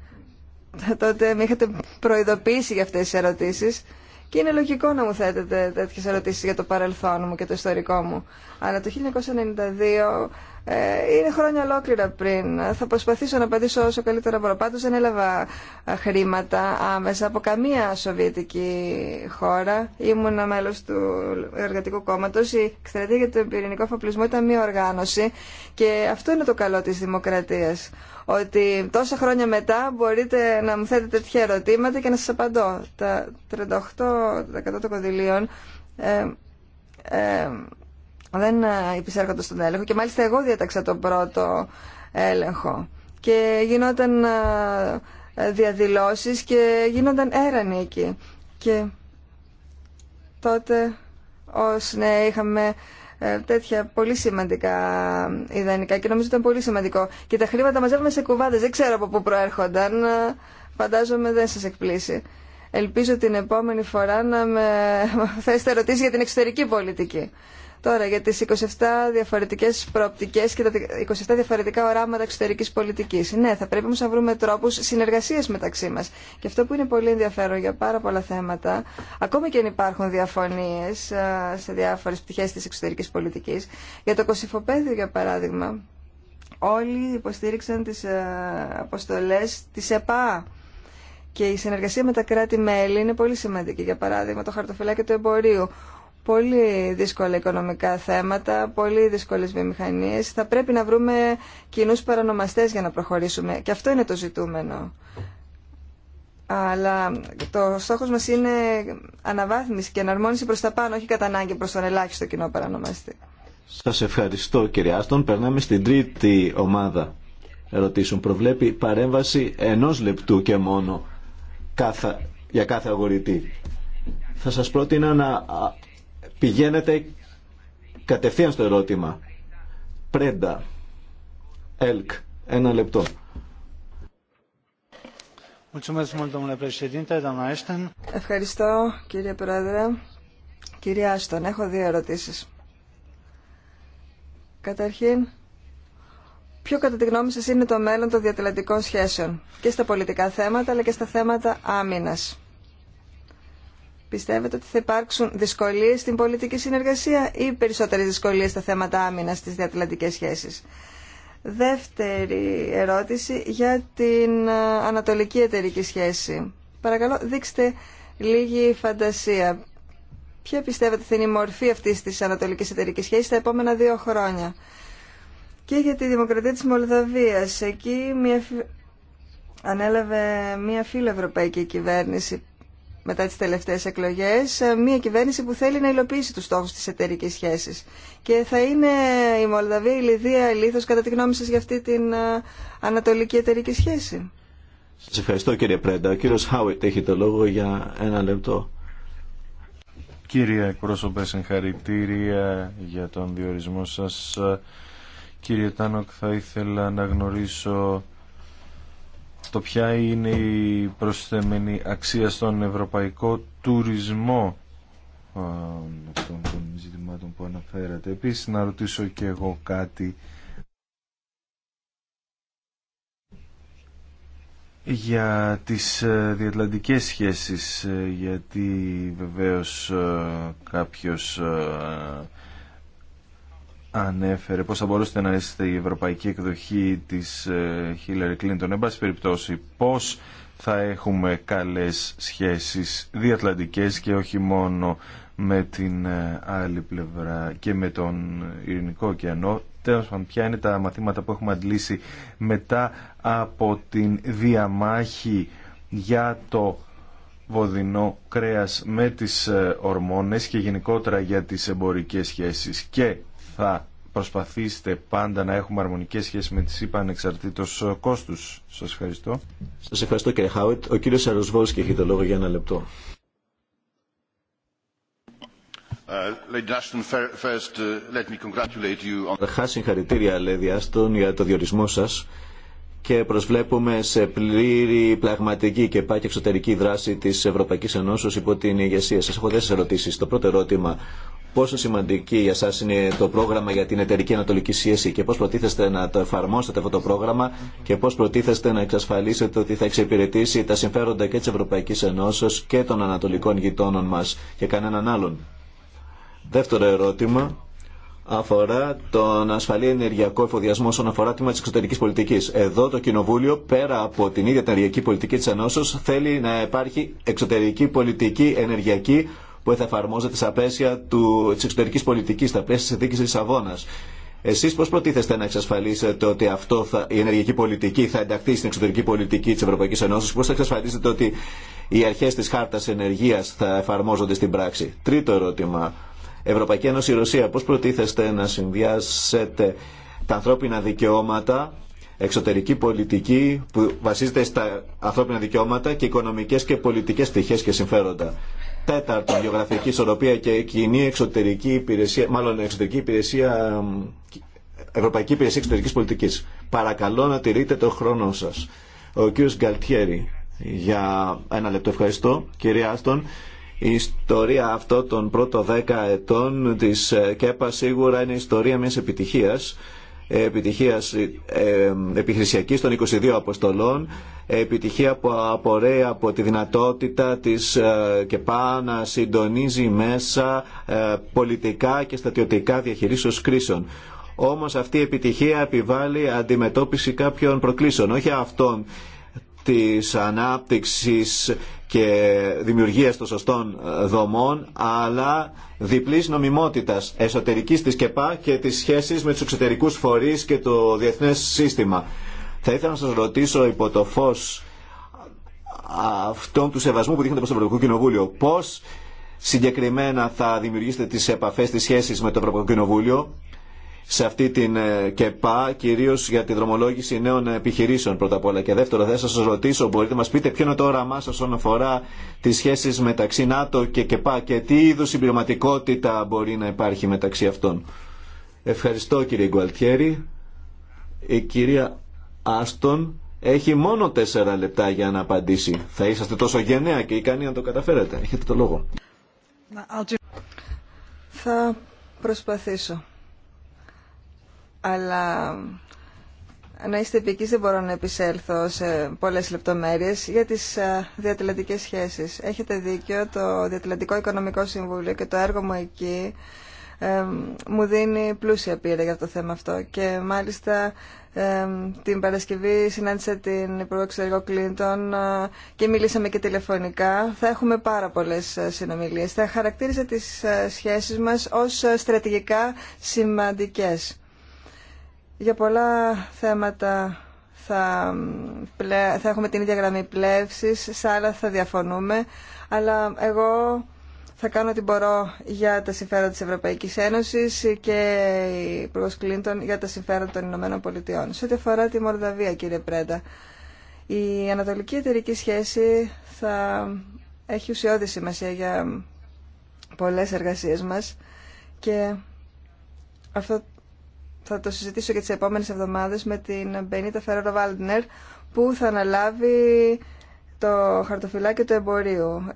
τότε με είχατε προειδοποιήσει για αυτές τις ερωτήσεις. Και είναι λογικό να μου θέτετε τέτοιε ερωτήσει για το παρελθόν μου και το ιστορικό μου. Αλλά το 1992 ε, είναι χρόνια ολόκληρα πριν. Θα προσπαθήσω να απαντήσω όσο καλύτερα μπορώ. Πάντως δεν έλαβα ε, χρήματα άμεσα από καμία σοβιετική χώρα. Ήμουν μέλος του Εργατικού Κόμματος. Η εκστρατεία για τον πυρηνικό αφοπλισμό ήταν μια οργάνωση και αυτό είναι το καλό της δημοκρατίας. Ότι τόσα χρόνια μετά μπορείτε να μου θέτε τέτοια ερωτήματα και να σας απαντώ. Τα 38% των κονδυλίων ε, δεν υπησέρχονται ε, στον έλεγχο και μάλιστα εγώ διέταξα τον πρώτο έλεγχο και γινόταν ε, ε, διαδηλώσεις και γίνονταν έρανοι εκεί και τότε ως ναι είχαμε τέτοια πολύ σημαντικά ιδανικά και νομίζω ήταν πολύ σημαντικό και τα χρήματα μαζεύουμε σε κουβάδες δεν ξέρω από πού προέρχονταν φαντάζομαι δεν σας εκπλήσει Ελπίζω την επόμενη φορά να με θέσετε ερωτήσει για την εξωτερική πολιτική. Τώρα για τις 27 διαφορετικές προοπτικές και τα 27 διαφορετικά οράματα εξωτερικής πολιτικής. Ναι, θα πρέπει όμως να βρούμε τρόπους συνεργασίας μεταξύ μας. Και αυτό που είναι πολύ ενδιαφέρον για πάρα πολλά θέματα, ακόμη και αν υπάρχουν διαφωνίες ε, σε διάφορες πτυχές της εξωτερικής πολιτικής, για το Κωσυφοπέδιο, για παράδειγμα, όλοι υποστήριξαν τις ε, αποστολές της ΕΠΑ. Και η συνεργασία με τα κράτη-μέλη είναι πολύ σημαντική. Για παράδειγμα, το χαρτοφυλάκιο του εμπορίου, πολύ δύσκολα οικονομικά θέματα, πολύ δύσκολες βιομηχανίες. Θα πρέπει να βρούμε κοινούς παρανομαστές για να προχωρήσουμε. Και αυτό είναι το ζητούμενο. Αλλά το στόχος μας είναι αναβάθμιση και εναρμόνιση προς τα πάνω, όχι κατά ανάγκη προς τον ελάχιστο κοινό παρανομαστή. Σας ευχαριστώ κύριε Άστον. Περνάμε στην τρίτη ομάδα ερωτήσεων. Προβλέπει παρέμβαση ενός λεπτού και μόνο για κάθε αγορητή. Θα σας πρότεινα να Πηγαίνετε κατευθείαν στο ερώτημα. Πρέντα. Ελκ. Ένα λεπτό. Ευχαριστώ κύριε Πρόεδρε. Κυρία Άστον, έχω δύο ερωτήσεις. Καταρχήν, ποιο κατά τη γνώμη σας είναι το μέλλον των διατελετικών σχέσεων και στα πολιτικά θέματα αλλά και στα θέματα άμυνας. Πιστεύετε ότι θα υπάρξουν δυσκολίες στην πολιτική συνεργασία ή περισσότερες δυσκολίες στα θέματα άμυνας στις διατλαντικές σχέσεις. Δεύτερη ερώτηση για την ε, ανατολική εταιρική σχέση. Παρακαλώ δείξτε λίγη φαντασία. Ποια πιστεύετε θα είναι η μορφή αυτής της ανατολικής εταιρική σχέσης τα επόμενα δύο χρόνια. Και για τη δημοκρατία τη Μολδαβία. Εκεί μια... ανέλαβε μία φιλοευρωπαϊκή ευρωπαϊκή κυβέρνηση μετά τις τελευταίες εκλογές ε, μια κυβέρνηση που θέλει να υλοποιήσει τους στόχους της εταιρικής σχέσης. Και θα είναι η Μολδαβία η Λιδία ηλίθος κατά τη γνώμη σας για αυτή την ε, ανατολική εταιρική σχέση. Σας ευχαριστώ κύριε Πρέντα. Ο κύριος Χάουιτ έχει το λόγο για ένα λεπτό. Κύριε εκπρόσωπε, συγχαρητήρια για τον διορισμό σας. Ε, κύριε Τάνοκ, θα ήθελα να γνωρίσω το ποια είναι η προσθεμένη αξία στον ευρωπαϊκό τουρισμό ε, αυτών των ζητημάτων που αναφέρατε. Επίσης να ρωτήσω και εγώ κάτι για τις ε, διατλαντικές σχέσεις ε, γιατί βεβαίως κάποιος ανέφερε πώς θα μπορούσε να είστε η ευρωπαϊκή εκδοχή της ε, Hillary Κλίντον. Εν πάση περιπτώσει, πώς θα έχουμε καλές σχέσεις διατλαντικές και όχι μόνο με την ε, άλλη πλευρά και με τον Ειρηνικό ωκεανό. Τέλος πάντων, ποια είναι τα μαθήματα που έχουμε αντλήσει μετά από την διαμάχη για το βοδινό κρέας με τις ε, ορμόνες και γενικότερα για τις εμπορικές σχέσεις και θα προσπαθήσετε πάντα να έχουμε αρμονικές σχέσεις με τις ΥΠΑ ανεξαρτήτως κόστους. Σας ευχαριστώ. Σας ευχαριστώ κύριε Χάουιτ. Ο κύριος Αροσβόλης και έχει το λόγο για ένα λεπτό. Uh, uh, Καταρχά, συγχαρητήρια, Λέδη στον για το διορισμό σα και προσβλέπουμε σε πλήρη πλαγματική και πάει εξωτερική δράση τη Ευρωπαϊκή Ενώσεω υπό την ηγεσία σα. Έχω δέσεις ερωτήσει. Το πρώτο ερώτημα, πόσο σημαντική για σας είναι το πρόγραμμα για την εταιρική ανατολική σχέση και πώς προτίθεστε να το εφαρμόσετε αυτό το πρόγραμμα και πώς προτίθεστε να εξασφαλίσετε ότι θα εξυπηρετήσει τα συμφέροντα και της Ευρωπαϊκής Ενώσεως και των ανατολικών γειτόνων μας και κανέναν άλλον. Δεύτερο ερώτημα αφορά τον ασφαλή ενεργειακό εφοδιασμό όσον αφορά τμήμα τη εξωτερική πολιτική. Εδώ το Κοινοβούλιο, πέρα από την ίδια την ενεργειακή πολιτική τη Ενώσεω, θέλει να υπάρχει εξωτερική πολιτική ενεργειακή που θα εφαρμόζεται στα πλαίσια τη εξωτερική πολιτική, στα πλαίσια τη συνθήκη Λισαβόνα. Εσεί πώ προτίθεστε να εξασφαλίσετε ότι αυτό θα, η ενεργειακή πολιτική θα ενταχθεί στην εξωτερική πολιτική τη Ευρωπαϊκή Ενώση, πώ θα εξασφαλίσετε ότι οι αρχέ τη χάρτα ενεργεία θα εφαρμόζονται στην πράξη. Τρίτο ερώτημα. Ευρωπαϊκή Ένωση Ρωσία, πώ προτίθεστε να συνδυάσετε τα ανθρώπινα δικαιώματα εξωτερική πολιτική που βασίζεται στα ανθρώπινα δικαιώματα και οικονομικέ και πολιτικέ πτυχέ και συμφέροντα. Τέταρτον, γεωγραφική ισορροπία και κοινή εξωτερική υπηρεσία, μάλλον εξωτερική υπηρεσία, Ευρωπαϊκή Υπηρεσία Εξωτερική Πολιτικής. Παρακαλώ να τηρείτε το χρόνο σας. Ο κ. Γκαλτιέρη, για ένα λεπτό ευχαριστώ. Κυρία Άστον, η ιστορία αυτών των πρώτων δέκα ετών της ΚΕΠΑ σίγουρα είναι ιστορία μιας επιτυχίας επιτυχίας ε, ε, επιχρησιακής των 22 αποστολών, επιτυχία που απορρέει από τη δυνατότητα της ε, ΚΕΠΑ να συντονίζει μέσα πολιτικά και στατιωτικά διαχειρίσεως κρίσεων. Όμως αυτή η επιτυχία επιβάλλει αντιμετώπιση κάποιων προκλήσεων, όχι αυτών της ανάπτυξης και δημιουργίας των σωστών ε, δομών, αλλά διπλής νομιμότητας εσωτερικής της ΚΕΠΑ και της σχέσης με τους εξωτερικούς φορείς και το διεθνές σύστημα. Θα ήθελα να σας ρωτήσω υπό το φως αυτών του σεβασμού που δείχνετε προς το Ευρωπαϊκό Κοινοβούλιο, πώς συγκεκριμένα θα δημιουργήσετε τις επαφές, τις σχέσεις με το Ευρωπαϊκό Κοινοβούλιο, σε αυτή την ε, ΚΕΠΑ, κυρίω για τη δρομολόγηση νέων επιχειρήσεων πρώτα απ' όλα. Και δεύτερο, θα σα ρωτήσω, μπορείτε να μα πείτε ποιο είναι το όραμά σα όσον αφορά τι σχέσει μεταξύ ΝΑΤΟ και ΚΕΠΑ και τι είδου συμπληρωματικότητα μπορεί να υπάρχει μεταξύ αυτών. Ευχαριστώ κύριε Γκουαλτιέρη. Η κυρία Άστον έχει μόνο τέσσερα λεπτά για να απαντήσει. Θα είσαστε τόσο γενναία και ικανή να το καταφέρετε. Έχετε το λόγο. Θα προσπαθήσω αλλά να είστε επικείς δεν μπορώ να επισέλθω σε πολλές λεπτομέρειες για τις ε, διατηλαντικές σχέσεις. Έχετε δίκιο, το Διατελετικό Οικονομικό Συμβούλιο και το έργο μου εκεί ε, μου δίνει πλούσια πείρα για το θέμα αυτό και μάλιστα ε, την Παρασκευή συνάντησα την Υπουργό Εξωτερικό Κλίντον ε, και μιλήσαμε και τηλεφωνικά. Θα έχουμε πάρα πολλές συνομιλίες. Θα χαρακτήριζα τις σχέσεις μας ως στρατηγικά σημαντικές. Για πολλά θέματα θα, θα έχουμε την ίδια γραμμή πλεύσης, σε άλλα θα διαφωνούμε, αλλά εγώ θα κάνω ό,τι μπορώ για τα συμφέροντα της Ευρωπαϊκής Ένωσης και η Υπουργός Κλίντον για τα συμφέροντα των Ηνωμένων Πολιτειών. Σε ό,τι αφορά τη Μορδαβία, κύριε Πρέντα, η ανατολική εταιρική σχέση θα έχει ουσιώδη σημασία για πολλές εργασίες μας και αυτό θα το συζητήσω και τις επόμενες εβδομάδες με την Μπενίτα Φερόρο Βάλντνερ που θα αναλάβει το χαρτοφυλάκιο του εμπορίου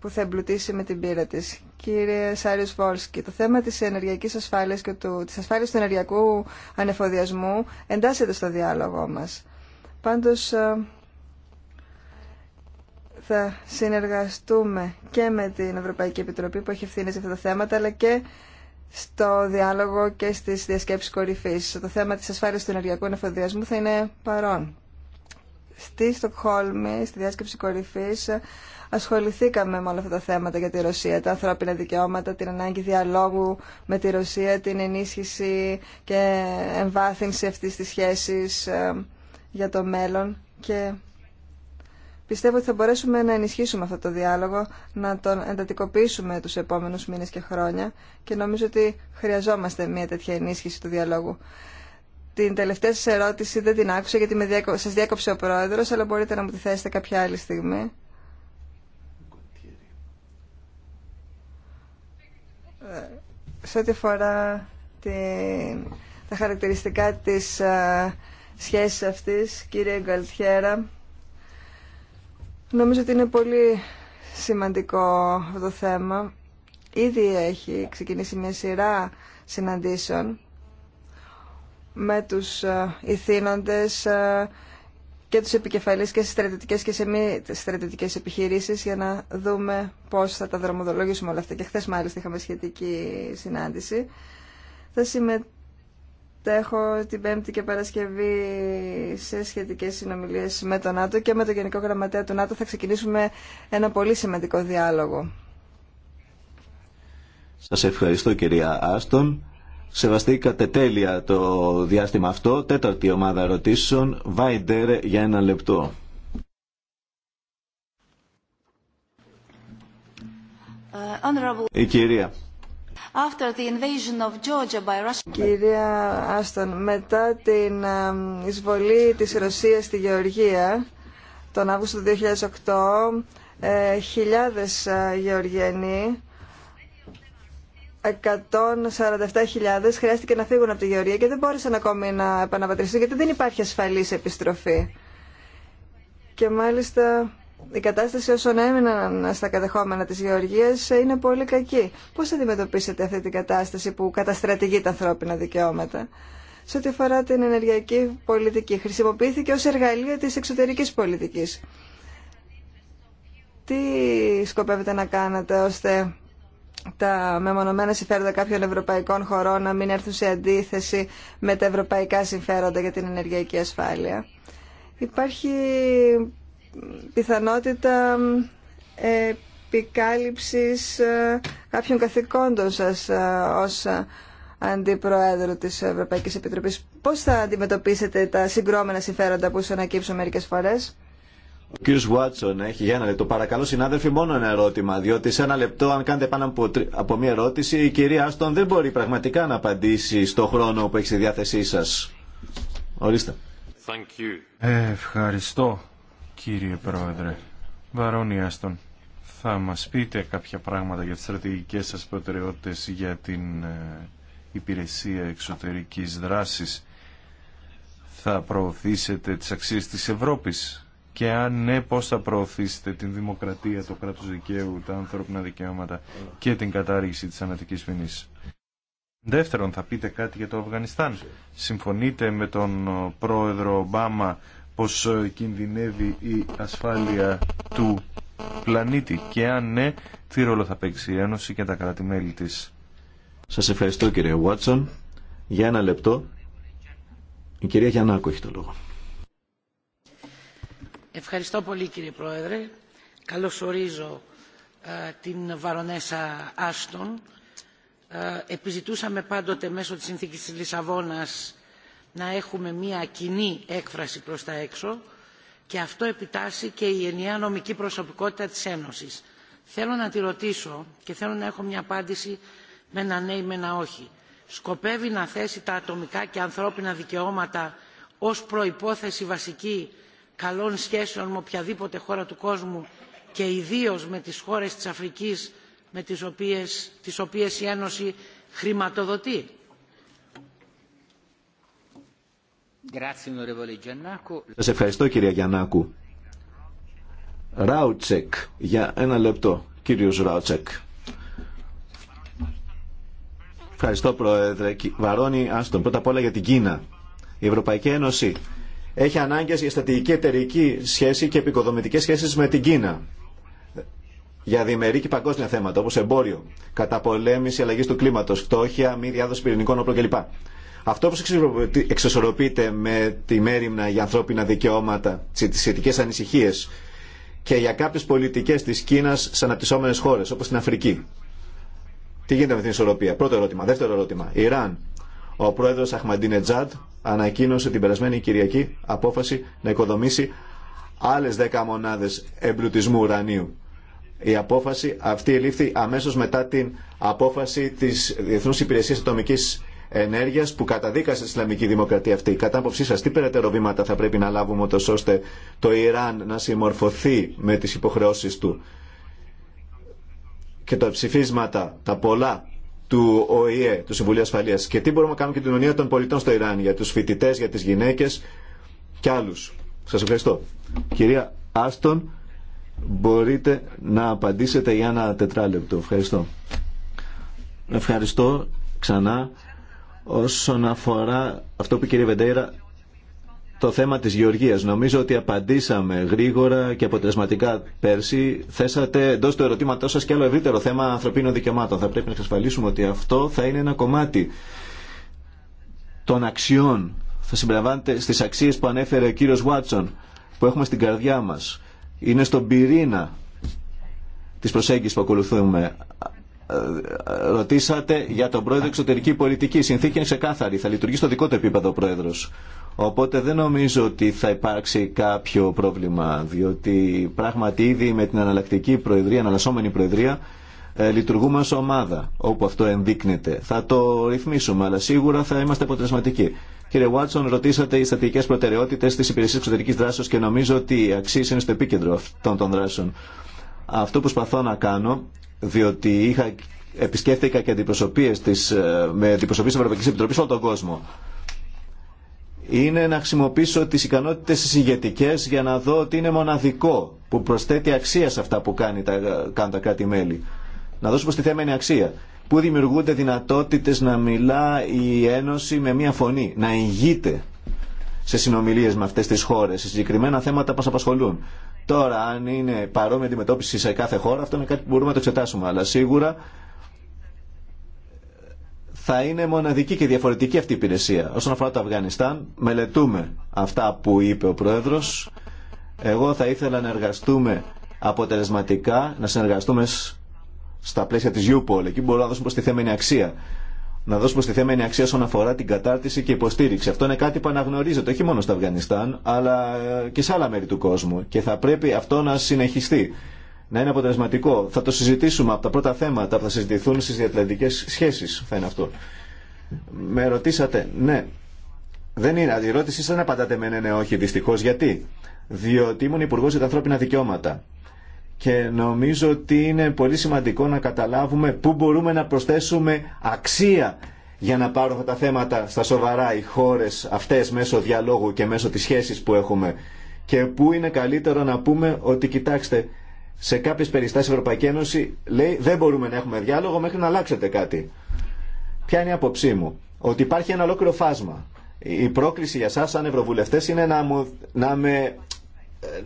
που θα εμπλουτίσει με την πύρα της. Κύριε Σάριος Βόλσκι, το θέμα της ενεργειακής ασφάλειας και του, της ασφάλειας του ενεργειακού ανεφοδιασμού εντάσσεται στο διάλογό μας. Πάντως ε, θα συνεργαστούμε και με την Ευρωπαϊκή Επιτροπή που έχει ευθύνες για αυτά τα θέματα αλλά και στο διάλογο και στις διασκέψεις κορυφής. Το θέμα της ασφάλειας του ενεργειακού εφοδιασμού θα είναι παρόν. Στη Στοκχόλμη, στη διάσκεψη κορυφής, ασχοληθήκαμε με όλα αυτά τα θέματα για τη Ρωσία, τα ανθρώπινα δικαιώματα, την ανάγκη διαλόγου με τη Ρωσία, την ενίσχυση και εμβάθυνση αυτής της σχέση ε, για το μέλλον και Πιστεύω ότι θα μπορέσουμε να ενισχύσουμε αυτό το διάλογο, να τον εντατικοποιήσουμε τους επόμενους μήνες και χρόνια και νομίζω ότι χρειαζόμαστε μια τέτοια ενίσχυση του διαλόγου. Την τελευταία σας ερώτηση δεν την άκουσα γιατί με διάκο... σας διάκοψε ο πρόεδρος, αλλά μπορείτε να μου τη θέσετε κάποια άλλη στιγμή. Ε, σε ό,τι αφορά τα χαρακτηριστικά της ε, σχέσης αυτής, κύριε Γκαλτιέρα, Νομίζω ότι είναι πολύ σημαντικό αυτό το θέμα. Ήδη έχει ξεκινήσει μια σειρά συναντήσεων με τους ε, ηθήνοντες ε, και τους επικεφαλείς και στις στρατιωτικές και σε μη στρατιωτικές επιχειρήσεις για να δούμε πώς θα τα δρομοδολογήσουμε όλα αυτά. Και χθες μάλιστα είχαμε σχετική συνάντηση. Θα συμμετέχουμε έχω την Πέμπτη και Παρασκευή σε σχετικές συνομιλίες με τον ΝΑΤΟ και με τον Γενικό Γραμματέα του ΝΑΤΟ θα ξεκινήσουμε ένα πολύ σημαντικό διάλογο. Σας ευχαριστώ κυρία Άστον. Σεβαστήκατε τέλεια το διάστημα αυτό. Τέταρτη ομάδα ερωτήσεων. Βάιντερ για ένα λεπτό. Ε, Η κυρία after Κυρία Άστον, μετά την εισβολή της Ρωσίας στη Γεωργία τον Αύγουστο του 2008, ε, χιλιάδες ε, Γεωργιανοί 147.000 χρειάστηκε να φύγουν από τη Γεωργία και δεν μπόρεσαν ακόμη να επαναπατριστούν γιατί δεν υπάρχει ασφαλής επιστροφή. Και μάλιστα η κατάσταση όσων έμειναν στα κατεχόμενα της Γεωργίας είναι πολύ κακή. Πώς αντιμετωπίσετε αυτή την κατάσταση που καταστρατηγεί τα ανθρώπινα δικαιώματα. Σε ό,τι αφορά την ενεργειακή πολιτική, χρησιμοποιήθηκε ως εργαλείο της εξωτερικής πολιτικής. Τι σκοπεύετε να κάνετε ώστε τα μεμονωμένα συμφέροντα κάποιων ευρωπαϊκών χωρών να μην έρθουν σε αντίθεση με τα ευρωπαϊκά συμφέροντα για την ενεργειακή ασφάλεια. Υπάρχει πιθανότητα επικάλυψης ε, κάποιων καθηκόντων σας ε, ως Αντιπροέδρου της Ευρωπαϊκής Επιτροπής. Πώς θα αντιμετωπίσετε τα συγκρόμενα συμφέροντα που σου μερικέ μερικές φορές. Ο κ. Βουάτσον έχει για ένα λεπτό. Παρακαλώ, συνάδελφοι, μόνο ένα ερώτημα. Διότι σε ένα λεπτό, αν κάνετε πάνω από, μία ερώτηση, η κυρία Άστον δεν μπορεί πραγματικά να απαντήσει στο χρόνο που έχει στη διάθεσή σα. Ορίστε. Ε, ευχαριστώ κύριε Πρόεδρε. Βαρόνι θα μας πείτε κάποια πράγματα για τις στρατηγικές σας προτεραιότητες για την ε, υπηρεσία εξωτερικής δράσης. Θα προωθήσετε τις αξίες της Ευρώπης και αν ναι, πώς θα προωθήσετε την δημοκρατία, το κράτος δικαίου, τα ανθρώπινα δικαιώματα και την κατάργηση της ανατικής ποινής. Δεύτερον, θα πείτε κάτι για το Αφγανιστάν. Συμφωνείτε με τον ε, πρόεδρο Ομπάμα πως ε, κινδυνεύει η ασφάλεια του πλανήτη και αν ναι, τι ρόλο θα παίξει η Ένωση και τα κρατη της. Σας ευχαριστώ κύριε Βάτσον. Για ένα λεπτό, η κυρία Γιαννάκο έχει το λόγο. Ευχαριστώ πολύ κύριε Πρόεδρε. Καλωσορίζω ορίζω ε, την Βαρονέσα Άστον. Ε, επιζητούσαμε πάντοτε μέσω της συνθήκης της Λισαβόνας να έχουμε μια κοινή έκφραση προς τα έξω και αυτό επιτάσσει και η ενιαία νομική προσωπικότητα της Ένωσης. Θέλω να τη ρωτήσω και θέλω να έχω μια απάντηση με ένα ναι ή με ένα όχι. Σκοπεύει να θέσει τα ατομικά και ανθρώπινα δικαιώματα ως προϋπόθεση βασική καλών σχέσεων με οποιαδήποτε χώρα του κόσμου και ιδίως με τις χώρες της Αφρικής με τις οποίες, τις οποίες η Ένωση χρηματοδοτεί. Σας ευχαριστώ κύριε Γιαννάκου. Ράουτσεκ, για ένα λεπτό, κύριος Ράουτσεκ. Ευχαριστώ Πρόεδρε. Βαρώνη Άστον, πρώτα απ' όλα για την Κίνα. Η Ευρωπαϊκή Ένωση έχει ανάγκες για στατική εταιρική σχέση και επικοδομητικές σχέσεις με την Κίνα για διμερή και παγκόσμια θέματα όπω εμπόριο, καταπολέμηση αλλαγή του κλίματο, φτώχεια, μη διάδοση πυρηνικών όπλων κλπ. Αυτό που εξισορροπείται με τη μέρημνα για ανθρώπινα δικαιώματα, τι σχετικέ ανησυχίε και για κάποιε πολιτικέ τη Κίνα σε αναπτυσσόμενε χώρε, όπω την Αφρική. Τι γίνεται με την ισορροπία. Πρώτο ερώτημα. Δεύτερο ερώτημα. Ιράν. Ο πρόεδρος Αχμαντίνε Τζάντ ανακοίνωσε την περασμένη Κυριακή απόφαση να οικοδομήσει άλλε 10 μονάδε εμπλουτισμού ουρανίου. Η απόφαση αυτή ελήφθη αμέσω μετά την απόφαση τη διεθνού υπηρεσία ατομική ενέργεια που καταδίκασε η Ισλαμική Δημοκρατία αυτή. Κατά άποψή σα, τι περαιτέρω βήματα θα πρέπει να λάβουμε ούτω ώστε το Ιράν να συμμορφωθεί με τι υποχρεώσει του και τα ψηφίσματα, τα πολλά του ΟΗΕ, του Συμβουλίου Ασφαλεία. Και τι μπορούμε να κάνουμε και την Ουνία των πολιτών στο Ιράν, για του φοιτητέ, για τι γυναίκε και άλλου. Σα ευχαριστώ. Κυρία Άστον, μπορείτε να απαντήσετε για ένα τετράλεπτο. Ευχαριστώ. Ευχαριστώ ξανά. Όσον αφορά αυτό που κύριε Βεντέιρα, το θέμα της γεωργίας. Νομίζω ότι απαντήσαμε γρήγορα και αποτελεσματικά πέρσι. Θέσατε εντό του ερωτήματό σας και άλλο ευρύτερο θέμα ανθρωπίνων δικαιωμάτων. Θα πρέπει να εξασφαλίσουμε ότι αυτό θα είναι ένα κομμάτι των αξιών. Θα συμπεριλαμβάνεται στις αξίες που ανέφερε ο κύριο Βάτσον, που έχουμε στην καρδιά μας. Είναι στον πυρήνα της προσέγγιση που ακολουθούμε ρωτήσατε για τον πρόεδρο εξωτερική πολιτική. Η συνθήκη είναι ξεκάθαρη. Θα λειτουργεί στο δικό του επίπεδο ο πρόεδρο. Οπότε δεν νομίζω ότι θα υπάρξει κάποιο πρόβλημα, διότι πράγματι ήδη με την αναλλακτική προεδρία, αναλασσόμενη προεδρία, ε, λειτουργούμε ως ομάδα, όπου αυτό ενδείκνεται. Θα το ρυθμίσουμε, αλλά σίγουρα θα είμαστε αποτελεσματικοί. Κύριε Βάτσον, ρωτήσατε οι στατικέ προτεραιότητε τη Υπηρεσία Εξωτερική Δράσεω και νομίζω ότι οι αξία είναι στο επίκεντρο αυτών των δράσεων. Αυτό που προσπαθώ να κάνω διότι είχα, επισκέφθηκα και της, ε, με αντιπροσωπείς της Ευρωπαϊκής Επιτροπής όλο τον κόσμο είναι να χρησιμοποιήσω τις ικανότητες τις ηγετικές για να δω ότι είναι μοναδικό που προσθέτει αξία σε αυτά που κάνει τα, κάνουν τα κράτη-μέλη. Να δώσω θέμα τη είναι αξία. Πού δημιουργούνται δυνατότητες να μιλά η Ένωση με μία φωνή, να ηγείται σε συνομιλίες με αυτές τις χώρες, σε συγκεκριμένα θέματα που μας απασχολούν. Τώρα, αν είναι παρόμοια αντιμετώπιση σε κάθε χώρα, αυτό είναι κάτι που μπορούμε να το εξετάσουμε. Αλλά σίγουρα θα είναι μοναδική και διαφορετική αυτή η υπηρεσία. Όσον αφορά το Αφγανιστάν, μελετούμε αυτά που είπε ο πρόεδρο. Εγώ θα ήθελα να εργαστούμε αποτελεσματικά, να συνεργαστούμε στα πλαίσια τη UPOL. Εκεί μπορούμε να δώσουμε προστιθέμενη αξία να δώσουμε στη θέμα θέμενη αξία όσον αφορά την κατάρτιση και υποστήριξη. Αυτό είναι κάτι που αναγνωρίζεται όχι μόνο στο Αφγανιστάν, αλλά ε, και σε άλλα μέρη του κόσμου. Και θα πρέπει αυτό να συνεχιστεί, να είναι αποτελεσματικό. Θα το συζητήσουμε από τα πρώτα θέματα που θα συζητηθούν στι διατλαντικέ σχέσει, θα είναι αυτό. Με ρωτήσατε, ναι. Δεν είναι, η ερώτησή σα δεν απαντάτε με ναι, ναι, όχι, δυστυχώ. Γιατί? Διότι ήμουν υπουργό για τα ανθρώπινα δικαιώματα και νομίζω ότι είναι πολύ σημαντικό να καταλάβουμε πού μπορούμε να προσθέσουμε αξία για να πάρουν αυτά τα θέματα στα σοβαρά οι χώρες αυτές μέσω διαλόγου και μέσω της σχέσης που έχουμε και πού είναι καλύτερο να πούμε ότι κοιτάξτε σε κάποιες περιστάσεις η Ευρωπαϊκή Ένωση λέει δεν μπορούμε να έχουμε διάλογο μέχρι να αλλάξετε κάτι. Ποια είναι η άποψή μου. Ότι υπάρχει ένα ολόκληρο φάσμα. Η πρόκληση για εσά σαν Ευρωβουλευτέ είναι να, να με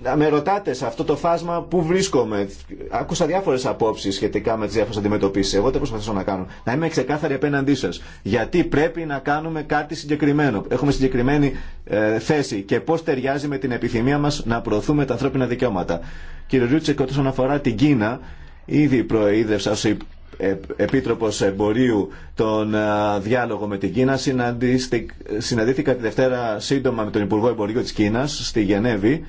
να με ρωτάτε σε αυτό το φάσμα που βρίσκομαι. Άκουσα διάφορε απόψει σχετικά με τι διάφορε αντιμετωπίσει. Εγώ δεν προσπαθήσω να κάνω. Να είμαι ξεκάθαρη απέναντί σα. Γιατί πρέπει να κάνουμε κάτι συγκεκριμένο. Έχουμε συγκεκριμένη ε, θέση και πώ ταιριάζει με την επιθυμία μα να προωθούμε τα ανθρώπινα δικαιώματα. Κύριε Ρούτσεκ, όσον αφορά την Κίνα, ήδη προείδευσα ω επίτροπο Εμπορίου τον ε, διάλογο με την Κίνα συναντήθηκα τη Δευτέρα σύντομα με τον Υπουργό Εμπορίου τη Κίνα, στη Γενέβη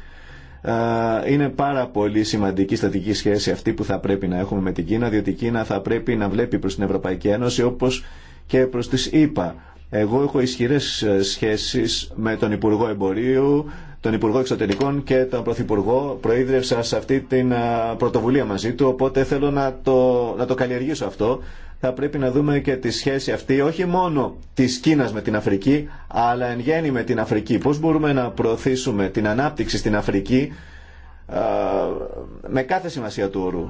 ε, είναι πάρα πολύ σημαντική στατική σχέση αυτή που θα πρέπει να έχουμε με την Κίνα, διότι η Κίνα θα πρέπει να βλέπει προς την Ευρωπαϊκή Ένωση όπως και προς τις ΗΠΑ. Εγώ έχω ισχυρές ε, σχέσεις με τον Υπουργό Εμπορίου, τον Υπουργό Εξωτερικών και τον Πρωθυπουργό. Προείδρευσα σε αυτή την ε, πρωτοβουλία μαζί του, οπότε θέλω να το, να το καλλιεργήσω αυτό θα πρέπει να δούμε και τη σχέση αυτή όχι μόνο της Κίνας με την Αφρική αλλά εν γέννη με την Αφρική. Πώς μπορούμε να προωθήσουμε την ανάπτυξη στην Αφρική με κάθε σημασία του όρου.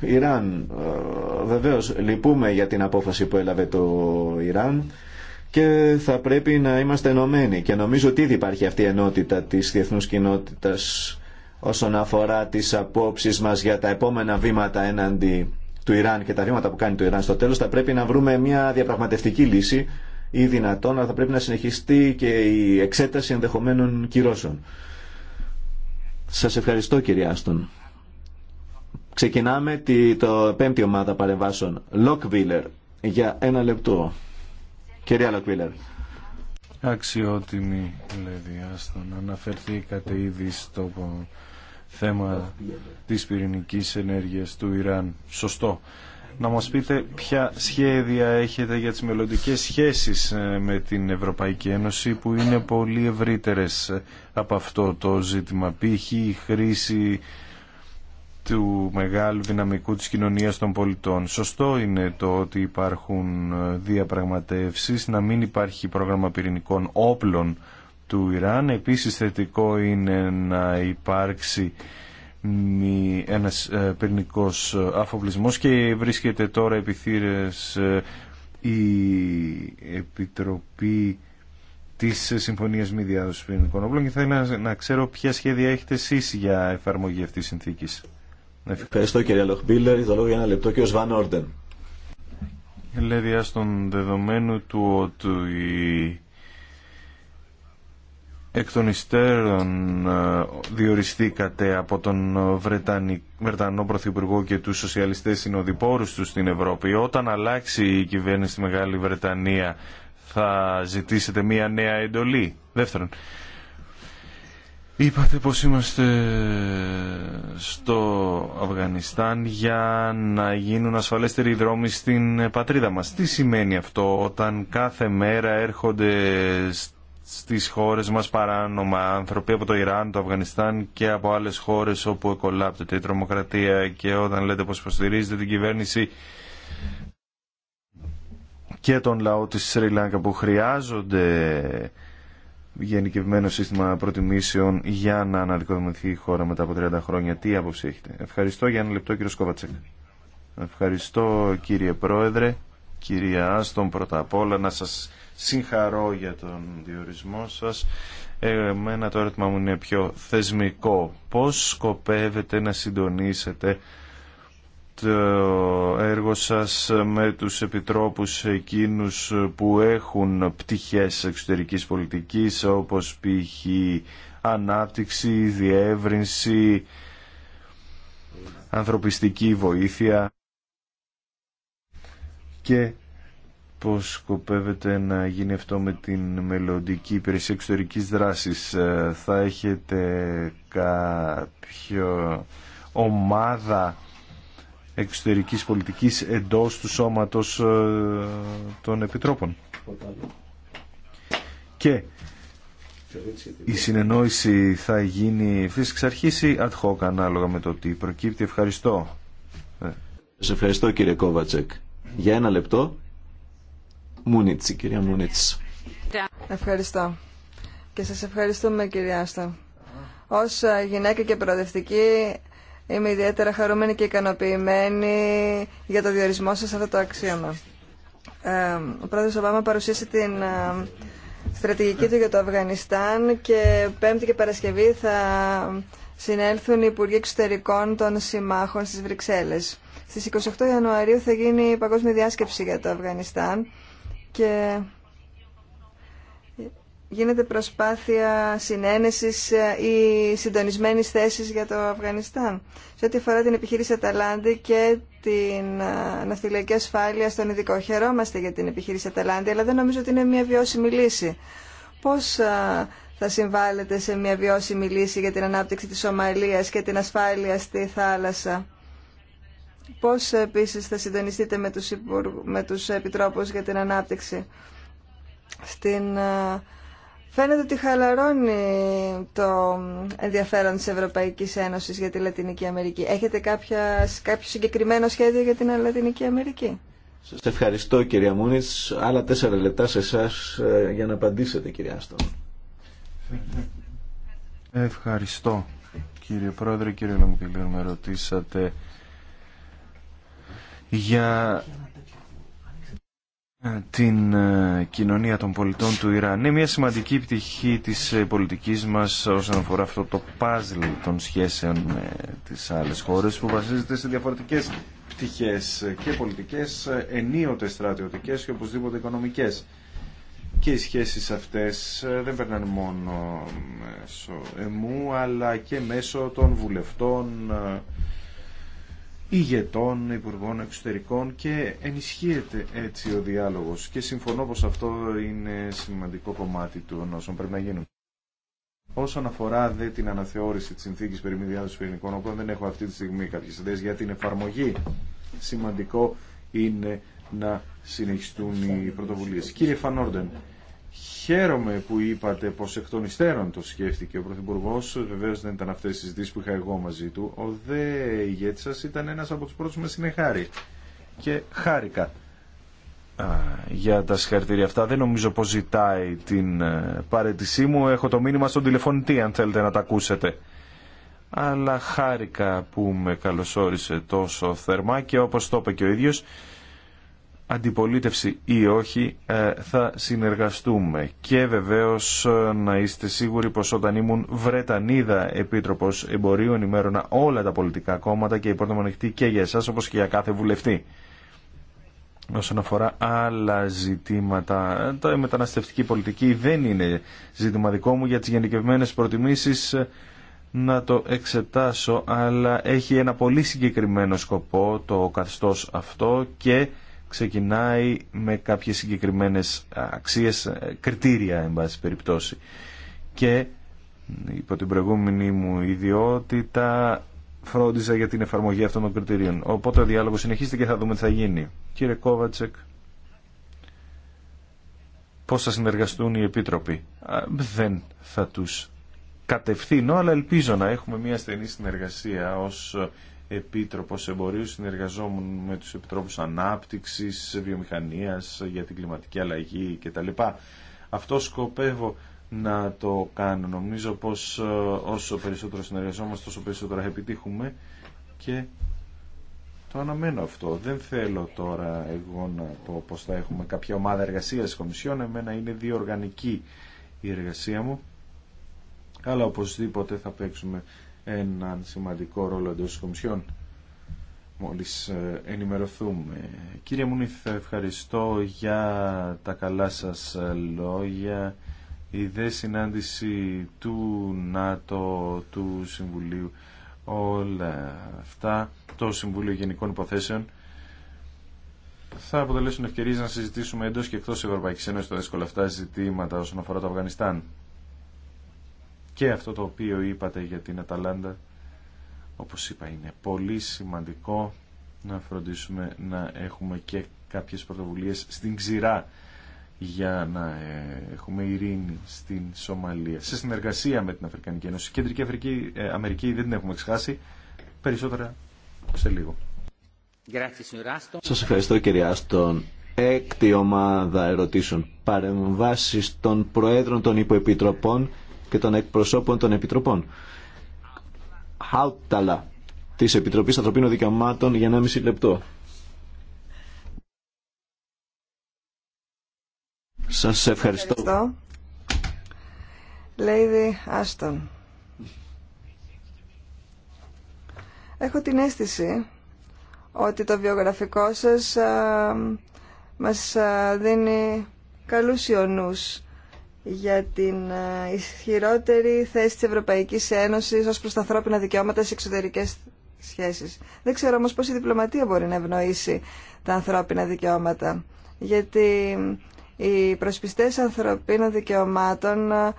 Ιράν, βεβαίω λυπούμε για την απόφαση που έλαβε το Ιράν και θα πρέπει να είμαστε ενωμένοι και νομίζω ότι ήδη υπάρχει αυτή η ενότητα της διεθνούς κοινότητας όσον αφορά τις απόψεις μας για τα επόμενα βήματα έναντι του Ιράν και τα βήματα που κάνει το Ιράν στο τέλος θα πρέπει να βρούμε μια διαπραγματευτική λύση ή δυνατόν, αλλά θα πρέπει να συνεχιστεί και η εξέταση ενδεχομένων κυρώσεων. Σας ευχαριστώ κύριε Άστον. Ξεκινάμε τη, το πέμπτη ομάδα παρεμβάσεων. Βίλερ για ένα λεπτό. Κυρία Βίλερ. Αξιότιμη Άστον. αναφερθήκατε ήδη στο θέμα της πυρηνικής ενέργειας του Ιράν. Σωστό. Να μας πείτε ποια σχέδια έχετε για τις μελλοντικές σχέσεις ε, με την Ευρωπαϊκή Ένωση που είναι πολύ ευρύτερες ε, από αυτό το ζήτημα. Π.χ. η χρήση του μεγάλου δυναμικού της κοινωνίας των πολιτών. Σωστό είναι το ότι υπάρχουν ε, διαπραγματεύσεις, να μην υπάρχει πρόγραμμα πυρηνικών όπλων του Ιράν. Επίσης θετικό είναι να υπάρξει ένας ε, πυρνικός αφοπλισμός και βρίσκεται τώρα επιθύρες ε, η Επιτροπή της Συμφωνίας Μη Διάδοσης Πυρνικών Όπλων και θα ήθελα να ξέρω ποια σχέδια έχετε εσείς για εφαρμογή αυτής της συνθήκης. Ευχαριστώ κύριε Λοχμπίλερ. Το λόγω για ένα λεπτό και ο Σβάν Όρντεν. στον του ότι εκ των υστέρων ε, διοριστήκατε από τον Βρετανό Πρωθυπουργό και τους σοσιαλιστές συνοδοιπόρους του στην Ευρώπη. Όταν αλλάξει η κυβέρνηση στη Μεγάλη Βρετανία θα ζητήσετε μία νέα εντολή. Δεύτερον, είπατε πως είμαστε στο Αφγανιστάν για να γίνουν ασφαλέστεροι οι δρόμοι στην πατρίδα μας. Τι σημαίνει αυτό όταν κάθε μέρα έρχονται στις χώρες μας παράνομα άνθρωποι από το Ιράν, το Αφγανιστάν και από άλλες χώρες όπου εκολάπτεται η τρομοκρατία και όταν λέτε πως υποστηρίζετε την κυβέρνηση και τον λαό της Σρι Λάγκα που χρειάζονται γενικευμένο σύστημα προτιμήσεων για να αναδικοδομηθεί η χώρα μετά από 30 χρόνια. Τι άποψη έχετε. Ευχαριστώ για ένα λεπτό κύριο Σκόβατσεκ. Ευχαριστώ κύριε Πρόεδρε, κυρία Άστον πρώτα απ' όλα να σας συγχαρώ για τον διορισμό σας. Εμένα το ερώτημα μου είναι πιο θεσμικό. Πώς σκοπεύετε να συντονίσετε το έργο σας με τους επιτρόπους εκείνους που έχουν πτυχές εξωτερικής πολιτικής όπως π.χ. ανάπτυξη, διεύρυνση, ανθρωπιστική βοήθεια και πώς σκοπεύετε να γίνει αυτό με την μελλοντική υπηρεσία εξωτερικής δράσης. Ε, θα έχετε κάποιο ομάδα εξωτερικής πολιτικής εντός του σώματος ε, των Επιτρόπων. Και η συνεννόηση θα γίνει ευθύς εξ ad hoc ανάλογα με το τι προκύπτει. Ευχαριστώ. Σε ευχαριστώ κύριε Κόβατσεκ. Για ένα λεπτό Μούνιτς, κυρία Μούνιτς. Ευχαριστώ. Και σας ευχαριστούμε κυρία Άστα. Ως ε, γυναίκα και προοδευτική είμαι ιδιαίτερα χαρούμενη και ικανοποιημένη για το διορισμό σας σε αυτό το αξίωμα. Ε, ο πρόεδρος Ομπάμα παρουσίασε την ε, στρατηγική του για το Αφγανιστάν και Πέμπτη και Παρασκευή θα συνέλθουν οι Υπουργοί Εξωτερικών των Συμμάχων στις Βρυξέλλες. Στις 28 Ιανουαρίου θα γίνει η Παγκόσμια Διάσκεψη για το Αφγανιστάν και γίνεται προσπάθεια συνένεσης ή συντονισμένης θέσης για το Αφγανιστάν. Σε ό,τι αφορά την επιχείρηση Αταλάντη και την ναυτιλιακή ασφάλεια στον ειδικό. Χαιρόμαστε για την επιχείρηση Αταλάντη, αλλά δεν νομίζω ότι είναι μια βιώσιμη λύση. Πώς θα συμβάλλετε σε μια βιώσιμη λύση για την ανάπτυξη της Σομαλίας και την ασφάλεια στη θάλασσα Πώς επίσης θα συντονιστείτε με τους, με τους επιτρόπους για την ανάπτυξη. Στην, ε, φαίνεται ότι χαλαρώνει το ενδιαφέρον της Ευρωπαϊκής Ένωσης για τη Λατινική Αμερική. Έχετε κάποια, κάποιο συγκεκριμένο σχέδιο για την Λατινική Αμερική. Σας ευχαριστώ κυρία Μούνης. Άλλα τέσσερα λεπτά σε εσά ε, για να απαντήσετε κυρία Άστον. Ευχαριστώ κύριε Πρόεδρε, κύριε Λαμπιλίου, με ρωτήσατε για ε, την ε, κοινωνία των πολιτών του Ιράν. Είναι μια σημαντική πτυχή της ε, πολιτικής μας όσον αφορά αυτό το πάζλ των σχέσεων με τις άλλες χώρες που βασίζεται σε διαφορετικές πτυχές και πολιτικές, ενίοτε στρατιωτικές και οπωσδήποτε οικονομικές. Και οι σχέσεις αυτές δεν περνάνε μόνο μέσω εμού αλλά και μέσω των βουλευτών ηγετών, υπουργών εξωτερικών και ενισχύεται έτσι ο διάλογος και συμφωνώ πως αυτό είναι σημαντικό κομμάτι του όσων πρέπει να γίνουν. Όσον αφορά δε την αναθεώρηση της συνθήκης περί μη πυρηνικών δεν έχω αυτή τη στιγμή κάποιες ιδέες για την εφαρμογή. Σημαντικό είναι να συνεχιστούν οι πρωτοβουλίες. Κύριε Φανόρντεν, Χαίρομαι που είπατε πως εκ των υστέρων το σκέφτηκε ο Πρωθυπουργό. βεβαίως δεν ήταν αυτές οι συζητήσεις που είχα εγώ μαζί του. Ο δε ηγέτης σας ήταν ένας από του πρώτου με συνεχάρη. Και χάρηκα για τα συγχαρητήρια αυτά. Δεν νομίζω πως ζητάει την ε, παρέτησή μου. Έχω το μήνυμα στον τηλεφωνητή αν θέλετε να τα ακούσετε. Αλλά χάρηκα που με καλωσόρισε τόσο θερμά και όπως το είπε και ο ίδιος αντιπολίτευση ή όχι ε, θα συνεργαστούμε και βεβαίως ε, να είστε σίγουροι πως όταν ήμουν Βρετανίδα Επίτροπος Εμπορίου ενημέρωνα όλα τα πολιτικά κόμματα και η πόρτα μου και για εσάς όπως και για κάθε βουλευτή όσον αφορά άλλα ζητήματα. Τα μεταναστευτική πολιτική δεν είναι ζήτημα δικό μου για τις γενικευμένες προτιμήσεις ε, να το εξετάσω, αλλά έχει ένα πολύ συγκεκριμένο σκοπό το καθεστώς αυτό και ξεκινάει με κάποιες συγκεκριμένες αξίες, ε, κριτήρια εν πάση περιπτώσει. Και υπό την προηγούμενη μου ιδιότητα φρόντιζα για την εφαρμογή αυτών των κριτηρίων. Οπότε ο διάλογος συνεχίζεται και θα δούμε τι θα γίνει. Κύριε Κόβατσεκ, πώς θα συνεργαστούν οι επίτροποι. Δεν θα τους κατευθύνω, αλλά ελπίζω να έχουμε μια στενή συνεργασία ως Επίτροπος Εμπορίου συνεργαζόμουν με τους Επιτρόπους Ανάπτυξης, Βιομηχανίας για την κλιματική αλλαγή κτλ. Αυτό σκοπεύω να το κάνω. Νομίζω πως ε, όσο περισσότερο συνεργαζόμαστε τόσο περισσότερο επιτύχουμε και το αναμένω αυτό. Δεν θέλω τώρα εγώ να πω πως θα έχουμε κάποια ομάδα εργασίας της Εμένα είναι διοργανική η εργασία μου. Αλλά οπωσδήποτε θα παίξουμε έναν σημαντικό ρόλο εντός της Κομισιόν μόλις ε, ενημερωθούμε. Κύριε Μουνίθ, ευχαριστώ για τα καλά σας ε, λόγια. Η δε συνάντηση του ΝΑΤΟ, του Συμβουλίου, όλα αυτά, το Συμβούλιο Γενικών Υποθέσεων, θα αποτελέσουν ευκαιρίες να συζητήσουμε εντός και εκτός Ευρωπαϊκής Ένωσης τα δύσκολα αυτά ζητήματα όσον αφορά το Αφγανιστάν και αυτό το οποίο είπατε για την Αταλάντα όπως είπα είναι πολύ σημαντικό να φροντίσουμε να έχουμε και κάποιες πρωτοβουλίες στην ξηρά για να ε, έχουμε ειρήνη στην Σομαλία. Σε συνεργασία με την Αφρικανική Ένωση. Κεντρική Αφρική, ε, Αμερική δεν την έχουμε ξεχάσει. Περισσότερα σε λίγο. Σας ευχαριστώ κύριε Άστον. Έκτη ομάδα ερωτήσεων. Παρεμβάσεις των Προέδρων των Υποεπιτροπών και των εκπροσώπων των Επιτροπών. Χάουταλα της Επιτροπής Ανθρωπίνων Δικαιωμάτων για 1,5 λεπτό. Σας ευχαριστώ. ευχαριστώ. Λέιδη Άστον. Έχω την αίσθηση ότι το βιογραφικό σας α, ε, μας α, ε, δίνει καλούς ιονούς για την ε, ισχυρότερη θέση της Ευρωπαϊκής Ένωσης ως προς τα ανθρώπινα δικαιώματα σε εξωτερικές σχέσεις. Δεν ξέρω όμως πώς η διπλωματία μπορεί να ευνοήσει τα ανθρώπινα δικαιώματα. Γιατί οι προσπιστές ανθρωπίνων δικαιωμάτων ε,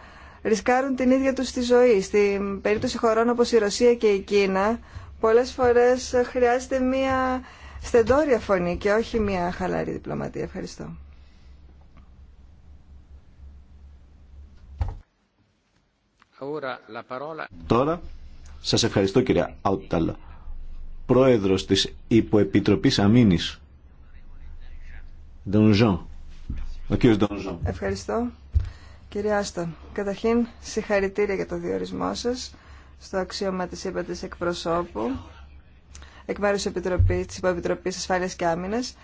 ρισκάρουν την ίδια τους τη ζωή. Στην περίπτωση χωρών όπως η Ρωσία και η Κίνα, πολλές φορές ε, χρειάζεται μία στεντόρια φωνή και όχι μία χαλαρή διπλωματία. Ευχαριστώ. Τώρα, σας ευχαριστώ κυρία Αουτάλα, πρόεδρος της Υποεπιτροπής Αμήνης, Jean. Ο κύριος Ντονζόν. Ευχαριστώ. Κυρία Άστα, καταρχήν συγχαρητήρια για το διορισμό σας στο αξίωμα της ύπατης εκπροσώπου εκ μέρους Επιτροπής, της Υποεπιτροπής Ασφάλειας και Άμυνας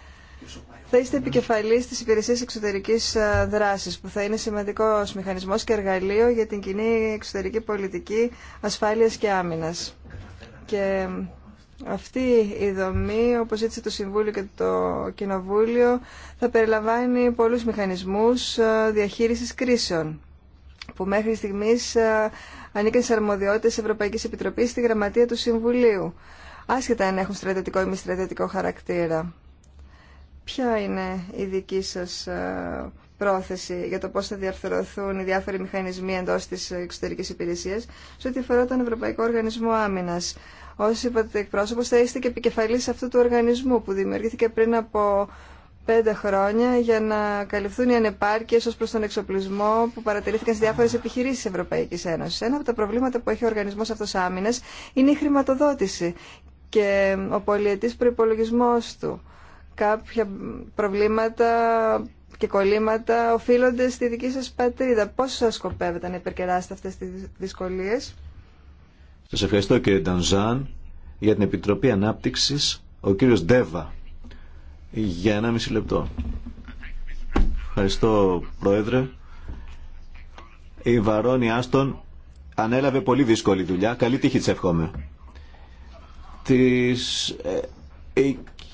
θα είστε επικεφαλή τη υπηρεσία εξωτερική ε, δράση, που θα είναι σημαντικό μηχανισμό και εργαλείο για την κοινή εξωτερική πολιτική ασφάλεια και Άμυνα. Και ε, αυτή η δομή, όπω ζήτησε το Συμβούλιο και το Κοινοβούλιο, θα περιλαμβάνει πολλού μηχανισμού ε, διαχείριση κρίσεων, που μέχρι στιγμή ανήκαν σε αρμοδιότητες Ευρωπαϊκής Επιτροπής στη Γραμματεία του Συμβουλίου, άσχετα αν έχουν στρατιωτικό ή μη στρατιωτικό χαρακτήρα. Ποια είναι η δική σας ε, πρόθεση για το πώς θα διαρθρωθούν οι διάφοροι μηχανισμοί εντός της εξωτερικής υπηρεσίας σε ό,τι αφορά τον Ευρωπαϊκό Οργανισμό Άμυνας. Όσοι είπατε εκπρόσωπος θα είστε και επικεφαλής αυτού του οργανισμού που δημιουργήθηκε πριν από πέντε χρόνια για να καλυφθούν οι ανεπάρκειες ως προς τον εξοπλισμό που παρατηρήθηκαν σε διάφορες επιχειρήσεις της Ευρωπαϊκής Ένωσης. Ένα από τα προβλήματα που έχει ο οργανισμός αυτός άμυνας είναι η χρηματοδότηση και ο πολιετής προϋπολογισμός του κάποια προβλήματα και κολλήματα οφείλονται στη δική σας πατρίδα. Πώς σας σκοπεύετε να υπερκεράσετε αυτές τις δυσκολίες. Σας ευχαριστώ κύριε Ντανζάν για την Επιτροπή Ανάπτυξης ο κύριος Ντέβα για ένα μισή λεπτό. Ευχαριστώ Πρόεδρε. Η Βαρόνη Άστον ανέλαβε πολύ δύσκολη δουλειά. Καλή τύχη της εύχομαι. Της... Ε,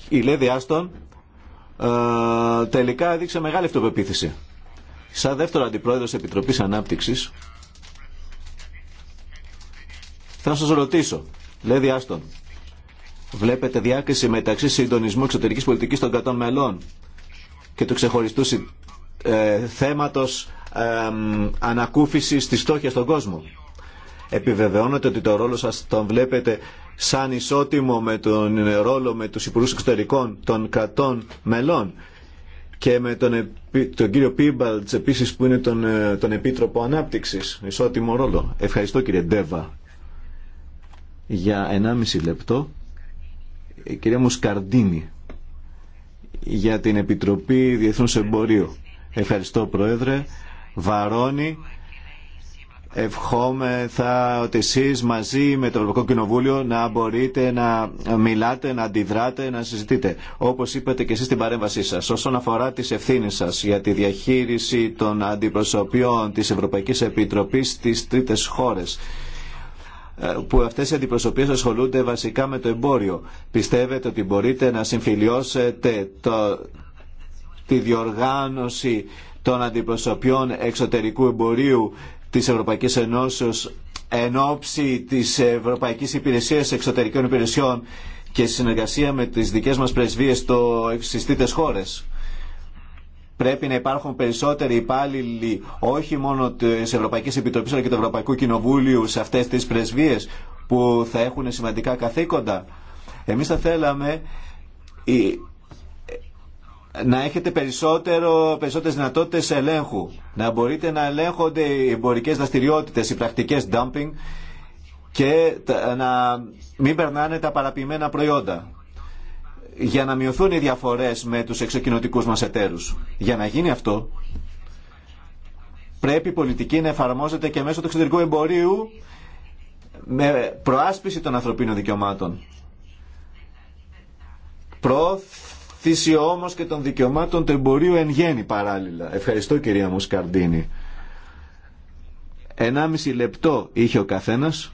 η Λέδη Άστον ε, τελικά έδειξε μεγάλη αυτοπεποίθηση. Σαν δεύτερο αντιπρόεδρος Επιτροπής Ανάπτυξης, θα σας ρωτήσω, Λέδη Άστον, βλέπετε διάκριση μεταξύ συντονισμού εξωτερικής πολιτικής των κρατών μελών και του ξεχωριστού ε, θέματος ε, ανακούφισης της στόχιας στον κόσμο. Επιβεβαιώνετε ότι το ρόλο σας τον βλέπετε σαν ισότιμο με τον ρόλο με τους υπουργούς εξωτερικών των κρατών μελών και με τον, τον κύριο Πίμπαλτς επίσης που είναι τον, ε, τον Επίτροπο Ανάπτυξης. Ισότιμο ρόλο. Ευχαριστώ κύριε Ντέβα. Για 1,5 λεπτό κυρία Μουσκαρντίνη για την Επιτροπή Διεθνούς Εμπορίου. Ευχαριστώ Πρόεδρε. Βαρώνει Ευχόμεθα ότι εσεί μαζί με το Ευρωπαϊκό Κοινοβούλιο να μπορείτε να μιλάτε, να αντιδράτε, να συζητείτε. Όπω είπατε και εσεί στην παρέμβασή σα, όσον αφορά τι ευθύνε σα για τη διαχείριση των αντιπροσωπιών τη Ευρωπαϊκή Επιτροπή στι τρίτε χώρε, ε, που αυτέ οι αντιπροσωπείε ασχολούνται βασικά με το εμπόριο. Πιστεύετε ότι μπορείτε να συμφιλιώσετε το, τη διοργάνωση των αντιπροσωπιών εξωτερικού εμπορίου της Ευρωπαϊκής Ενώσεως εν ώψη της Ευρωπαϊκής Υπηρεσίας Εξωτερικών Υπηρεσιών και συνεργασία με τις δικές μας πρεσβείες στο εξιστήτες χώρες. Πρέπει να υπάρχουν περισσότεροι υπάλληλοι όχι μόνο της Ευρωπαϊκής Επιτροπής αλλά και του Ευρωπαϊκού Κοινοβούλιου σε αυτές τις πρεσβείες που θα έχουν σημαντικά καθήκοντα. Εμείς θα θέλαμε να έχετε περισσότερο, περισσότερες δυνατότητες ελέγχου, να μπορείτε να ελέγχονται οι εμπορικές δραστηριότητες, οι πρακτικές dumping και να μην περνάνε τα παραποιημένα προϊόντα για να μειωθούν οι διαφορές με τους εξοκοινωτικούς μας εταίρους. Για να γίνει αυτό, πρέπει η πολιτική να εφαρμόζεται και μέσω του εξωτερικού εμπορίου με προάσπιση των ανθρωπίνων δικαιωμάτων θύσιο όμως και των δικαιωμάτων του εμπορίου εν γέννη παράλληλα. Ευχαριστώ κυρία Μουσκαρντίνη. 1,5 λεπτό είχε ο καθένας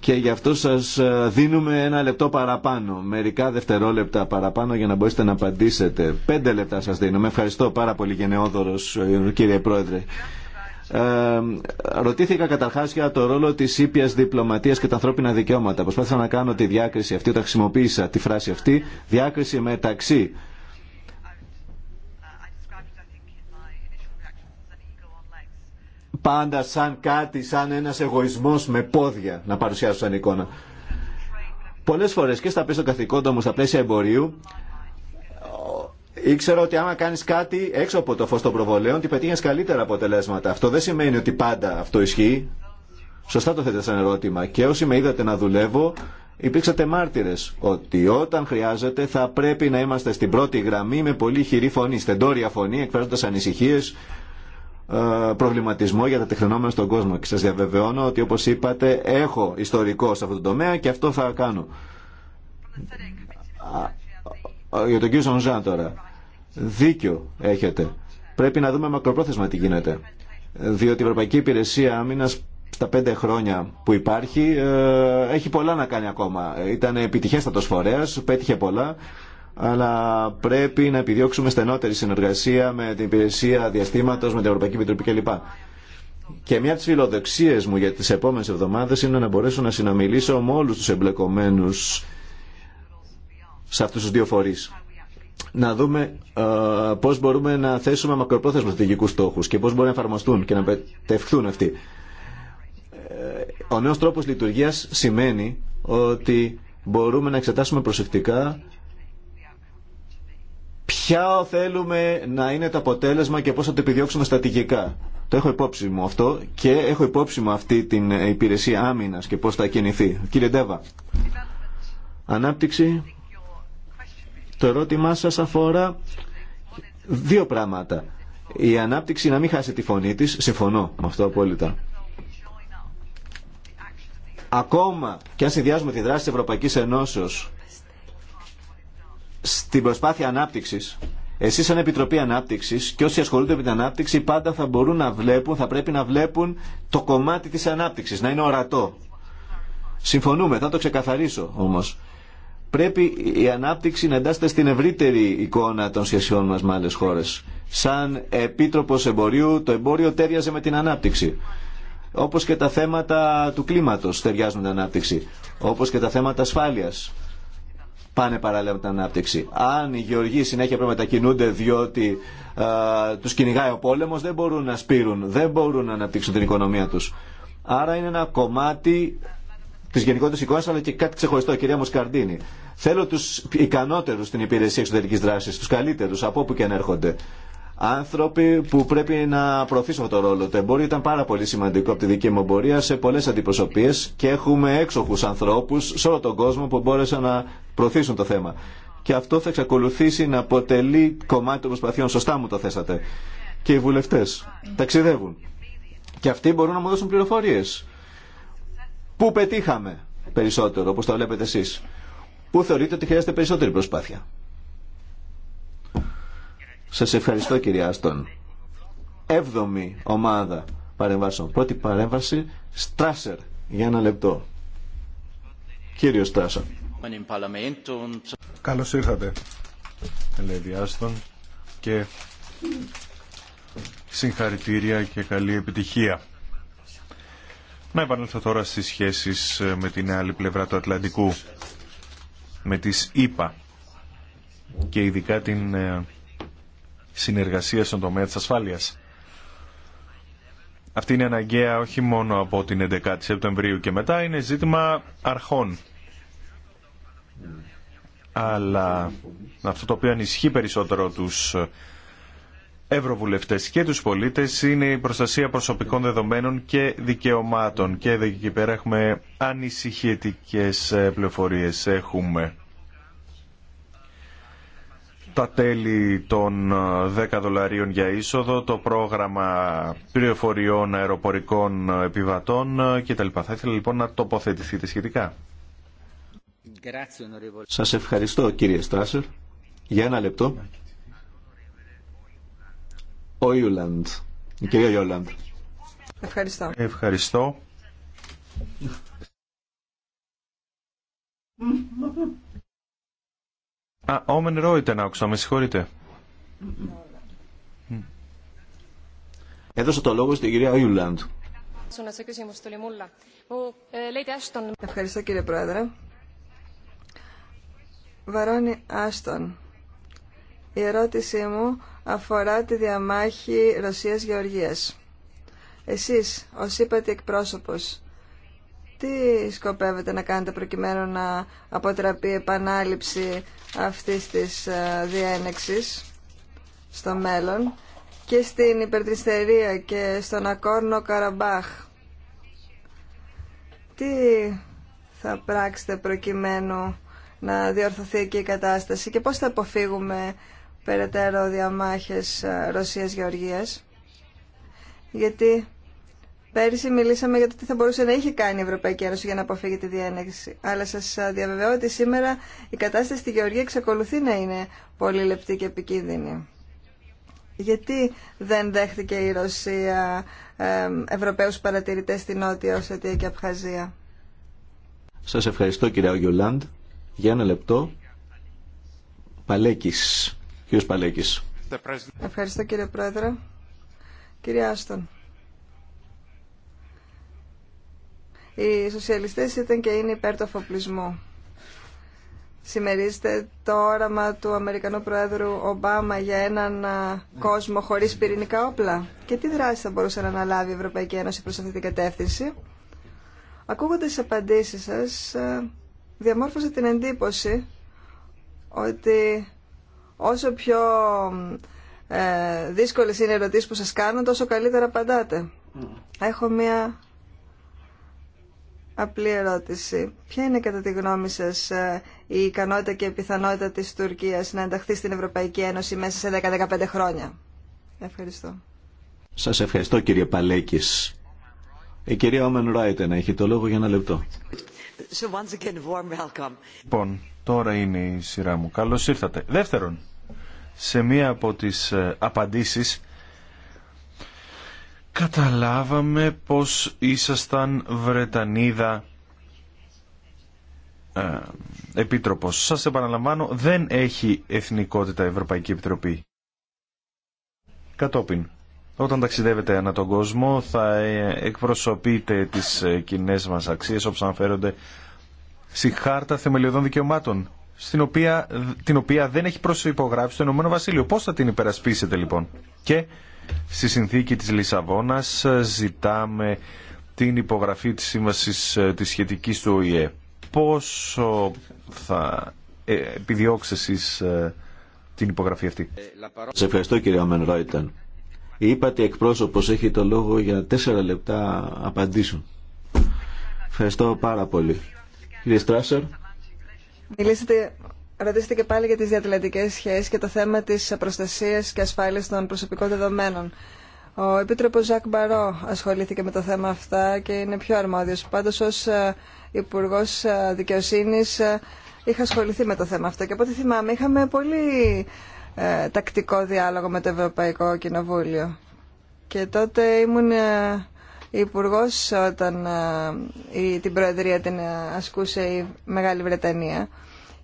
και γι' αυτό σας ε, δίνουμε ένα λεπτό παραπάνω, μερικά δευτερόλεπτα παραπάνω για να μπορέσετε να απαντήσετε. Πέντε λεπτά σας δίνουμε. Ευχαριστώ πάρα πολύ γενναιόδωρος ε, κύριε Πρόεδρε. Ε, ρωτήθηκα καταρχά για το ρόλο τη ήπια διπλωματία και τα ανθρώπινα δικαιώματα. Προσπάθησα να κάνω τη διάκριση αυτή, όταν χρησιμοποίησα τη φράση αυτή, διάκριση μεταξύ πάντα σαν κάτι, σαν ένας εγωισμός με πόδια να παρουσιάσω σαν εικόνα. Πολλές φορές και στα πλαίσια καθηκόντων μου, στα πλαίσια εμπορίου, ήξερα ότι άμα κάνει κάτι έξω από το φω των προβολέων, ότι πετύχει καλύτερα αποτελέσματα. Αυτό δεν σημαίνει ότι πάντα αυτό ισχύει. Σωστά το θέτε σαν ερώτημα. Και όσοι με είδατε να δουλεύω, υπήρξατε μάρτυρες ότι όταν χρειάζεται θα πρέπει να είμαστε στην πρώτη γραμμή με πολύ χειρή φωνή, στεντόρια φωνή, εκφράζοντας ανησυχίε, ε, προβληματισμό για τα τεχνόμενα στον κόσμο. Και σα διαβεβαιώνω ότι όπω είπατε έχω ιστορικό σε αυτό το τομέα και αυτό θα κάνω. Για τον κύριο Σονζάν τώρα. Δίκιο έχετε. Πρέπει να δούμε μακροπρόθεσμα τι γίνεται. Διότι η Ευρωπαϊκή Υπηρεσία Άμυνα στα πέντε χρόνια που υπάρχει ε, έχει πολλά να κάνει ακόμα. Ήταν επιτυχέστατο φορέα, πέτυχε πολλά αλλά πρέπει να επιδιώξουμε στενότερη συνεργασία με την υπηρεσία διαστήματο, με την Ευρωπαϊκή Επιτροπή κλπ. Και μια από τι φιλοδοξίε μου για τι επόμενε εβδομάδε είναι να μπορέσω να συνομιλήσω με όλου του εμπλεκομένου σε αυτού του δύο φορεί να δούμε ε, πώς μπορούμε να θέσουμε μακροπρόθεσμα στρατηγικούς στόχους και πώς μπορούν να εφαρμοστούν και να πετευχθούν αυτοί. Ε, ο νέος τρόπος λειτουργίας σημαίνει ότι μπορούμε να εξετάσουμε προσεκτικά ποια θέλουμε να είναι το αποτέλεσμα και πώς θα το επιδιώξουμε στρατηγικά. Το έχω υπόψη μου αυτό και έχω υπόψη μου αυτή την υπηρεσία άμυνας και πώς θα κινηθεί. Κύριε Ντέβα, ανάπτυξη το ερώτημά σας αφορά δύο πράγματα. Η ανάπτυξη να μην χάσει τη φωνή της, συμφωνώ με αυτό απόλυτα. Ακόμα και αν συνδυάζουμε τη δράση της Ευρωπαϊκής Ενώσεως στην προσπάθεια ανάπτυξης, εσεί σαν Επιτροπή Ανάπτυξη και όσοι ασχολούνται με την ανάπτυξη πάντα θα μπορούν να βλέπουν, θα πρέπει να βλέπουν το κομμάτι τη ανάπτυξη, να είναι ορατό. Συμφωνούμε, θα το ξεκαθαρίσω όμω πρέπει η ανάπτυξη να εντάσσεται στην ευρύτερη εικόνα των σχεσιών μας με άλλες χώρες. Σαν επίτροπος εμπορίου, το εμπόριο τέριαζε με την ανάπτυξη. Όπως και τα θέματα του κλίματος ταιριάζουν την ανάπτυξη. Όπως και τα θέματα ασφάλειας πάνε παράλληλα με την ανάπτυξη. Αν οι γεωργοί συνέχεια πρέπει να μετακινούνται διότι α, τους κυνηγάει ο πόλεμος, δεν μπορούν να σπείρουν, δεν μπορούν να αναπτύξουν την οικονομία τους. Άρα είναι ένα κομμάτι τη γενικότερη εικόνα, αλλά και κάτι ξεχωριστό, κυρία Μοσκαρντίνη. Θέλω του ικανότερου στην υπηρεσία εξωτερική δράση, του καλύτερου, από όπου και αν έρχονται. Άνθρωποι που πρέπει να προωθήσουν αυτό το ρόλο. Το εμπόριο ήταν πάρα πολύ σημαντικό από τη δική μου εμπορία σε πολλέ αντιπροσωπείε και έχουμε έξοχου ανθρώπου σε όλο τον κόσμο που μπόρεσαν να προωθήσουν το θέμα. Και αυτό θα εξακολουθήσει να αποτελεί κομμάτι των προσπαθειών. Σωστά μου το θέσατε. Και οι βουλευτέ ταξιδεύουν. Και αυτοί μπορούν να μου δώσουν πληροφορίε Πού πετύχαμε περισσότερο, όπως τα βλέπετε εσείς. Πού θεωρείτε ότι χρειάζεται περισσότερη προσπάθεια. Σας ευχαριστώ κύριε Άστον. Έβδομη ομάδα παρεμβάσεων. Πρώτη παρέμβαση, Στράσερ, για ένα λεπτό. Κύριο Στράσερ. Καλώς ήρθατε, Ελένη Άστον, και συγχαρητήρια και καλή επιτυχία. Να επανέλθω τώρα στις σχέσεις ε, με την άλλη πλευρά του Ατλαντικού, με τις ΗΠΑ και ειδικά την ε, συνεργασία στον τομέα της ασφάλειας. Αυτή είναι αναγκαία όχι μόνο από την 11η Σεπτεμβρίου και μετά, είναι ζήτημα αρχών. Αλλά αυτό το οποίο ανισχύει περισσότερο τους ε, ευρωβουλευτές και τους πολίτες είναι η προστασία προσωπικών δεδομένων και δικαιωμάτων. Και εκεί πέρα έχουμε ανησυχητικές ε, πληροφορίες. Έχουμε τα τέλη των 10 ε, δολαρίων για είσοδο, το πρόγραμμα πληροφοριών αεροπορικών ε, επιβατών κτλ. Θα ήθελα λοιπόν να τοποθετηθείτε σχετικά. Σας ευχαριστώ κύριε Στράσερ. Για ένα λεπτό. Ο Ιουλαντ. Η κυρία Ιουλαντ. Ευχαριστώ. Ευχαριστώ. Α, Όμεν Ρόιτεν άκουσα, με συγχωρείτε. Έδωσα το λόγο στην κυρία Ιουλάντ. Ευχαριστώ κύριε Πρόεδρε. Βαρόνι Άστον, η ερώτησή μου αφορά τη διαμάχη Ρωσίας-Γεωργίας. Εσείς, ως είπατε εκπρόσωπος, τι σκοπεύετε να κάνετε προκειμένου να αποτραπεί επανάληψη αυτής της ε, διένεξης στο μέλλον και στην υπερτριστερία και στον Ακόρνο Καραμπάχ. Τι θα πράξετε προκειμένου να διορθωθεί εκεί η κατάσταση και πώς θα αποφύγουμε περαιτέρω διαμάχες ε, Ρωσίας-Γεωργίας γιατί πέρυσι μιλήσαμε για το τι θα μπορούσε να είχε κάνει η Ευρωπαϊκή Ένωση για να αποφύγει τη διένεξη. Αλλά σας ε, διαβεβαιώ ότι σήμερα η κατάσταση στη Γεωργία εξακολουθεί να είναι πολύ λεπτή και επικίνδυνη. Γιατί δεν δέχτηκε η Ρωσία ε, Ευρωπαίους παρατηρητές στη Νότια Οσετία και Απχαζία. Σας ευχαριστώ κυρία Ογιολάντ. Για ένα λεπτό. Παλέκης. Ευχαριστώ κύριε Πρόεδρε. Κύριε Άστον. Οι σοσιαλιστές ήταν και είναι υπέρ του αφοπλισμού. Σημερίζεται το όραμα του Αμερικανού Προέδρου Ομπάμα για έναν κόσμο χωρίς πυρηνικά όπλα. Και τι δράση θα μπορούσε να αναλάβει η Ευρωπαϊκή Ένωση προς αυτή την κατεύθυνση. Ακούγοντας τις απαντήσεις σας, διαμόρφωσα την εντύπωση ότι Όσο πιο ε, δύσκολες είναι οι ερωτήσεις που σας κάνω, τόσο καλύτερα απαντάτε. Έχω μία απλή ερώτηση. Ποια είναι κατά τη γνώμη σας ε, η ικανότητα και η πιθανότητα της Τουρκίας να ενταχθεί στην Ευρωπαϊκή Ένωση μέσα σε 10-15 χρόνια. Ευχαριστώ. Σας ευχαριστώ κύριε Παλέκης. Η κυρία Όμεν Ράιτεν έχει το λόγο για ένα λεπτό. Λοιπόν, τώρα είναι η σειρά μου. Καλώς ήρθατε. Δεύτερον, σε μία από τις ε, απαντήσεις καταλάβαμε πως ήσασταν Βρετανίδα ε, Επίτροπος. Σας επαναλαμβάνω, δεν έχει εθνικότητα Ευρωπαϊκή Επιτροπή. Κατόπιν, όταν ταξιδεύετε ανά τον κόσμο θα ε, εκπροσωπείτε τις ε, κοινέ μας αξίες όπως αναφέρονται στη Χάρτα Θεμελιωδών Δικαιωμάτων στην οποία, την οποία δεν έχει προσυπογράψει το Ηνωμένο Βασίλειο. Πώς θα την υπερασπίσετε λοιπόν. Και στη συνθήκη της Λισαβόνας ε, ζητάμε την υπογραφή της σύμβασης της σχετικής του ΟΗΕ. Πόσο θα επιδιώξεις την υπογραφή αυτή. Σε ευχαριστώ κύριε Αμέν Είπατε εκπρόσωπος έχει το λόγο για τέσσερα λεπτά απαντήσουν. Ευχαριστώ πάρα πολύ. Κύριε Στράσερ. Μιλήσατε, ρωτήσατε και πάλι για τις διατελετικές σχέσεις και το θέμα της προστασίας και ασφάλειας των προσωπικών δεδομένων. Ο Επίτροπος Ζακ Μπαρό ασχολήθηκε με το θέμα αυτά και είναι πιο αρμόδιος. Πάντως ως ε, υπουργό ε, Δικαιοσύνης ε, είχα ασχοληθεί με το θέμα αυτό και από ό,τι θυμάμαι είχαμε πολύ ε, τακτικό διάλογο με το Ευρωπαϊκό Κοινοβούλιο. Και τότε ήμουν ε, υπουργό όταν ε, η, την Προεδρία την ασκούσε η Μεγάλη Βρετανία.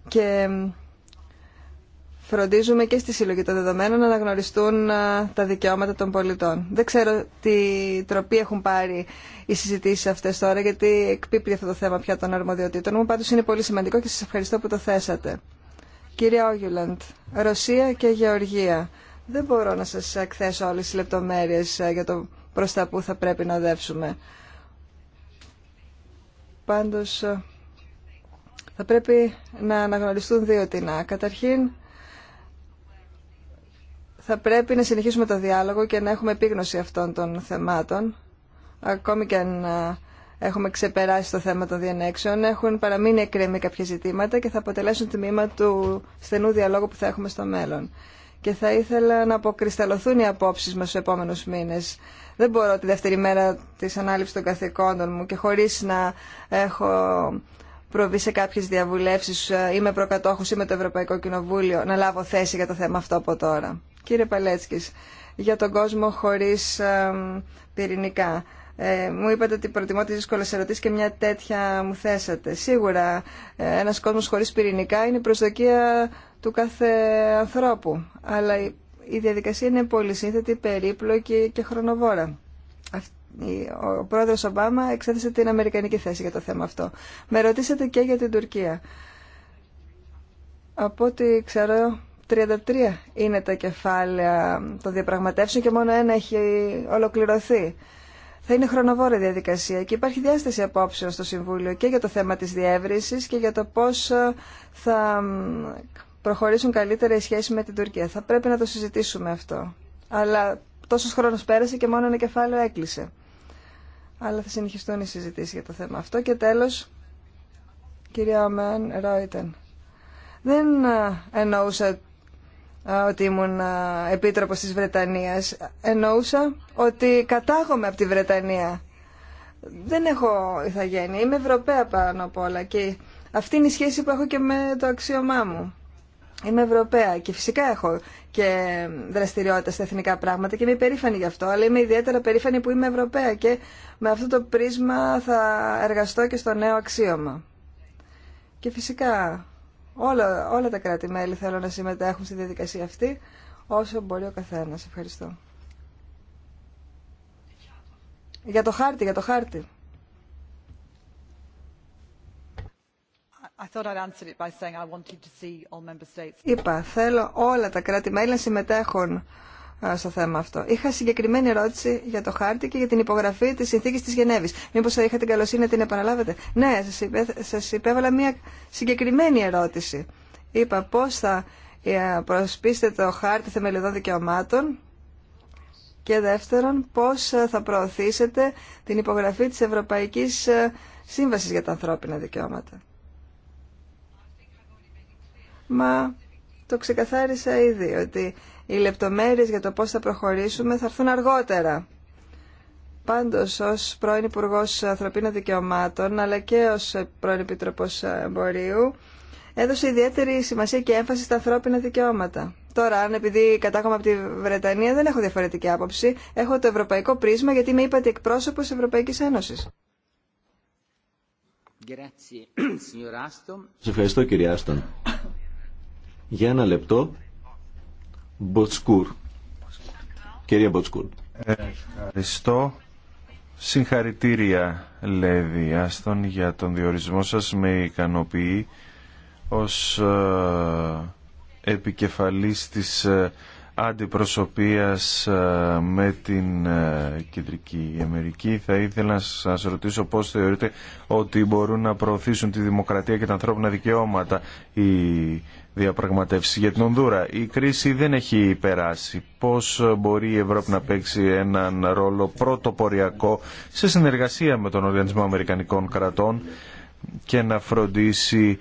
Και φροντίζουμε και στη συλλογή των δεδομένων να αναγνωριστούν τα δικαιώματα των πολιτών. Δεν ξέρω τι τροπή έχουν πάρει οι συζητήσει αυτέ τώρα, γιατί εκπίπτει αυτό το θέμα πια των αρμοδιοτήτων μου. Πάντω είναι πολύ σημαντικό και σα ευχαριστώ που το θέσατε. Κύριε Όγιουλαντ, Ρωσία και Γεωργία. Δεν μπορώ να σας εκθέσω όλες τις λεπτομέρειες ε, για το προς τα που θα πρέπει να οδεύσουμε. Πάντως, ε, θα πρέπει να αναγνωριστούν δύο τινά. Καταρχήν, θα πρέπει να συνεχίσουμε το διάλογο και να έχουμε επίγνωση αυτών των θεμάτων, ακόμη και αν ε, έχουμε ξεπεράσει το θέμα των διενέξεων. Έχουν παραμείνει εκκρέμει κάποια ζητήματα και θα αποτελέσουν τμήμα του στενού διαλόγου που θα έχουμε στο μέλλον. Και θα ήθελα να αποκρισταλωθούν οι απόψει μα στου επόμενου μήνε. Δεν μπορώ τη δεύτερη μέρα τη ανάληψης των καθηκόντων μου και χωρί να έχω προβεί σε κάποιες διαβουλεύσεις ε, ή με προκατόχου ή με το Ευρωπαϊκό Κοινοβούλιο να λάβω θέση για το θέμα αυτό από τώρα. Κύριε Παλέτσκη, για τον κόσμο χωρί ε, πυρηνικά. Ε, μου είπατε ότι προτιμώ τις δύσκολες ερωτήσεις και μια τέτοια μου θέσατε. Σίγουρα ε, ένα κόσμο χωρί πυρηνικά είναι η προσδοκία του κάθε ανθρώπου. Αλλά η, διαδικασία είναι πολύ σύνθετη, περίπλοκη και χρονοβόρα. Ο πρόεδρος Ομπάμα εξέθεσε την αμερικανική θέση για το θέμα αυτό. Με ρωτήσατε και για την Τουρκία. Από ό,τι ξέρω, 33 είναι τα κεφάλαια των διαπραγματεύσεων και μόνο ένα έχει ολοκληρωθεί θα είναι χρονοβόρη διαδικασία και υπάρχει διάσταση απόψεων στο Συμβούλιο και για το θέμα της διεύρυνσης και για το πώς ε, θα προχωρήσουν καλύτερα οι σχέσεις με την Τουρκία. Θα πρέπει να το συζητήσουμε αυτό. Αλλά τόσος χρόνος πέρασε και μόνο ένα κεφάλαιο έκλεισε. Αλλά θα συνεχιστούν οι συζητήσεις για το θέμα αυτό. Και τέλος, κυρία Ομέν Ρόιτεν. Δεν ε, εννοούσα ότι ήμουν επίτροπος της Βρετανίας. Εννοούσα ότι κατάγομαι από τη Βρετανία. Δεν έχω ηθαγένεια. Είμαι Ευρωπαία πάνω απ' όλα και αυτή είναι η σχέση που έχω και με το αξίωμά μου. Είμαι Ευρωπαία και φυσικά έχω και δραστηριότητα στα εθνικά πράγματα και είμαι υπερήφανη γι' αυτό, αλλά είμαι ιδιαίτερα περήφανη που είμαι Ευρωπαία και με αυτό το πρίσμα θα εργαστώ και στο νέο αξίωμα. Και φυσικά Όλα, όλα τα κράτη-μέλη θέλω να συμμετέχουν στη διαδικασία αυτή όσο μπορεί ο καθένα Ευχαριστώ. Για το χάρτη, για το χάρτη. Είπα, θέλω όλα τα κράτη-μέλη να συμμετέχουν στο θέμα αυτό. Είχα συγκεκριμένη ερώτηση για το χάρτη και για την υπογραφή τη συνθήκη τη Γενέβη. Μήπω θα είχα την καλοσύνη να την επαναλάβετε. Ναι, σα υπέβαλα μια συγκεκριμένη ερώτηση. Είπα πώ θα ε, προσπίσετε το χάρτη θεμελιωδών δικαιωμάτων και δεύτερον πώς ε, θα προωθήσετε την υπογραφή της Ευρωπαϊκής ε, Σύμβασης για τα ανθρώπινα δικαιώματα. Μα το ξεκαθάρισα ήδη ότι οι λεπτομέρειες για το πώς θα προχωρήσουμε θα έρθουν αργότερα. Πάντως, ως πρώην υπουργό Ανθρωπίνων Δικαιωμάτων, αλλά και ως πρώην Επιτροπός Εμπορίου, έδωσε ιδιαίτερη σημασία και έμφαση στα ανθρώπινα δικαιώματα. Τώρα, αν επειδή κατάγομαι από τη Βρετανία, δεν έχω διαφορετική άποψη. Έχω το ευρωπαϊκό πρίσμα, γιατί με είπατε εκπρόσωπος Ευρωπαϊκής Ένωσης. Σας ευχαριστώ, κύριε Άστον. Για ένα λεπτό, Μποτσκούρ. Κυρία Μποτσκούρ. Ευχαριστώ. Συγχαρητήρια, Λέβη Άστον, για τον διορισμό σας. Με ικανοποιεί ως ε, επικεφαλής της ε, αντιπροσωπείας ε, με την ε, Κεντρική Αμερική. Θα ήθελα να σας ρωτήσω πώς θεωρείτε ότι μπορούν να προωθήσουν τη δημοκρατία και τα ανθρώπινα δικαιώματα οι διαπραγματεύσεις για την Ονδούρα. Η κρίση δεν έχει περάσει. Πώς μπορεί η Ευρώπη να παίξει έναν ρόλο πρωτοποριακό σε συνεργασία με τον Οργανισμό Αμερικανικών Κρατών και να φροντίσει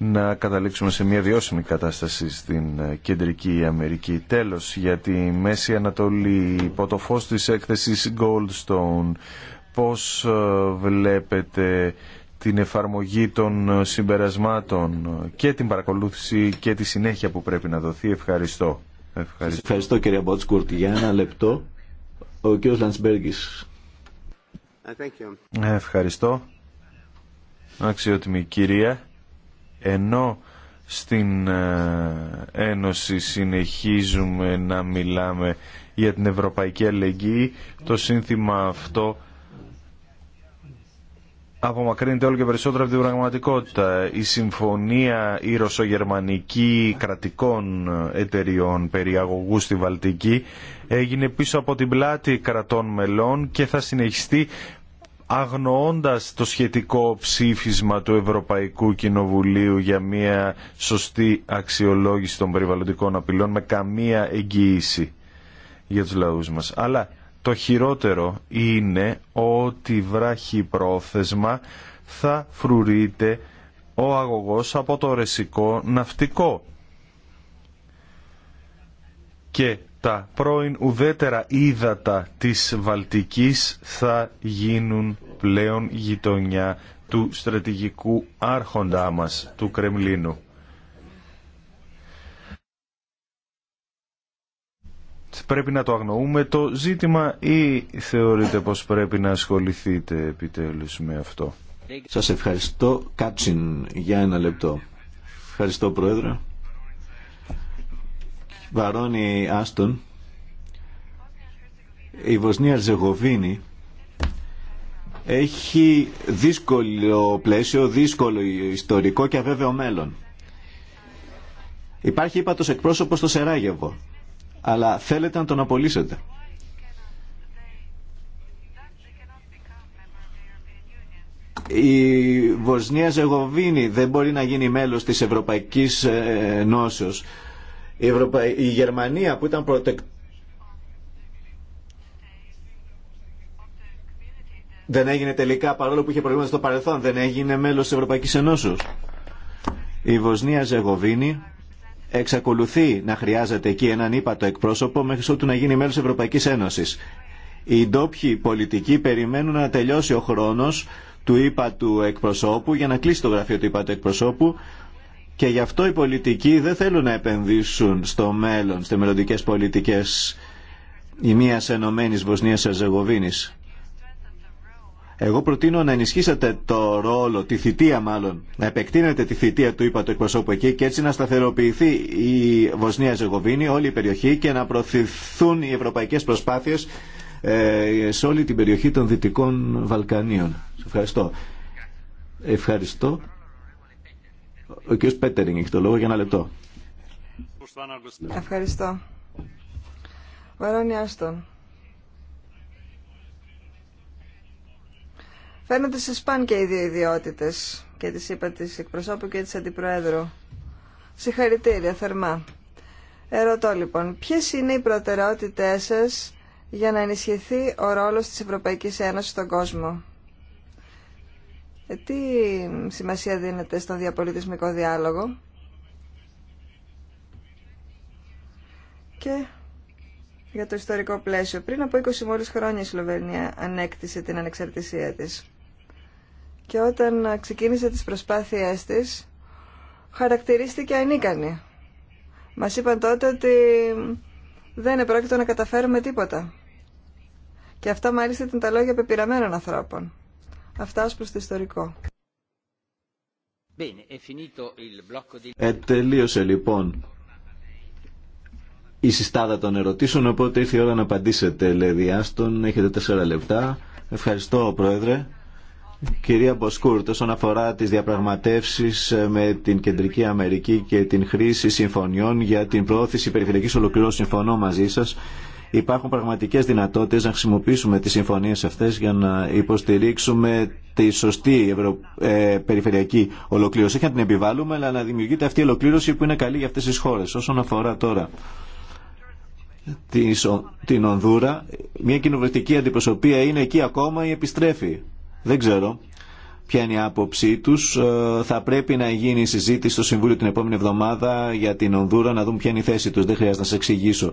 να καταλήξουμε σε μια βιώσιμη κατάσταση στην ε, Κεντρική Αμερική. Τέλος, για τη Μέση Ανατολή, υπό το φως της έκθεσης Goldstone, πώς ε, βλέπετε την εφαρμογή των ε, συμπερασμάτων και την παρακολούθηση και τη συνέχεια που πρέπει να δοθεί. Ευχαριστώ. Ευχαριστώ, κύριε Μπότσκουρτ. Για ένα λεπτό, ο κύριος Λαντσμπέργκης. Ευχαριστώ. Αξιότιμη κυρία ενώ στην ε, Ένωση συνεχίζουμε να μιλάμε για την Ευρωπαϊκή Αλληλεγγύη, το σύνθημα αυτό απομακρύνεται όλο και περισσότερο από την πραγματικότητα. Η συμφωνία η ρωσογερμανική κρατικών εταιριών περιαγωγού στη Βαλτική έγινε πίσω από την πλάτη κρατών μελών και θα συνεχιστεί αγνοώντας το σχετικό ψήφισμα του Ευρωπαϊκού Κοινοβουλίου για μια σωστή αξιολόγηση των περιβαλλοντικών απειλών με καμία εγγύηση για τους λαούς μας. Αλλά το χειρότερο είναι ότι βράχει πρόθεσμα θα φρουρείται ο αγωγός από το ρεσικό ναυτικό. Και τα πρώην ουδέτερα ύδατα της Βαλτικής θα γίνουν πλέον γειτονιά του στρατηγικού άρχοντά μας, του Κρεμλίνου. Πρέπει να το αγνοούμε το ζήτημα ή θεωρείτε πως πρέπει να ασχοληθείτε επιτέλους με αυτό. Σας ευχαριστώ. Κάτσιν για ένα λεπτό. Ευχαριστώ Πρόεδρε. Βαρόνι Άστον, η Βοσνία Ζεγοβίνη έχει δύσκολο πλαίσιο, δύσκολο ιστορικό και αβέβαιο μέλλον. Υπάρχει ύπατος εκπρόσωπος στο Σεράγεβο, αλλά θέλετε να τον απολύσετε. Η Βοσνία Ζεγοβίνη δεν μπορεί να γίνει μέλος της Ευρωπαϊκής Ενώσεως. Η, η Γερμανία που ήταν προτεκ... δεν έγινε τελικά παρόλο που είχε προβλήματα στο παρελθόν δεν έγινε μέλος της Ευρωπαϊκής Ενώσεως η Βοσνία Ζεγοβίνη εξακολουθεί να χρειάζεται εκεί έναν ύπατο εκπρόσωπο μέχρι ότου να γίνει μέλος της Ευρωπαϊκής Ένωσης οι ντόπιοι πολιτικοί περιμένουν να τελειώσει ο χρόνος του ύπατου εκπροσώπου για να κλείσει το γραφείο του ύπατου εκπροσώπου και γι' αυτό οι πολιτικοί δεν θέλουν να επενδύσουν στο μέλλον, στις μελλοντικέ πολιτικές η μία ενωμένης Βοσνίας Αζεγοβίνης. Εγώ προτείνω να ενισχύσετε το ρόλο, τη θητεία μάλλον, να επεκτείνετε τη θητεία του είπα το εκπροσώπου εκεί και έτσι να σταθεροποιηθεί η Βοσνία Ζεγοβίνη, όλη η περιοχή και να προωθηθούν οι ευρωπαϊκές προσπάθειες ε, σε όλη την περιοχή των Δυτικών Βαλκανίων. Σας ευχαριστώ. Ευχαριστώ. Ο κ. Πέτερινγκ έχει το λόγο για ένα λεπτό. Ευχαριστώ. Βαρόνι Άστον. Φαίνονται σε σπάν και οι δύο ιδιότητες και τις είπα της εκπροσώπου και τη αντιπροέδρου. Συγχαρητήρια θερμά. Ερωτώ λοιπόν, ποιες είναι οι προτεραιότητές σας για να ενισχυθεί ο ρόλος της Ευρωπαϊκής Ένωσης στον κόσμο. Ε, τι σημασία δίνεται στον διαπολιτισμικό διάλογο και για το ιστορικό πλαίσιο. Πριν από 20 μόλις χρόνια η Σλοβενία ανέκτησε την ανεξαρτησία της. Και όταν ξεκίνησε τις προσπάθειές της, χαρακτηρίστηκε ανίκανη. Μας είπαν τότε ότι δεν επρόκειτο να καταφέρουμε τίποτα. Και αυτά μάλιστα ήταν τα λόγια πεπειραμένων ανθρώπων. Αυτά ως προς το ιστορικό. Ε, τελείωσε λοιπόν η συστάδα των ερωτήσεων, οπότε ήρθε η ώρα να απαντήσετε, λέει Διάστον. Έχετε τέσσερα λεπτά. Ευχαριστώ, Πρόεδρε. Κυρία Μποσκούρτ, όσον αφορά τις διαπραγματεύσεις ε, με την Κεντρική Αμερική και την χρήση συμφωνιών για την προώθηση περιφερειακής ολοκληρώσης, συμφωνώ μαζί σας. Υπάρχουν πραγματικές δυνατότητες να χρησιμοποιήσουμε τις συμφωνίες αυτές για να υποστηρίξουμε τη σωστή ευρω... Ε, περιφερειακή ολοκλήρωση. Όχι να την επιβάλλουμε, αλλά να δημιουργείται αυτή η ολοκλήρωση που είναι καλή για αυτές τις χώρες. Όσον αφορά τώρα την Ονδούρα, μια κοινοβουλευτική αντιπροσωπεία είναι εκεί ακόμα ή επιστρέφει. Δεν ξέρω ποια είναι η άποψή του. Ε, θα πρέπει να γίνει συζήτηση στο Συμβούλιο την επόμενη εβδομάδα για την Ονδούρα, να δούμε ποια είναι η θέση του. Δεν χρειάζεται να σα εξηγήσω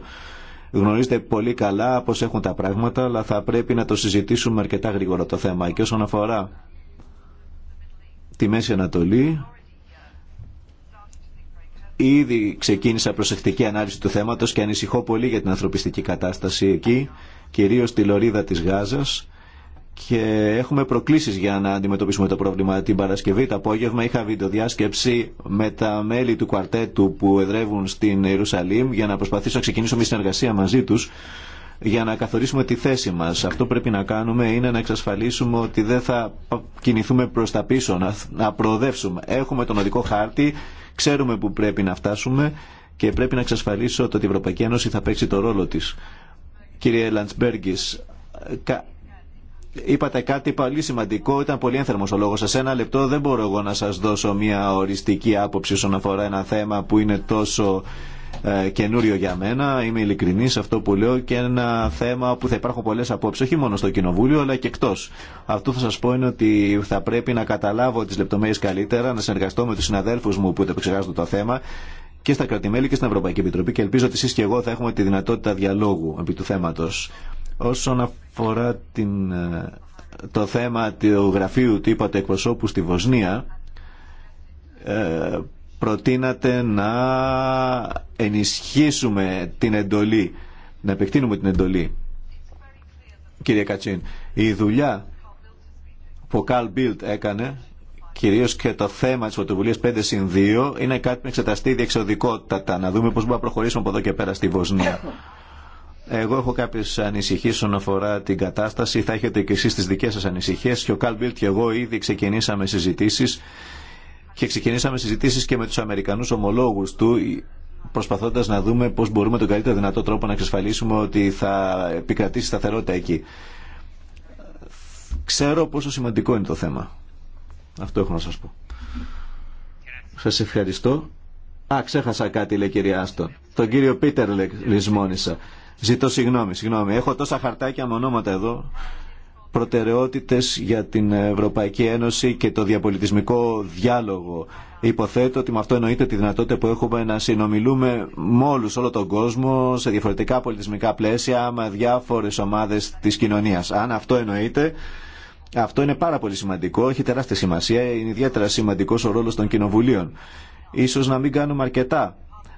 Γνωρίζετε πολύ καλά πώ έχουν τα πράγματα, αλλά θα πρέπει να το συζητήσουμε αρκετά γρήγορα το θέμα. Και όσον αφορά τη Μέση Ανατολή, ήδη ξεκίνησα προσεκτική ανάλυση του θέματος και ανησυχώ πολύ για την ανθρωπιστική κατάσταση εκεί, κυρίως τη λωρίδα της Γάζας και έχουμε προκλήσεις για να αντιμετωπίσουμε το πρόβλημα. Την Παρασκευή το απόγευμα είχα βιντεοδιάσκεψη με τα μέλη του κουαρτέτου που εδρεύουν στην Ιερουσαλήμ για να προσπαθήσω να ξεκινήσω μια συνεργασία μαζί τους για να καθορίσουμε τη θέση μας. Αυτό που πρέπει να κάνουμε είναι να εξασφαλίσουμε ότι δεν θα κινηθούμε προς τα πίσω, να, προοδεύσουμε. Έχουμε τον οδικό χάρτη, ξέρουμε που πρέπει να φτάσουμε και πρέπει να εξασφαλίσω ότι η Ευρωπαϊκή Ένωση θα παίξει το ρόλο της. Κύριε Λαντσμπέργκης, είπατε κάτι πολύ σημαντικό, ήταν πολύ ένθερμος ο λόγος σας. Ένα λεπτό δεν μπορώ εγώ να σας δώσω μια οριστική άποψη όσον αφορά ένα θέμα που είναι τόσο ε, καινούριο για μένα. Είμαι ειλικρινής σε αυτό που λέω και ένα θέμα που θα υπάρχουν πολλές απόψεις, όχι μόνο στο Κοινοβούλιο αλλά και εκτός. Αυτό θα σας πω είναι ότι θα πρέπει να καταλάβω τις λεπτομέρειες καλύτερα, να συνεργαστώ με τους συναδέλφους μου που επεξεργάζονται το θέμα και στα κρατημέλη και στην Ευρωπαϊκή Επιτροπή και ελπίζω ότι εσείς και εγώ θα έχουμε τη δυνατότητα διαλόγου επί του θέματος. Όσον αφορά ε, το θέμα του γραφείου του είπατε εκπροσώπου στη Βοσνία, ε, προτείνατε να ενισχύσουμε την εντολή, να επεκτείνουμε την εντολή. Κύριε Κατσίν, η δουλειά που ο Καλ Μπίλτ έκανε, κυρίως και το θέμα της πρωτοβουλίας 5 συν 2, είναι κάτι που εξεταστεί διεξοδικότατα, να δούμε πώς μπορούμε να προχωρήσουμε από εδώ και πέρα στη Βοσνία. Εγώ έχω κάποιε ανησυχίε όσον αφορά την κατάσταση. Θα έχετε και εσεί τι δικέ σα ανησυχίε. Και ο Καλ Μπίλτ και εγώ ήδη ξεκινήσαμε συζητήσει. Και ξεκινήσαμε συζητήσει και με του Αμερικανού ομολόγου του, προσπαθώντα να δούμε πώ μπορούμε τον καλύτερο δυνατό τρόπο να εξασφαλίσουμε ότι θα επικρατήσει σταθερότητα εκεί. Ξέρω πόσο σημαντικό είναι το θέμα. Αυτό έχω να σα πω. Σα ευχαριστώ. Α, ξέχασα κάτι, λέει κυρία Άστον. Τον κύριο Πίτερ λησμόνησα. Ζητώ συγγνώμη, συγγνώμη. Έχω τόσα χαρτάκια με ονόματα εδώ. Προτεραιότητες για την Ευρωπαϊκή Ένωση και το διαπολιτισμικό διάλογο. Υποθέτω ότι με αυτό εννοείται τη δυνατότητα που έχουμε να συνομιλούμε με όλου όλο τον κόσμο σε διαφορετικά πολιτισμικά πλαίσια με διάφορε ομάδε τη κοινωνία. Αν αυτό εννοείται, αυτό είναι πάρα πολύ σημαντικό, έχει τεράστια σημασία, είναι ιδιαίτερα σημαντικό ο ρόλο των κοινοβουλίων. Σω να μην κάνουμε αρκετά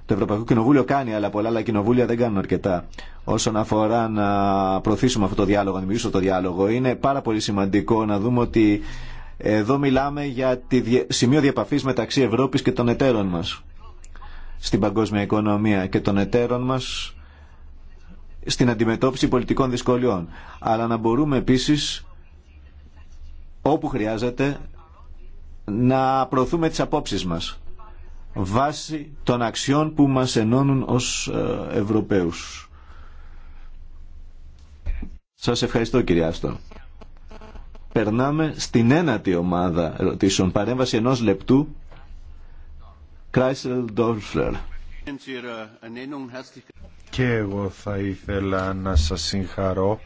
το Ευρωπαϊκό Κοινοβούλιο κάνει, αλλά πολλά άλλα κοινοβούλια δεν κάνουν αρκετά. Όσον αφορά να προωθήσουμε αυτό το διάλογο, να δημιουργήσουμε το διάλογο, είναι πάρα πολύ σημαντικό να δούμε ότι εδώ μιλάμε για τη σημείο διαπαφής μεταξύ Ευρώπης και των εταίρων μας στην παγκόσμια οικονομία και των εταίρων μας στην αντιμετώπιση πολιτικών δυσκολιών. Αλλά να μπορούμε επίσης όπου χρειάζεται να προωθούμε τις απόψεις μας βάσει των αξιών που μας ενώνουν ως ε, Ευρωπαίους. Σας ευχαριστώ κύριε Άστον. Περνάμε στην ένατη ομάδα ερωτήσεων. Παρέμβαση ενός λεπτού. Κράισελ Ντόρφλερ. Και εγώ θα ήθελα να σας συγχαρώ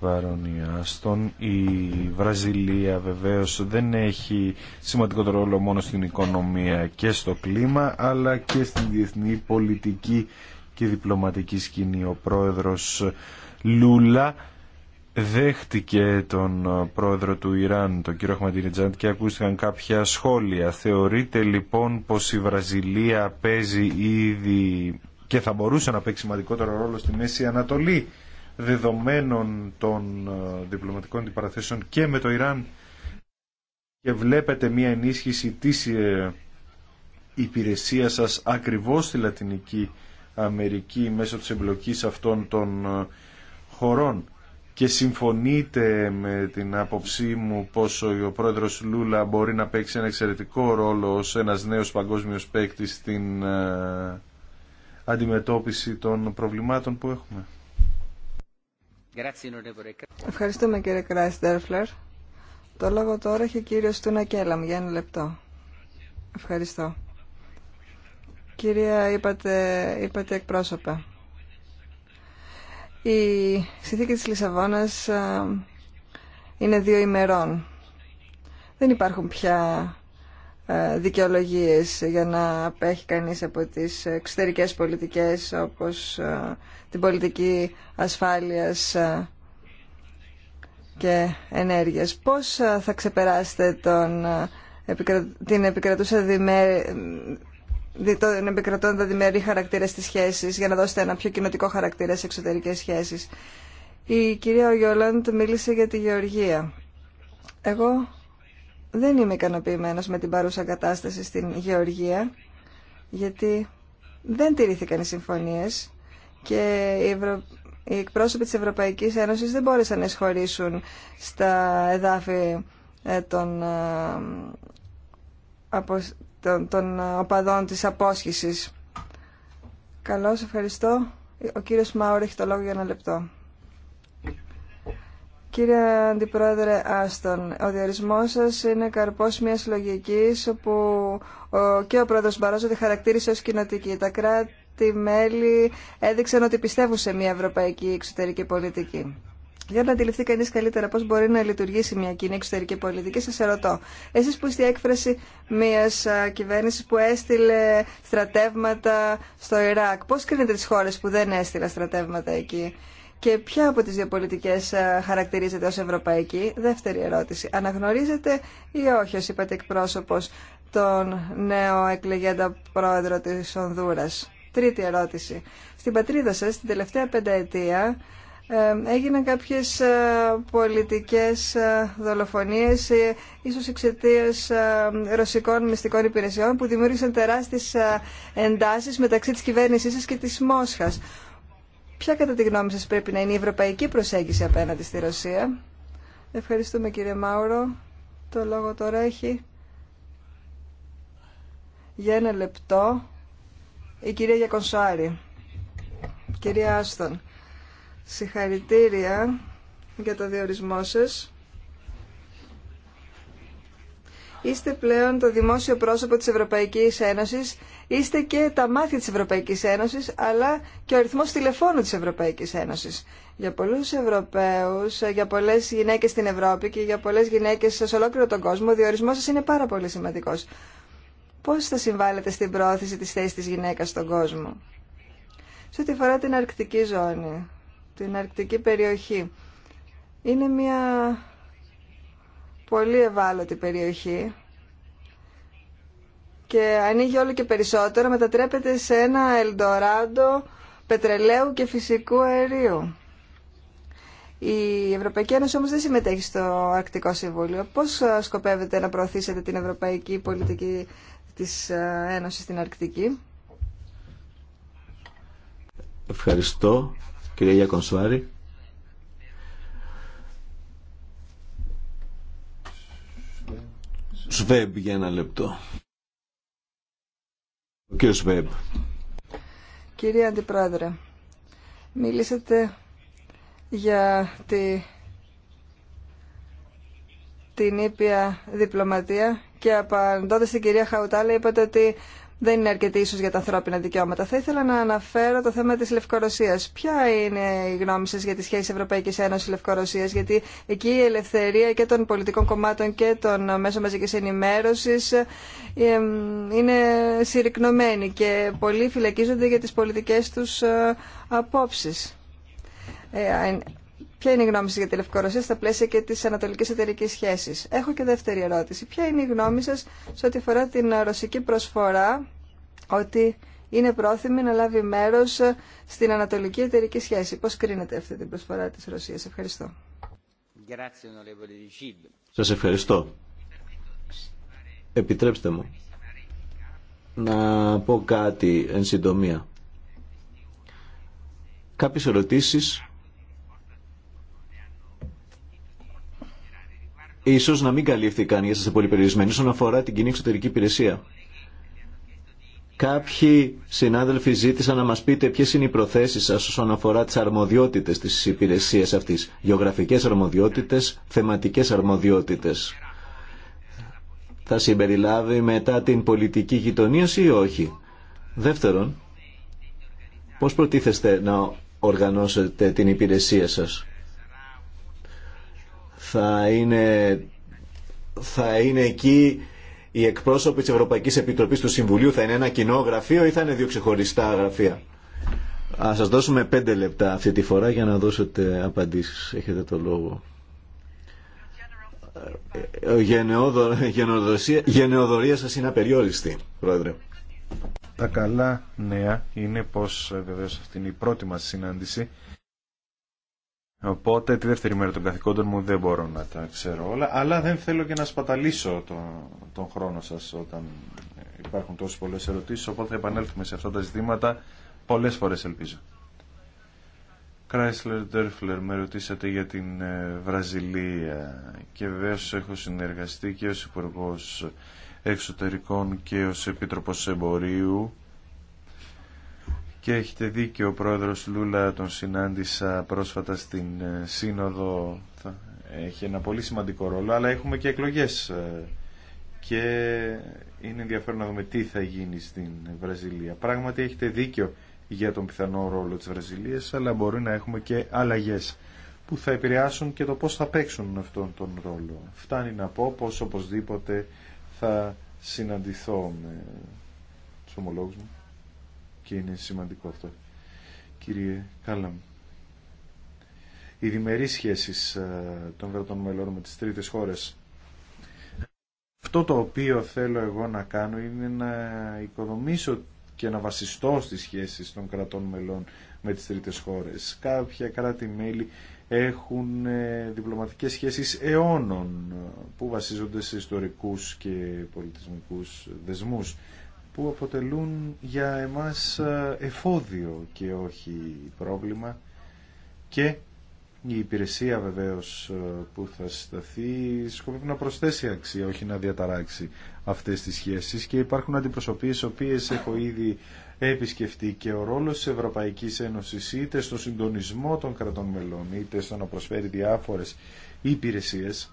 Βαρονιάστον. Η Βραζιλία βεβαίως δεν έχει σημαντικό ρόλο μόνο στην οικονομία και στο κλίμα αλλά και στην διεθνή πολιτική και διπλωματική σκηνή. Ο πρόεδρος Λούλα δέχτηκε τον πρόεδρο του Ιράν, τον κύριο Αχματινιτζάντ και ακούστηκαν κάποια σχόλια. Θεωρείτε λοιπόν πως η Βραζιλία παίζει ήδη και θα μπορούσε να παίξει σημαντικότερο ρόλο στη Μέση Ανατολή δεδομένων των ε, διπλωματικών αντιπαραθέσεων και με το Ιράν και βλέπετε μια ενίσχυση της ε, υπηρεσίας σας ακριβώς στη Λατινική Αμερική μέσω της εμπλοκής αυτών των ε, χωρών και συμφωνείτε με την άποψή μου πως ο πρόεδρος Λούλα μπορεί να παίξει ένα εξαιρετικό ρόλο ως ένας νέος παγκόσμιος παίκτη στην αντιμετώπιση των προβλημάτων που έχουμε. Ευχαριστούμε κύριε Κράιστερφλερ. Το λόγο τώρα έχει ο κύριος Τούνα Κέλαμ για ένα λεπτό. Ευχαριστώ. Κυρία, είπατε, είπατε εκπρόσωπα. Η συνθήκη της Λισαβόνας ε, είναι δύο ημερών. Δεν υπάρχουν πια ε, δικαιολογίες για να απέχει κανείς από τις εξωτερικές πολιτικές όπως ε, την πολιτική ασφάλειας ε, και ενέργειας. Πώς θα ξεπεράσετε τον, την επικρατούσα διμέρη, τον διμερή χαρακτήρα στις σχέσεις για να δώσετε ένα πιο κοινοτικό χαρακτήρα σε εξωτερικές σχέσεις. Η κυρία Ογιολάντ μίλησε για τη Γεωργία. Εγώ δεν είμαι ικανοποιημένο με την παρούσα κατάσταση στην Γεωργία, γιατί δεν τηρήθηκαν οι συμφωνίες και οι, Ευρω... εκπρόσωποι της Ευρωπαϊκής Ένωσης δεν μπόρεσαν να εισχωρήσουν στα εδάφη ε, των, ε, των... των οπαδών της απόσχησης. Καλώς, ευχαριστώ. Ο κύριος Μάουρ έχει το λόγο για ένα λεπτό. Κύριε Αντιπρόεδρε Άστον, ο διορισμός σας είναι καρπός μιας λογικής που και ο πρόεδρος Μπαρόζο τη χαρακτήρισε ως κοινοτική. Τα κράτη-μέλη έδειξαν ότι πιστεύουν σε μια ευρωπαϊκή εξωτερική πολιτική. Για να αντιληφθεί κανεί καλύτερα πώ μπορεί να λειτουργήσει μια κοινή εξωτερική πολιτική, σα ερωτώ. Εσεί που είστε η έκφραση μια κυβέρνηση που έστειλε στρατεύματα στο Ιράκ, πώ κρίνετε τι χώρε που δεν έστειλα στρατεύματα εκεί και ποια από τις δύο πολιτικές ε, χαρακτηρίζεται ως ευρωπαϊκή. Δεύτερη ερώτηση. Αναγνωρίζετε ή όχι ως είπατε εκπρόσωπος τον νέο εκλεγέντα πρόεδρο της Ονδούρας. Τρίτη ερώτηση. Στην πατρίδα σας, την τελευταία πενταετία, ε, έγιναν κάποιες ε, πολιτικές δολοφονίες ίσως εξαιτίας ρωσικών μυστικών υπηρεσιών που δημιούργησαν τεράστιες εντάσεις μεταξύ της κυβέρνησής σας και της Μόσχας. Ποια κατά τη γνώμη σας πρέπει να είναι η ευρωπαϊκή προσέγγιση απέναντι στη Ρωσία. Ευχαριστούμε κύριε Μάουρο. Το λόγο τώρα έχει για ένα λεπτό η κυρία Γιακονσάρη. Κυρία Άστον, συγχαρητήρια για το διορισμό σας. Είστε πλέον το δημόσιο πρόσωπο της Ευρωπαϊκής Ένωσης, είστε και τα μάτια της Ευρωπαϊκής Ένωσης, αλλά και ο ρυθμός τηλεφώνου της Ευρωπαϊκής Ένωσης. Για πολλούς Ευρωπαίους, για πολλές γυναίκες στην Ευρώπη και για πολλές γυναίκες σε ολόκληρο τον κόσμο, ο διορισμός σας είναι πάρα πολύ σημαντικός. Πώς θα συμβάλλετε στην πρόθεση της θέσης της γυναίκας στον κόσμο. Σε ό,τι αφορά την αρκτική ζώνη, την αρκτική περιοχή, είναι μια πολύ ευάλωτη περιοχή και ανοίγει όλο και περισσότερο, μετατρέπεται σε ένα ελντοράντο πετρελαίου και φυσικού αερίου. Η Ευρωπαϊκή Ένωση όμως δεν συμμετέχει στο Αρκτικό Συμβούλιο. Πώς ε, σκοπεύετε να προωθήσετε την ευρωπαϊκή πολιτική της ε, Ένωσης στην Αρκτική. Ευχαριστώ, κυρία Γιακονσουάρη. Σβέμπ για ένα λεπτό. Ο κύριο Σβέμπ. Κύριε Αντιπρόεδρε, μιλήσατε για την ήπια διπλωματία και απαντώντας στην κυρία Χαουτάλη είπατε ότι δεν είναι αρκετή ίσως για τα ανθρώπινα δικαιώματα. Θα ήθελα να αναφέρω το θέμα της Λευκορωσίας. Ποια είναι η γνώμη σας για τις σχέσεις Ευρωπαϊκής Ένωσης Λευκορωσίας, γιατί εκεί η ελευθερία και των πολιτικών κομμάτων και των μέσων μαζικής ενημέρωσης είναι συρρυκνωμένη και πολλοί φυλακίζονται για τις πολιτικές τους ε, απόψεις. Ε, Ποια είναι η γνώμη σα για τη Λευκορωσία στα πλαίσια και τη ανατολική εταιρική σχέση. Έχω και δεύτερη ερώτηση. Ποια είναι η γνώμη σα σε ό,τι αφορά την ρωσική προσφορά ότι είναι πρόθυμη να λάβει μέρος στην ανατολική εταιρική σχέση. Πώ κρίνετε αυτή την προσφορά της Ρωσίας. Ευχαριστώ. Σας ευχαριστώ. Επιτρέψτε μου να πω κάτι εν συντομία. Κάποιες ερωτήσεις ίσως να μην καλύφθηκαν ή σας πολύ περιορισμένοι όσον αφορά την κοινή εξωτερική υπηρεσία. Κάποιοι συνάδελφοι ζήτησαν να μας πείτε ποιε είναι οι προθέσεις σας όσον αφορά τις αρμοδιότητες της υπηρεσίας αυτής. Γεωγραφικές αρμοδιότητες, θεματικές αρμοδιότητες. Θα συμπεριλάβει μετά την πολιτική γειτονία ή όχι. Δεύτερον, πώς προτίθεστε να οργανώσετε την υπηρεσία σας θα είναι, θα είναι εκεί οι εκπρόσωποι της Ευρωπαϊκής Επιτροπής του Συμβουλίου θα είναι ένα κοινό γραφείο ή θα είναι δύο ξεχωριστά γραφεία. Α σας δώσουμε πέντε λεπτά αυτή τη φορά για να δώσετε απαντήσεις. Έχετε το λόγο. Γενεοδορία, γενεοδορία σας είναι απεριόριστη, Πρόεδρε. Τα καλά νέα είναι πως ε, βεβαίως αυτή είναι η πρώτη μας συνάντηση Οπότε τη δεύτερη μέρα των καθηκόντων μου δεν μπορώ να τα ξέρω όλα, αλλά δεν θέλω και να σπαταλήσω τον, τον χρόνο σας όταν υπάρχουν τόσε πολλέ ερωτήσει, οπότε θα επανέλθουμε σε αυτά τα ζητήματα πολλές φορές ελπίζω. Κράισλερ Ντέρφλερ, με ρωτήσατε για την ε, Βραζιλία και βεβαίω έχω συνεργαστεί και ως υπουργό Εξωτερικών και ως Επίτροπος Εμπορίου και έχετε δίκιο, ο πρόεδρος Λούλα τον συνάντησα πρόσφατα στην ε, Σύνοδο, έχει ένα πολύ σημαντικό ρόλο, αλλά έχουμε και εκλογές ε, και είναι ενδιαφέρον να δούμε τι θα γίνει στην Βραζιλία. Πράγματι έχετε δίκιο για τον πιθανό ρόλο της Βραζιλίας, αλλά μπορεί να έχουμε και αλλαγές που θα επηρεάσουν και το πώς θα παίξουν αυτόν τον ρόλο. Φτάνει να πω πως οπωσδήποτε θα συναντηθώ με τους ομολόγους μου και είναι σημαντικό αυτό. Κύριε Κάλαμ, οι διμερείς σχέσεις ε, των κρατών μελών με τις τρίτες χώρες. Αυτό το οποίο θέλω εγώ να κάνω είναι να οικοδομήσω και να βασιστώ στις σχέσεις των κρατών μελών με τις τρίτες χώρες. Κάποια κράτη-μέλη έχουν ε, διπλωματικές σχέσεις αιώνων ε, που βασίζονται σε ιστορικούς και πολιτισμικούς δεσμούς που αποτελούν για εμάς ε, εφόδιο και όχι πρόβλημα και η υπηρεσία βεβαίως ε, που θα συσταθεί σκοπεύει να προσθέσει αξία, όχι να διαταράξει αυτές τις σχέσεις και υπάρχουν αντιπροσωπείες οποίες έχω ήδη επισκεφτεί και ο ρόλος της Ευρωπαϊκής Ένωσης είτε στο συντονισμό των κρατών μελών είτε στο να προσφέρει διάφορες υπηρεσίες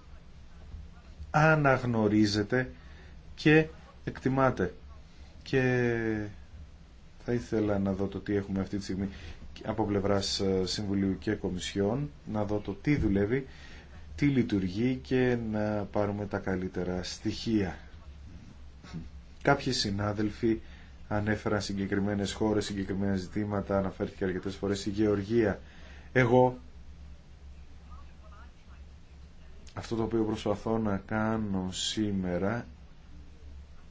αναγνωρίζεται και εκτιμάται και θα ήθελα να δω το τι έχουμε αυτή τη στιγμή από πλευράς ε, Συμβουλίου και Κομισιόν, να δω το τι δουλεύει, τι λειτουργεί και να πάρουμε τα καλύτερα στοιχεία. Κάποιοι συνάδελφοι ανέφεραν συγκεκριμένες χώρες, συγκεκριμένα ζητήματα, αναφέρθηκε αρκετές φορές η Γεωργία. Εγώ αυτό το οποίο προσπαθώ να κάνω σήμερα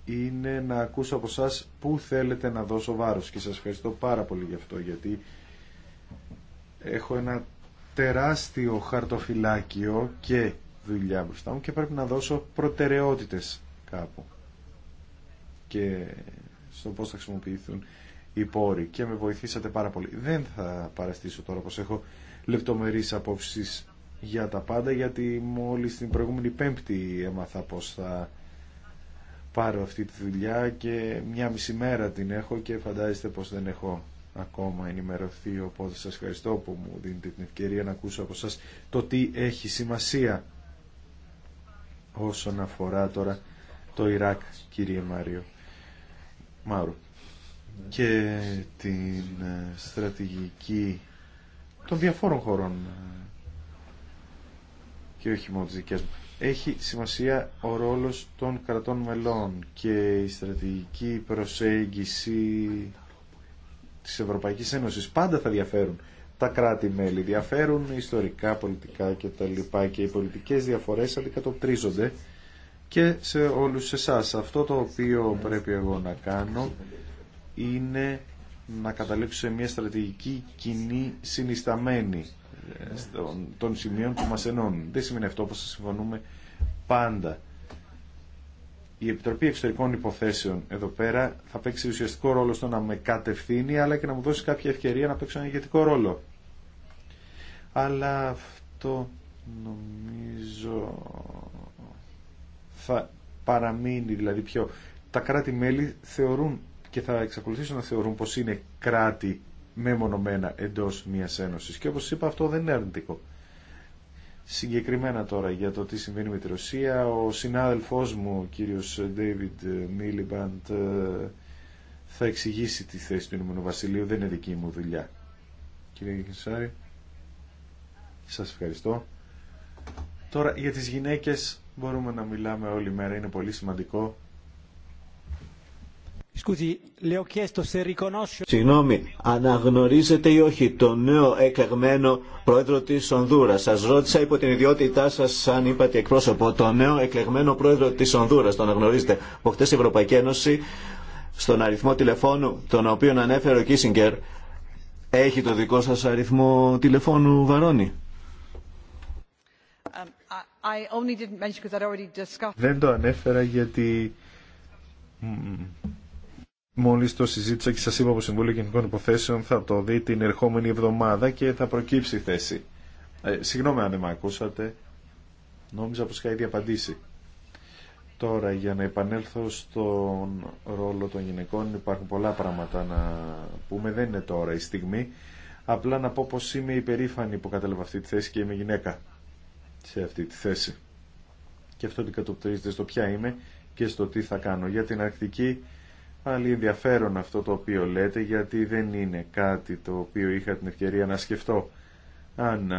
είναι να ακούσω από εσά πού θέλετε να δώσω βάρος και σας ευχαριστώ πάρα πολύ γι' αυτό γιατί έχω ένα τεράστιο χαρτοφυλάκιο και δουλειά μπροστά μου και πρέπει να δώσω προτεραιότητες κάπου και στο πώς θα χρησιμοποιηθούν οι πόροι και με βοηθήσατε πάρα πολύ. Δεν θα παραστήσω τώρα πως έχω λεπτομερείς απόψεις για τα πάντα γιατί μόλις την προηγούμενη πέμπτη έμαθα πως θα πάρω αυτή τη δουλειά και μια μισή μέρα την έχω και φαντάζεστε πως δεν έχω ακόμα ενημερωθεί οπότε σας ευχαριστώ που μου δίνετε την ευκαιρία να ακούσω από σας το τι έχει σημασία όσον αφορά τώρα το Ιράκ κύριε Μάριο Μάρου και την ε, στρατηγική των διαφόρων χωρών ε, και όχι μόνο τις δικές μου έχει σημασία ο ρόλος των κρατών μελών και η στρατηγική προσέγγιση της Ευρωπαϊκής Ένωσης. Πάντα θα διαφέρουν τα κράτη-μέλη, διαφέρουν ιστορικά, πολιτικά λοιπά Και οι πολιτικές διαφορές αντικατοπτρίζονται και σε όλους εσάς. Αυτό το οποίο πρέπει εγώ να κάνω είναι να καταλήξω σε μια στρατηγική κοινή συνισταμένη των σημείων που μας ενώνουν. Δεν σημαίνει αυτό πως συμφωνούμε πάντα. Η Επιτροπή Εξωτερικών Υποθέσεων εδώ πέρα θα παίξει ουσιαστικό ρόλο στο να με κατευθύνει αλλά και να μου δώσει κάποια ευκαιρία να παίξω ένα ηγετικό ρόλο. Αλλά αυτό νομίζω θα παραμείνει δηλαδή πιο τα κράτη-μέλη θεωρούν και θα εξακολουθήσουν να θεωρούν πως είναι κράτη μεμονωμένα εντός μιας ένωσης. Και όπως είπα αυτό δεν είναι αρνητικό. Συγκεκριμένα τώρα για το τι συμβαίνει με τη Ρωσία, ο συνάδελφός μου, κύριος David Miliband, ε, θα εξηγήσει τη θέση του Ηνωμένου Βασιλείου, δεν είναι δική μου δουλειά. Κύριε Κινσάρη, σας ευχαριστώ. Τώρα για τις γυναίκες μπορούμε να μιλάμε όλη μέρα, είναι πολύ σημαντικό Συγγνώμη, αναγνωρίζετε ή όχι το νέο εκλεγμένο πρόεδρο τη Ονδούρα. Σα ρώτησα υπό την ιδιότητά σα, αν είπατε εκπρόσωπο, το νέο εκλεγμένο πρόεδρο τη Ονδούρα. Το αναγνωρίζετε. Από χτε η Ευρωπαϊκή Ένωση, στον αριθμό τηλεφώνου, τον οποίο ανέφερε ο Κίσιγκερ, έχει το δικό σα αριθμό τηλεφώνου Βαρόνι. Um, Δεν το ανέφερα γιατί Μόλι το συζήτησα και σα είπα από Συμβούλιο Γενικών Υποθέσεων θα το δει την ερχόμενη εβδομάδα και θα προκύψει θέση. Ε, συγγνώμη αν δεν με ακούσατε. Νόμιζα πω είχα ήδη απαντήσει. Τώρα για να επανέλθω στον ρόλο των γυναικών υπάρχουν πολλά πράγματα να πούμε. Δεν είναι τώρα η στιγμή. Απλά να πω πως είμαι υπερήφανη που κατέλαβα αυτή τη θέση και είμαι γυναίκα σε αυτή τη θέση. Και αυτό αντικατοπτρίζεται στο ποια είμαι και στο τι θα κάνω. Για την Αρκτική πάλι ενδιαφέρον αυτό το οποίο λέτε γιατί δεν είναι κάτι το οποίο είχα την ευκαιρία να σκεφτώ αν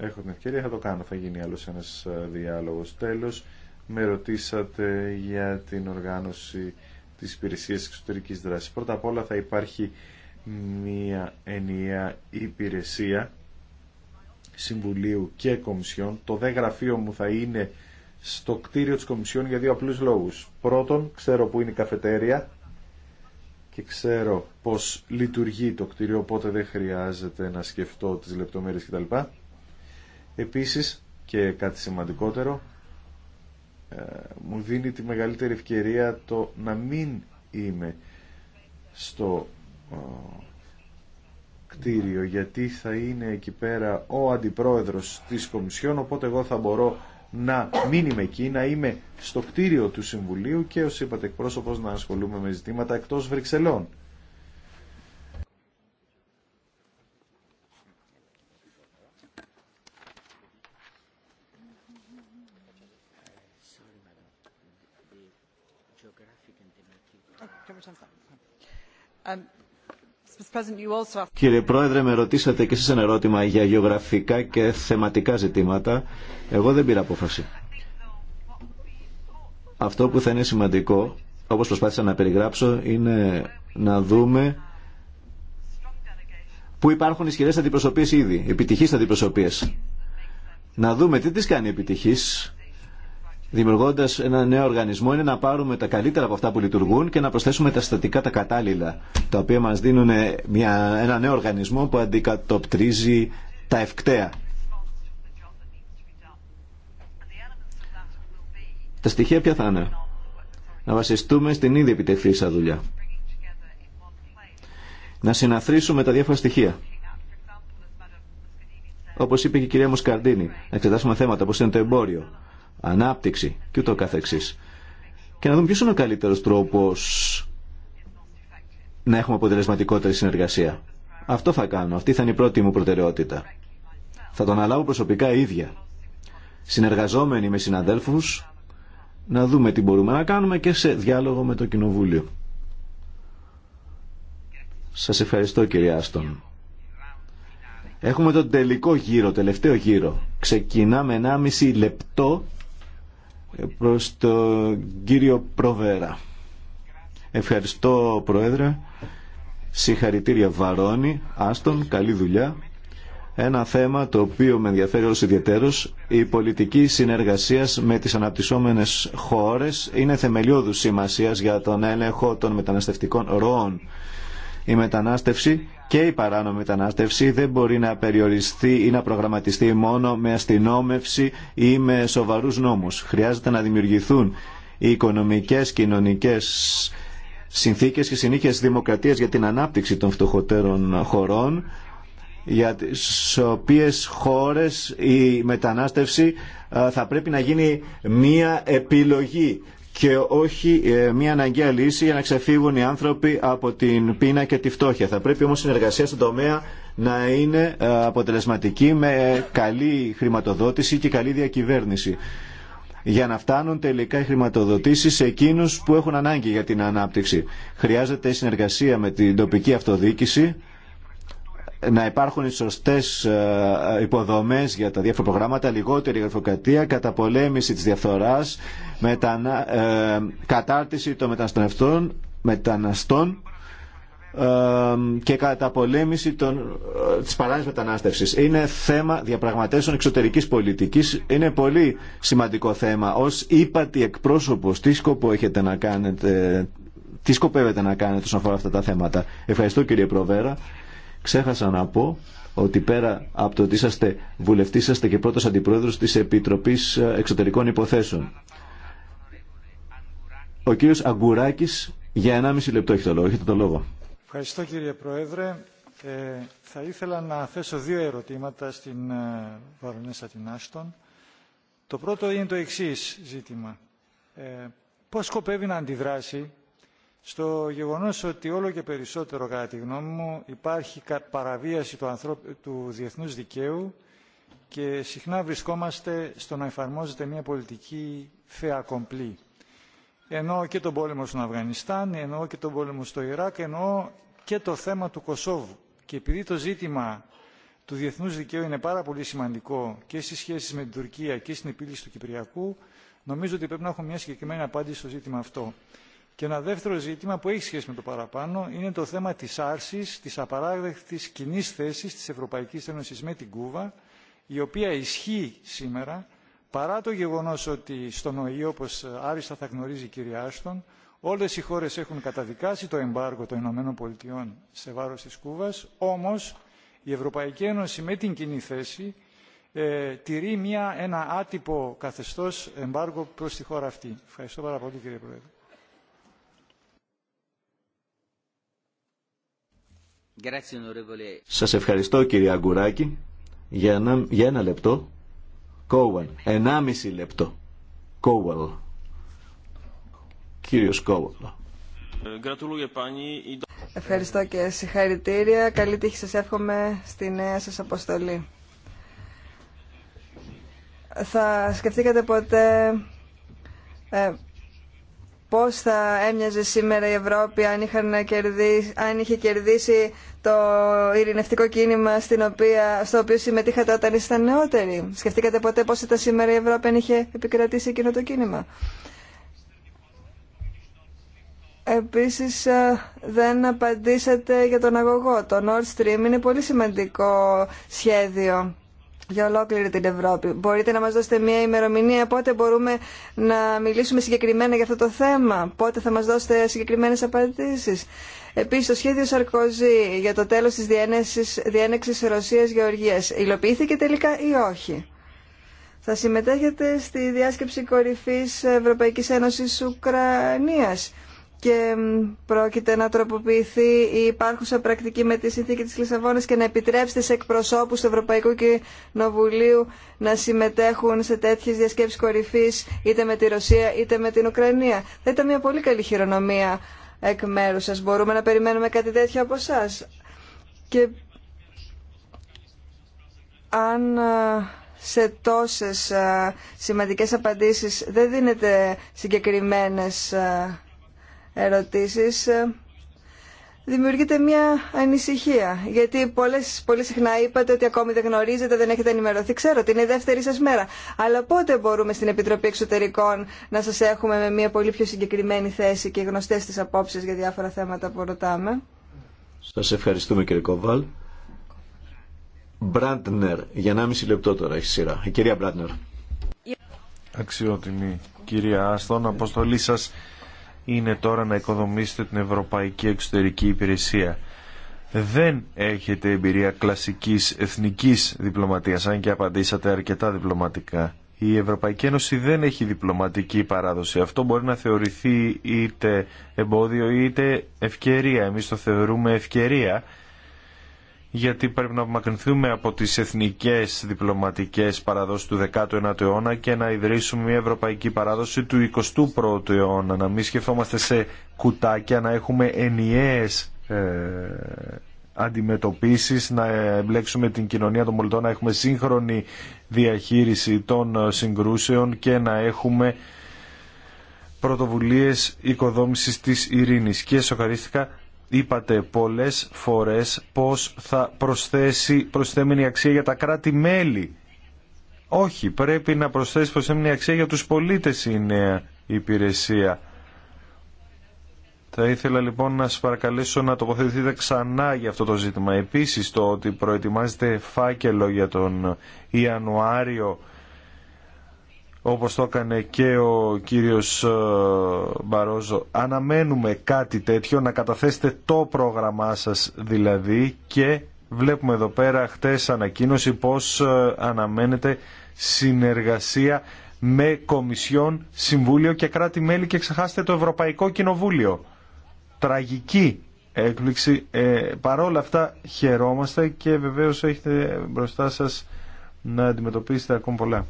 έχω την ευκαιρία θα το κάνω θα γίνει άλλος ένας διάλογος τέλος με ρωτήσατε για την οργάνωση της υπηρεσίας εξωτερικής δράσης πρώτα απ' όλα θα υπάρχει μια ενιαία υπηρεσία Συμβουλίου και Κομισιόν το δε γραφείο μου θα είναι στο κτίριο της Κομισιόν για δύο απλούς λόγους. Πρώτον, ξέρω που είναι η καφετέρια και ξέρω πώς λειτουργεί το κτίριο, οπότε δεν χρειάζεται να σκεφτώ τις λεπτομέρειες κτλ. Επίσης, και κάτι σημαντικότερο, ε, μου δίνει τη μεγαλύτερη ευκαιρία το να μην είμαι στο ε, κτίριο, γιατί θα είναι εκεί πέρα ο αντιπρόεδρος της Κομισιόν, οπότε εγώ θα μπορώ να μην είμαι εκεί, να είμαι στο κτίριο του Συμβουλίου και ως είπατε εκπρόσωπος να ασχολούμαι με ζητήματα εκτός Βρυξελών. Ε, Κύριε Πρόεδρε, με ρωτήσατε και εσείς ένα ερώτημα για γεωγραφικά και θεματικά ζητήματα. Εγώ δεν πήρα απόφαση. Αυτό που θα είναι σημαντικό, όπως προσπάθησα να περιγράψω, είναι να δούμε που υπάρχουν ισχυρές αντιπροσωπείες ήδη, επιτυχείς αντιπροσωπείες. Να δούμε τι τις κάνει επιτυχής δημιουργώντα ένα νέο οργανισμό, είναι να πάρουμε τα καλύτερα από αυτά που λειτουργούν και να προσθέσουμε τα στατικά τα κατάλληλα, τα οποία μα δίνουν μια, ένα νέο οργανισμό που αντικατοπτρίζει τα ευκταία. Τα στοιχεία ποια θα είναι. Να βασιστούμε στην ήδη σαν δουλειά. Να συναθρήσουμε τα διάφορα στοιχεία. Όπως είπε και η κυρία Μοσκαρντίνη, να εξετάσουμε θέματα όπως είναι το εμπόριο, ανάπτυξη και ούτω καθεξής. Και να δούμε ποιος είναι ο καλύτερος τρόπος να έχουμε αποτελεσματικότερη συνεργασία. Αυτό θα κάνω. Αυτή θα είναι η πρώτη μου προτεραιότητα. Θα τον αλλάγω προσωπικά ίδια. Συνεργαζόμενοι με συναδέλφους, να δούμε τι μπορούμε να κάνουμε και σε διάλογο με το Κοινοβούλιο. Σας ευχαριστώ κύριε Άστον. Έχουμε τον τελικό γύρο, τελευταίο γύρο. Ξεκινάμε 1,5 λεπτό προς τον κύριο Προβέρα. Ευχαριστώ Πρόεδρε. Συγχαρητήρια Βαρώνη. Άστον, καλή δουλειά. Ένα θέμα το οποίο με ενδιαφέρει ως ιδιαίτερος, η πολιτική συνεργασία με τις αναπτυσσόμενες χώρες είναι θεμελιώδους σημασίας για τον έλεγχο των μεταναστευτικών ροών. Η μετανάστευση και η παράνομη μετανάστευση δεν μπορεί να περιοριστεί ή να προγραμματιστεί μόνο με αστυνόμευση ή με σοβαρούς νόμους. Χρειάζεται να δημιουργηθούν οι οικονομικές, κοινωνικές συνθήκες και συνήθειες δημοκρατίας για την ανάπτυξη των φτωχότερων χωρών για τις οποίες χώρες η μετανάστευση θα πρέπει να γίνει μία επιλογή και όχι ε, μια αναγκαία λύση για να ξεφύγουν οι άνθρωποι από την πείνα και τη φτώχεια. Θα πρέπει όμως η συνεργασία στον τομέα να είναι ε, αποτελεσματική με καλή χρηματοδότηση και καλή διακυβέρνηση για να φτάνουν τελικά οι χρηματοδοτήσεις σε εκείνους που έχουν ανάγκη για την ανάπτυξη. Χρειάζεται συνεργασία με την τοπική αυτοδιοίκηση να υπάρχουν οι σωστές ε, υποδομές για τα διάφορα προγράμματα, λιγότερη γραφειοκρατία, καταπολέμηση της διαφθοράς, μετανα, ε, κατάρτιση των μεταναστευτών, μεταναστών ε, και καταπολέμηση των, ε, της μετανάστευσης. Είναι θέμα διαπραγματεύσεων εξωτερικής πολιτικής. Είναι πολύ σημαντικό θέμα. Ως ύπατη εκπρόσωπος, τι σκοπό έχετε να κάνετε, τι σκοπεύετε να κάνετε όσον αφορά αυτά τα θέματα. Ευχαριστώ κύριε Προβέρα. Ξέχασα να πω ότι πέρα από το ότι είσαστε βουλευτή, είσαστε και πρώτος αντιπρόεδρος της Επιτροπής Εξωτερικών Υποθέσεων. Ο κύριος Αγκουράκης για 1,5 λεπτό έχει το λόγο. Έχετε το λόγο. Ευχαριστώ κύριε Πρόεδρε. Ε, θα ήθελα να θέσω δύο ερωτήματα στην ε, Βαρονέσα την Άστον. Το πρώτο είναι το εξής ζήτημα. Ε, πώς σκοπεύει να αντιδράσει στο γεγονός ότι όλο και περισσότερο κατά τη γνώμη μου υπάρχει παραβίαση του, διεθνού διεθνούς δικαίου και συχνά βρισκόμαστε στο να εφαρμόζεται μια πολιτική φεακομπλή. ενώ Εννοώ και τον πόλεμο στον Αφγανιστάν, ενώ και τον πόλεμο στο Ιράκ, ενώ και το θέμα του Κωσόβου. Και επειδή το ζήτημα του διεθνούς δικαίου είναι πάρα πολύ σημαντικό και στις σχέσεις με την Τουρκία και στην επίλυση του Κυπριακού, νομίζω ότι πρέπει να έχουμε μια συγκεκριμένη απάντηση στο ζήτημα αυτό. Και ένα δεύτερο ζήτημα που έχει σχέση με το παραπάνω είναι το θέμα τη άρση, τη απαράδεκτης κοινή θέση τη Ευρωπαϊκή Ένωση με την Κούβα, η οποία ισχύει σήμερα παρά το γεγονό ότι στον ΟΗ, όπω άριστα θα γνωρίζει η κυρία Άστον, όλες οι χώρε έχουν καταδικάσει το εμπάργο των ΗΠΑ σε βάρο τη Κούβα, όμω η Ευρωπαϊκή Ένωση με την κοινή θέση ε, τηρεί μια, ένα άτυπο καθεστώ εμπάργο προ τη χώρα αυτή. Ευχαριστώ πάρα πολύ κύριε Πρόεδρε. Σας ευχαριστώ κύριε Αγκουράκη. Για ένα, λεπτό. Κόουαλ. Ενάμιση λεπτό. Κόουαλ. Κύριος Κόουαλ. Ευχαριστώ και συγχαρητήρια. Καλή τύχη σας εύχομαι στη νέα σας αποστολή. Θα σκεφτήκατε ποτέ ε, πώς θα έμοιαζε σήμερα η Ευρώπη αν, είχαν κερδίσει, αν είχε κερδίσει το ειρηνευτικό κίνημα στην οποία, στο οποίο συμμετείχατε όταν ήσταν νεότεροι. Σκεφτήκατε ποτέ πώς ήταν σήμερα η Ευρώπη αν είχε επικρατήσει εκείνο το κίνημα. Επίσης ε, δεν απαντήσατε για τον αγωγό. Το Nord Stream είναι πολύ σημαντικό σχέδιο για ολόκληρη την Ευρώπη. Μπορείτε να μας δώσετε μια ημερομηνία πότε μπορούμε να μιλήσουμε συγκεκριμένα για αυτό το θέμα, πότε θα μας δώσετε συγκεκριμένες απαντήσεις. Επίσης, το σχέδιο Σαρκοζή για το τέλος της διένεξης Ρωσίας-Γεωργίας υλοποιήθηκε τελικά ή όχι. Θα συμμετέχετε στη διάσκεψη κορυφής Ευρωπαϊκής Ένωσης Ουκρανίας και πρόκειται να τροποποιηθεί η υπάρχουσα πρακτική με τη συνθήκη της Λισαβόνας και να επιτρέψει σε εκπροσώπους του Ευρωπαϊκού Κοινοβουλίου να συμμετέχουν σε τέτοιες διασκέψεις κορυφής είτε με τη Ρωσία είτε με την Ουκρανία. Θα ήταν μια πολύ καλή χειρονομία εκ μέρους σας. Μπορούμε να περιμένουμε κάτι τέτοιο από εσά. Και αν σε τόσες σημαντικές απαντήσεις δεν δίνετε συγκεκριμένες ερωτήσεις ε, δημιουργείται μια ανησυχία. Γιατί πολλές, πολύ συχνά είπατε ότι ακόμη δεν γνωρίζετε, δεν έχετε ενημερωθεί. Ξέρω ότι είναι η δεύτερη σας μέρα. Αλλά πότε μπορούμε στην Επιτροπή Εξωτερικών να σας έχουμε με μια πολύ πιο συγκεκριμένη θέση και γνωστές τις απόψεις για διάφορα θέματα που ρωτάμε. Σας ευχαριστούμε κύριε Κοβάλ. Μπραντνερ, για 1,5 λεπτό τώρα έχει σειρά. Η κυρία Μπραντνερ. Αξιότιμη κυρία Άστον, αποστολή σας είναι τώρα να οικοδομήσετε την Ευρωπαϊκή Εξωτερική Υπηρεσία. Δεν έχετε εμπειρία κλασικής εθνικής διπλωματίας, αν και απαντήσατε αρκετά διπλωματικά. Η Ευρωπαϊκή Ένωση δεν έχει διπλωματική παράδοση. Αυτό μπορεί να θεωρηθεί είτε εμπόδιο είτε ευκαιρία. Εμείς το θεωρούμε ευκαιρία γιατί πρέπει να απομακρυνθούμε από τις εθνικές διπλωματικές παραδόσεις του 19ου αιώνα και να ιδρύσουμε μια ευρωπαϊκή παράδοση του 21ου αιώνα, να μην σκεφτόμαστε σε κουτάκια, να έχουμε ενιαίες ε, αντιμετωπίσεις, να εμπλέξουμε την κοινωνία των πολιτών, να έχουμε σύγχρονη διαχείριση των συγκρούσεων και να έχουμε πρωτοβουλίες οικοδόμησης της ειρήνης. Και σοκαρίστηκα είπατε πολλές φορές πως θα προσθέσει προσθέμενη αξία για τα κράτη-μέλη. Όχι, πρέπει να προσθέσει προσθέμενη αξία για τους πολίτες η νέα υπηρεσία. Θα ήθελα λοιπόν να σας παρακαλέσω να τοποθετηθείτε ξανά για αυτό το ζήτημα. Επίσης το ότι προετοιμάζετε φάκελο για τον Ιανουάριο όπως το έκανε και ο κύριος ε, Μπαρόζο, αναμένουμε κάτι τέτοιο, να καταθέσετε το πρόγραμμά σας δηλαδή και βλέπουμε εδώ πέρα χτες ανακοίνωση πως ε, αναμένεται συνεργασία με Κομισιόν, Συμβούλιο και κράτη-μέλη και ξεχάσετε το Ευρωπαϊκό Κοινοβούλιο. Τραγική έκπληξη. Ε, παρόλα αυτά χαιρόμαστε και βεβαίως έχετε μπροστά σας να αντιμετωπίσετε ακόμα πολλά.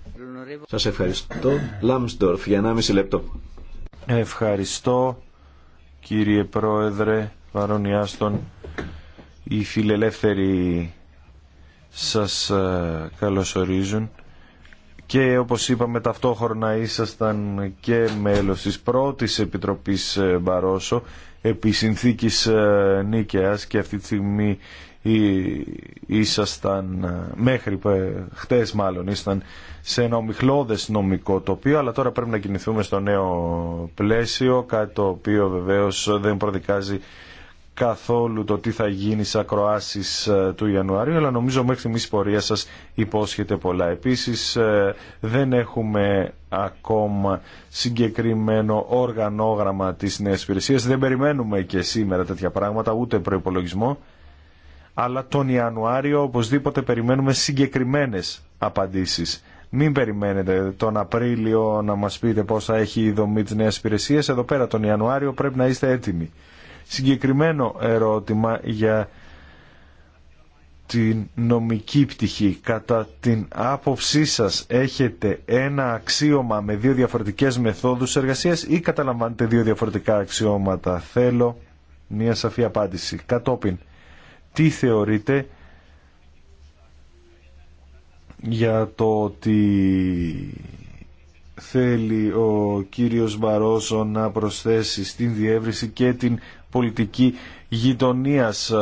Σας ευχαριστώ. Λάμστορφ για 1,5 λεπτό. Ευχαριστώ κύριε Πρόεδρε Βαρονιάστον. Οι φιλελεύθεροι σας ε, καλωσορίζουν και όπως είπαμε ταυτόχρονα ήσασταν και μέλος της πρώτης Επιτροπής ε, Μπαρόσο επί συνθήκης ε, Νίκαιας και αυτή τη στιγμή ήσασταν ε, μέχρι χτες μάλλον ήσασταν σε ένα ομιχλώδες νομικό τοπίο αλλά τώρα πρέπει να κινηθούμε στο νέο πλαίσιο κάτι το οποίο βεβαίως δεν προδικάζει καθόλου το τι θα γίνει στις ακροάσεις ε, του Ιανουαρίου, αλλά νομίζω μέχρι στιγμής η πορεία σας υπόσχεται πολλά. Επίσης ε, δεν έχουμε ακόμα συγκεκριμένο οργανόγραμμα της νέας υπηρεσίας. Δεν περιμένουμε και σήμερα τέτοια πράγματα, ούτε προπολογισμό. Αλλά τον Ιανουάριο οπωσδήποτε περιμένουμε συγκεκριμένες απαντήσεις. Μην περιμένετε τον Απρίλιο να μας πείτε πώς θα έχει η δομή της νέας υπηρεσίας. Εδώ πέρα τον Ιανουάριο πρέπει να είστε έτοιμοι συγκεκριμένο ερώτημα για την νομική πτυχή. Κατά την άποψή σας έχετε ένα αξίωμα με δύο διαφορετικές μεθόδους εργασίας ή καταλαμβάνετε δύο διαφορετικά αξιώματα. Θέλω μια σαφή απάντηση. Κατόπιν, τι θεωρείτε για το ότι θέλει ο κύριος Μπαρόσο να προσθέσει στην διεύρυνση και την πολιτική γειτονίας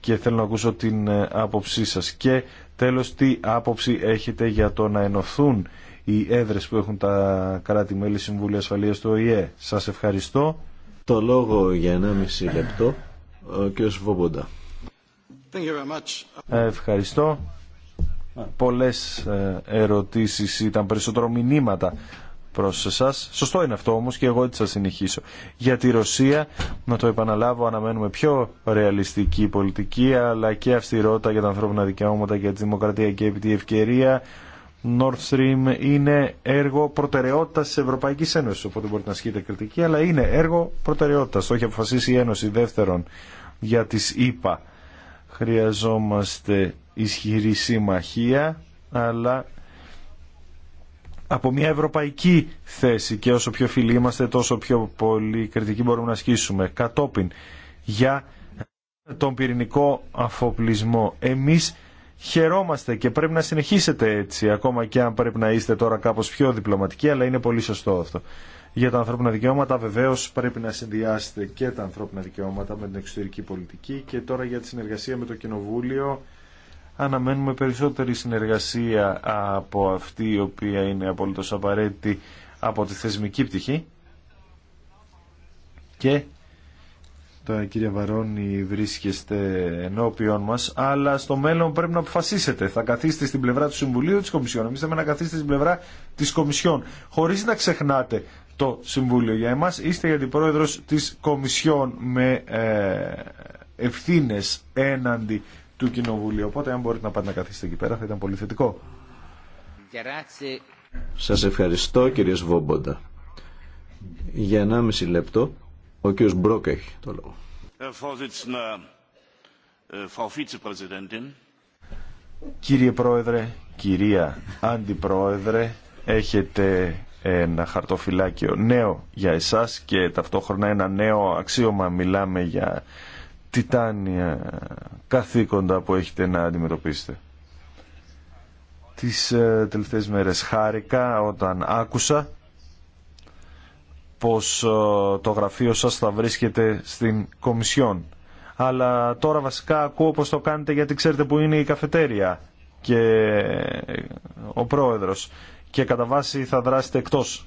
και θέλω να ακούσω την άποψή σας και τέλος τι άποψη έχετε για το να ενωθούν οι έδρες που έχουν τα κράτη-μέλη Συμβουλίου Ασφαλείας του ΟΗΕ. Σας ευχαριστώ. Το λόγο για 1,5 λεπτό ο κ. Βόμποντα. Ευχαριστώ. Πολλές ε, ερωτήσεις ήταν περισσότερο μηνύματα Σωστό είναι αυτό όμω και εγώ έτσι θα συνεχίσω. Για τη Ρωσία, να το επαναλάβω, αναμένουμε πιο ρεαλιστική πολιτική αλλά και αυστηρότητα για τα ανθρώπινα δικαιώματα και τη δημοκρατία και επί τη ευκαιρία. Nord Stream είναι έργο προτεραιότητα τη Ευρωπαϊκή Ένωση. Οπότε μπορείτε να ασκείτε κριτική, αλλά είναι έργο προτεραιότητα. Το έχει αποφασίσει η Ένωση. Δεύτερον, για τι ΗΠΑ χρειαζόμαστε ισχυρή συμμαχία, αλλά από μια ευρωπαϊκή θέση και όσο πιο φίλοι είμαστε τόσο πιο πολύ κριτική μπορούμε να ασκήσουμε κατόπιν για τον πυρηνικό αφοπλισμό. Εμείς χαιρόμαστε και πρέπει να συνεχίσετε έτσι ακόμα και αν πρέπει να είστε τώρα κάπως πιο διπλωματικοί αλλά είναι πολύ σωστό αυτό. Για τα ανθρώπινα δικαιώματα βεβαίως πρέπει να συνδυάσετε και τα ανθρώπινα δικαιώματα με την εξωτερική πολιτική και τώρα για τη συνεργασία με το Κοινοβούλιο αναμένουμε περισσότερη συνεργασία από αυτή η οποία είναι απολύτως απαραίτητη από τη θεσμική πτυχή και τώρα κύριε Βαρόνι βρίσκεστε ενώπιον μας αλλά στο μέλλον πρέπει να αποφασίσετε θα καθίσετε στην πλευρά του Συμβουλίου της Κομισιόν εμείς θέλουμε να καθίσετε στην πλευρά της Κομισιόν χωρίς να ξεχνάτε το Συμβούλιο για εμάς είστε γιατί πρόεδρος της Κομισιόν με ε, ευθύνες έναντι του Κοινοβουλίου. Οπότε, αν μπορείτε να πάτε να καθίσετε εκεί πέρα, θα ήταν πολύ θετικό. Σας ευχαριστώ, κύριε Σβόμποντα. Για 1,5 λεπτό, ο κύριος Μπρόκ έχει το λόγο. Äh, κύριε Πρόεδρε, κυρία Αντιπρόεδρε, έχετε ένα χαρτοφυλάκιο νέο για εσάς και ταυτόχρονα ένα νέο αξίωμα. Μιλάμε για τιτάνια καθήκοντα που έχετε να αντιμετωπίσετε. Τις ε, τελευταίες μέρες χάρηκα όταν άκουσα πως ε, το γραφείο σας θα βρίσκεται στην Κομισιόν. Αλλά τώρα βασικά ακούω πως το κάνετε γιατί ξέρετε που είναι η καφετέρια και ο πρόεδρος και κατά βάση θα δράσετε εκτός.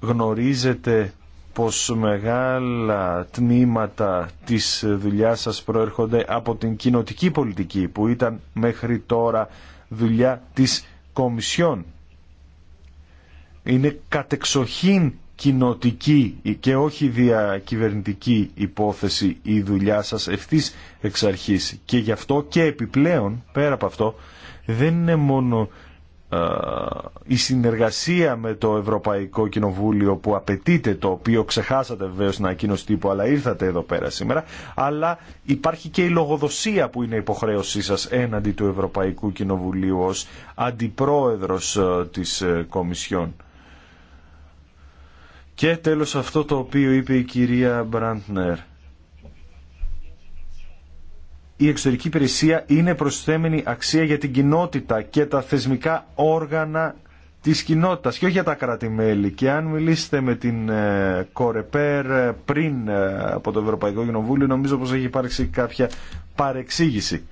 Γνωρίζετε πως μεγάλα τμήματα της δουλειάς σας προέρχονται από την κοινοτική πολιτική που ήταν μέχρι τώρα δουλειά της Κομισιόν. Είναι κατεξοχήν κοινοτική και όχι διακυβερνητική υπόθεση η δουλειά σας ευθύς εξ αρχής. Και γι' αυτό και επιπλέον, πέρα από αυτό, δεν είναι μόνο ε, η συνεργασία με το Ευρωπαϊκό Κοινοβούλιο που απαιτείται, το οποίο ξεχάσατε βεβαίω να ανακοίνωση τύπου, αλλά ήρθατε εδώ πέρα σήμερα, αλλά υπάρχει και η λογοδοσία που είναι υποχρέωσή σας έναντι του Ευρωπαϊκού Κοινοβουλίου ως αντιπρόεδρος ε, της ε, Κομισιόν. Και τέλος αυτό το οποίο είπε η κυρία Μπραντνερ η εξωτερική υπηρεσία είναι προσθέμενη αξία για την κοινότητα και τα θεσμικά όργανα της κοινότητας και όχι για τα κράτη-μέλη. Και αν μιλήσετε με την ε, Κορεπέρ ε, πριν ε, από το Ευρωπαϊκό Κοινοβούλιο νομίζω πως έχει υπάρξει κάποια παρεξήγηση.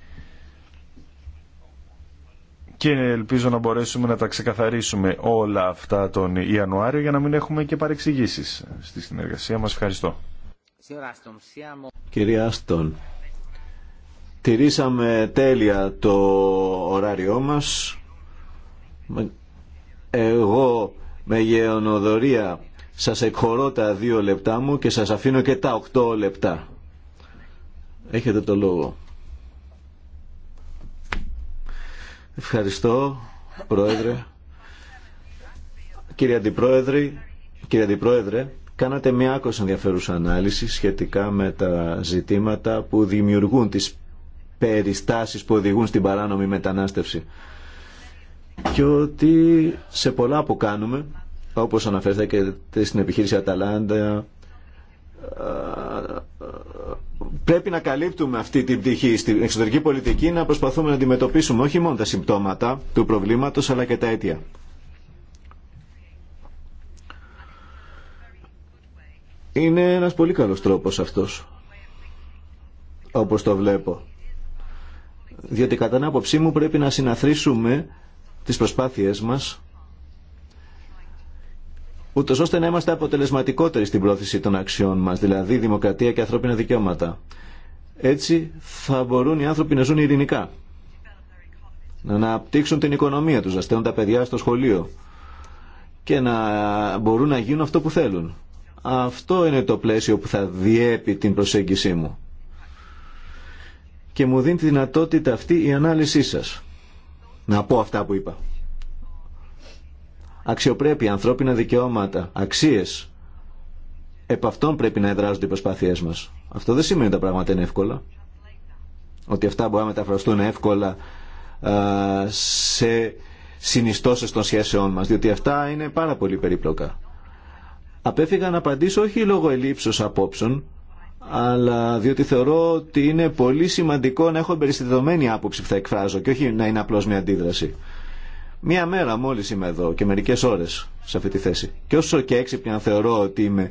Και ελπίζω να μπορέσουμε να τα ξεκαθαρίσουμε όλα αυτά τον Ιανουάριο για να μην έχουμε και παρεξηγήσεις στη συνεργασία μας. Ευχαριστώ. Τηρήσαμε τέλεια το ωράριό μας. Εγώ με γεωνοδορία σας εκχωρώ τα δύο λεπτά μου και σας αφήνω και τα οκτώ λεπτά. Έχετε το λόγο. Ευχαριστώ, Πρόεδρε. Κύριε Αντιπρόεδρε, κύριε Αντιπρόεδρε, κάνατε μια άκρως ενδιαφέρουσα ανάλυση σχετικά με τα ζητήματα που δημιουργούν τις περιστάσεις που οδηγούν στην παράνομη μετανάστευση. Και ότι σε πολλά που κάνουμε, όπως αναφέρεται και στην επιχείρηση Αταλάντα, πρέπει να καλύπτουμε αυτή την πτυχή στην εξωτερική πολιτική να προσπαθούμε να αντιμετωπίσουμε όχι μόνο τα συμπτώματα του προβλήματος αλλά και τα αίτια. Είναι ένας πολύ καλός τρόπος αυτός όπως το βλέπω διότι κατά την άποψή μου πρέπει να συναθρήσουμε τις προσπάθειές μας ούτω ώστε να είμαστε αποτελεσματικότεροι στην πρόθεση των αξιών μας, δηλαδή δημοκρατία και ανθρώπινα δικαιώματα. Έτσι θα μπορούν οι άνθρωποι να ζουν ειρηνικά, να αναπτύξουν την οικονομία τους, να στέλνουν τα παιδιά στο σχολείο και να μπορούν να γίνουν αυτό που θέλουν. Αυτό είναι το πλαίσιο που θα διέπει την προσέγγιση μου και μου δίνει τη δυνατότητα αυτή η ανάλυση σας. Να πω αυτά που είπα. Αξιοπρέπεια, ανθρώπινα δικαιώματα, αξίες. Επ' αυτών πρέπει να εδράζονται οι προσπάθειές μας. Αυτό δεν σημαίνει ότι τα πράγματα είναι εύκολα. Ότι αυτά μπορούν να μεταφραστούν εύκολα σε συνιστώσεις των σχέσεών μας, διότι αυτά είναι πάρα πολύ περιπλοκά. Απέφυγα να απαντήσω όχι λόγω ελήψεως απόψεων, αλλά διότι θεωρώ ότι είναι πολύ σημαντικό να έχω περιστατωμένη άποψη που θα εκφράζω και όχι να είναι απλώ μια αντίδραση. Μία μέρα μολι είμαι εδώ και μερικε ωρε σε αυτή τη θέση. Και όσο και έξυπνη αν θεωρώ ότι είμαι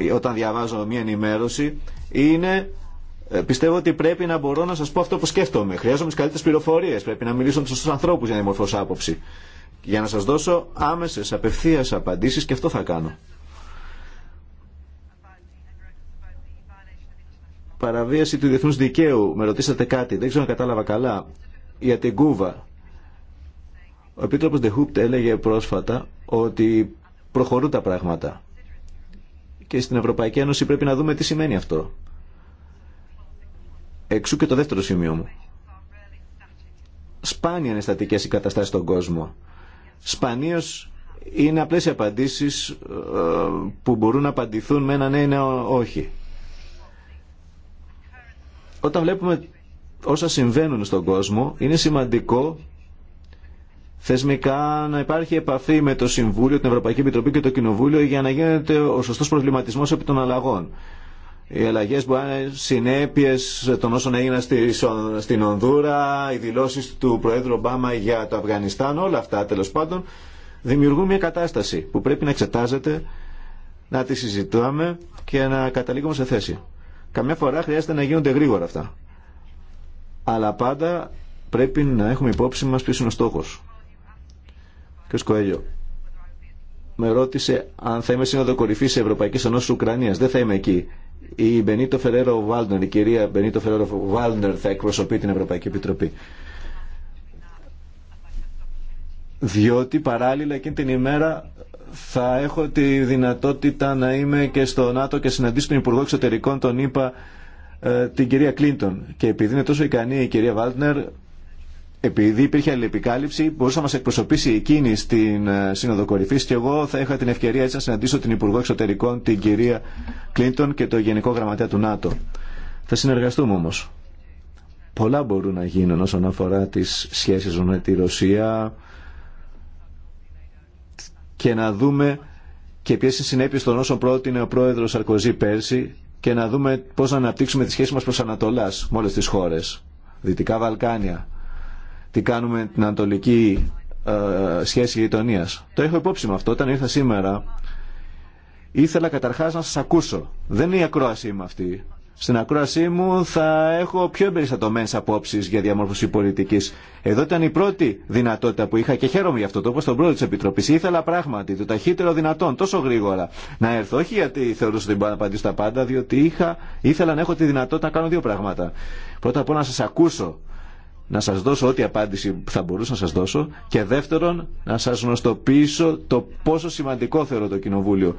ε, όταν διαβάζω μία ενημέρωση, είναι ε, πιστεύω ότι πρέπει να μπορώ να σα πω αυτό που σκέφτομαι. Χρειάζομαι τι καλύτερε πληροφορίε. Πρέπει να μιλήσω με του ανθρώπου για να δημορφώσω άποψη. Για να σα δώσω άμεσε, απευθεία απαντήσει και αυτό θα κάνω. παραβίαση του διεθνούς δικαίου. Με ρωτήσατε κάτι, δεν ξέρω αν κατάλαβα καλά, για την Κούβα. Ο Επίτροπος Ντεχούπτ έλεγε πρόσφατα ότι προχωρούν τα πράγματα. Και στην Ευρωπαϊκή Ένωση πρέπει να δούμε τι σημαίνει αυτό. Εξού και το δεύτερο σημείο μου. Σπάνια είναι στατικές οι καταστάσεις στον κόσμο. Σπανίως είναι απλές οι απαντήσεις ε, που μπορούν να απαντηθούν με ένα ναι ή ένα όχι. Όταν βλέπουμε όσα συμβαίνουν στον κόσμο, είναι σημαντικό θεσμικά να υπάρχει επαφή με το Συμβούλιο, την Ευρωπαϊκή Επιτροπή και το Κοινοβούλιο για να γίνεται ο σωστός προβληματισμός επί των αλλαγών. Οι αλλαγέ που είναι συνέπειε των όσων έγιναν στην Ονδούρα, οι δηλώσει του Προέδρου Ομπάμα για το Αφγανιστάν, όλα αυτά τέλο πάντων δημιουργούν μια κατάσταση που πρέπει να εξετάζεται, να τη συζητάμε και να καταλήγουμε σε θέση. Καμιά φορά χρειάζεται να γίνονται γρήγορα αυτά. Αλλά πάντα πρέπει να έχουμε υπόψη μας ποιος είναι ο στόχος. Κύριε Σκοέλιο, με ρώτησε αν θα είμαι σύνοδο κορυφή Ευρωπαϊκή Ενώση Ουκρανία. Δεν θα είμαι εκεί. Η Μπενίτο Φεραίρο η κυρία Μπενίτο Φεραίρο Βάλνερ θα εκπροσωπεί την Ευρωπαϊκή Επιτροπή. Διότι παράλληλα εκείνη την ημέρα θα έχω τη δυνατότητα να είμαι και στο ΝΑΤΟ και συναντήσω τον Υπουργό Εξωτερικών, τον είπα, ε, την κυρία Κλίντον. Και επειδή είναι τόσο ικανή η κυρία Βάλτνερ, επειδή υπήρχε αλληλεπικάλυψη, μπορούσε να μα εκπροσωπήσει εκείνη στην ε, Σύνοδο Κορυφή και εγώ θα είχα την ευκαιρία έτσι να συναντήσω την Υπουργό Εξωτερικών, την κυρία Κλίντον και το Γενικό Γραμματέα του ΝΑΤΟ. Θα συνεργαστούμε όμω. Πολλά μπορούν να γίνουν όσον αφορά τι σχέσει με τη Ρωσία, και να δούμε και ποιε είναι οι συνέπειε των όσων πρότεινε ο πρόεδρο Σαρκοζή πέρσι και να δούμε πώ να αναπτύξουμε τη σχέση μα προ Ανατολά με όλε τι χώρε. Δυτικά Βαλκάνια. Τι κάνουμε την Ανατολική ε, σχέση γειτονία. Το έχω υπόψη με αυτό. Όταν ήρθα σήμερα, ήθελα καταρχά να σα ακούσω. Δεν είναι η ακρόαση είμαι αυτή. Στην ακρόασή μου θα έχω πιο εμπεριστατωμένε απόψει για διαμόρφωση πολιτική. Εδώ ήταν η πρώτη δυνατότητα που είχα και χαίρομαι γι' αυτό το όπω τον πρώτο τη Επιτροπή. Ήθελα πράγματι το ταχύτερο δυνατόν, τόσο γρήγορα να έρθω. Όχι γιατί θεωρούσα ότι μπορώ να απαντήσω τα πάντα, διότι είχα, ήθελα να έχω τη δυνατότητα να κάνω δύο πράγματα. Πρώτα απ' όλα να σα ακούσω, να σα δώσω ό,τι απάντηση θα μπορούσα να σα δώσω. Και δεύτερον, να σα γνωστοποιήσω το πόσο σημαντικό θεωρώ το Κοινοβούλιο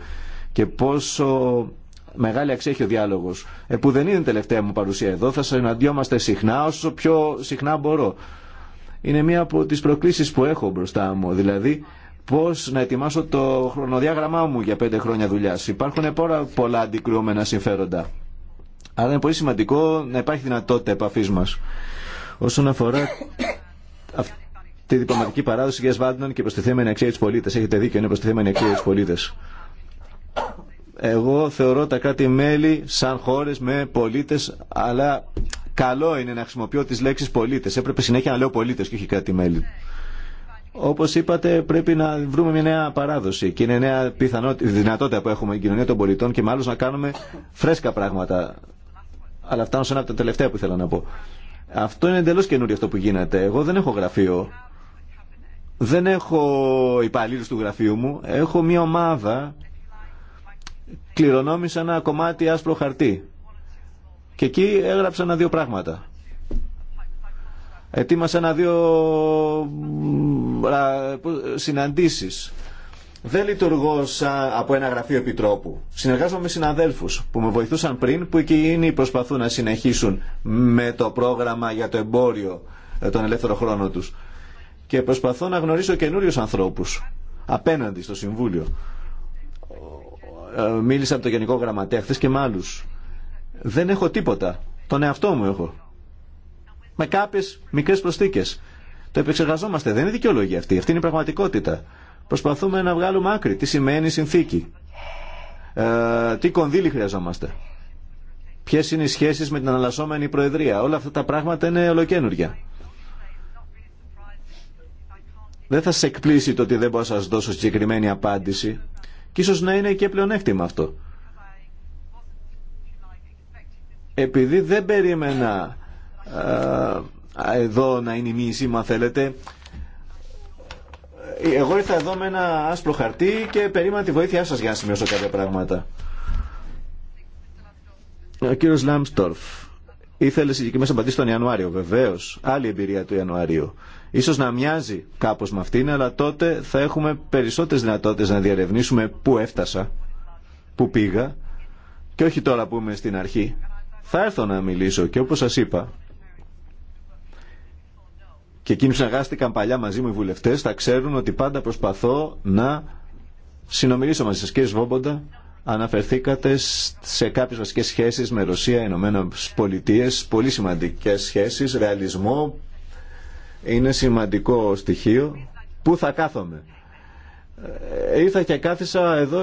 και πόσο μεγάλη αξία έχει ο διάλογο. Ε, που δεν είναι τελευταία μου παρουσία εδώ. Θα συναντιόμαστε συχνά, όσο πιο συχνά μπορώ. Είναι μία από τι προκλήσει που έχω μπροστά μου. Δηλαδή, πώ να ετοιμάσω το χρονοδιάγραμμά μου για πέντε χρόνια δουλειά. Υπάρχουν πολλά πολλά αντικρουόμενα συμφέροντα. Άρα είναι πολύ σημαντικό να υπάρχει δυνατότητα επαφή μα. Όσον αφορά τη διπλωματική παράδοση, κυρία Βάντνον και προστιθέμενη αξία τη πολίτε. Έχετε δίκιο, είναι προστιθέμενη αξία τη πολίτε. Εγώ θεωρώ τα κράτη-μέλη σαν χώρες με πολίτες, αλλά καλό είναι να χρησιμοποιώ τις λέξεις πολίτες. Έπρεπε συνέχεια να λέω πολίτες και όχι κράτη-μέλη. Όπως είπατε πρέπει να βρούμε μια νέα παράδοση και είναι νέα πιθανότητα, δυνατότητα που έχουμε η κοινωνία των πολιτών και μάλλον να κάνουμε φρέσκα πράγματα. Αλλά φτάνω σε ένα από τα τελευταία που ήθελα να πω. Αυτό είναι εντελώ καινούριο αυτό που γίνεται. Εγώ δεν έχω γραφείο. Δεν έχω υπαλλήλου του γραφείου μου. Έχω μια ομάδα κληρονόμησα ένα κομμάτι άσπρο χαρτί. Και εκεί έγραψα ένα-δύο πράγματα. Ετοίμασα ένα-δύο συναντήσεις. Δεν λειτουργώ από ένα γραφείο επιτρόπου. Συνεργάζομαι με συναδέλφους που με βοηθούσαν πριν, που εκείνοι προσπαθούν να συνεχίσουν με το πρόγραμμα για το εμπόριο ε, τον ελεύθερο χρόνο τους Και προσπαθώ να γνωρίσω καινούριου ανθρώπους απέναντι στο Συμβούλιο. Ε, μίλησα με τον Γενικό Γραμματέα χθε και με άλλους. Δεν έχω τίποτα. Τον εαυτό μου έχω. Με κάποιες μικρές προσθήκες. Το επεξεργαζόμαστε. Δεν είναι δικαιολογία αυτή. Αυτή είναι η πραγματικότητα. Προσπαθούμε να βγάλουμε άκρη. Τι σημαίνει συνθήκη. Ε, τι κονδύλι χρειαζόμαστε. Ποιε είναι οι σχέσει με την αναλασσόμενη Προεδρία. Όλα αυτά τα πράγματα είναι ολοκένουργια. Δεν θα σε εκπλήσει το ότι δεν μπορώ να σα δώσω συγκεκριμένη απάντηση. Και ίσως να είναι και πλεονέκτημα αυτό. Επειδή δεν περίμενα ε, εδώ να είναι η μίση, μα θέλετε, εγώ ήρθα εδώ με ένα άσπρο χαρτί και περίμενα τη βοήθειά σας για να σημειώσω κάποια πράγματα. Ο κύριος Λάμστορφ. Ήθελε συγκεκριμένε απαντήσει τον Ιανουάριο, βεβαίω. Άλλη εμπειρία του Ιανουαρίου. σω να μοιάζει κάπω με αυτήν, αλλά τότε θα έχουμε περισσότερε δυνατότητε να διαρευνήσουμε πού έφτασα, πού πήγα και όχι τώρα που είμαι στην αρχή. Θα έρθω να μιλήσω και όπω σα είπα, και εκείνοι που συνεργάστηκαν παλιά μαζί μου οι βουλευτέ θα ξέρουν ότι πάντα προσπαθώ να συνομιλήσω μαζί σα, κύριε Σβόμποντα, Αναφερθήκατε σε κάποιες βασικές σχέσεις με Ρωσία, Ηνωμένα Πολιτείε, πολύ σημαντικές σχέσεις, ρεαλισμό, είναι σημαντικό στοιχείο. Πού θα κάθομαι. Ε, ήρθα και κάθισα εδώ,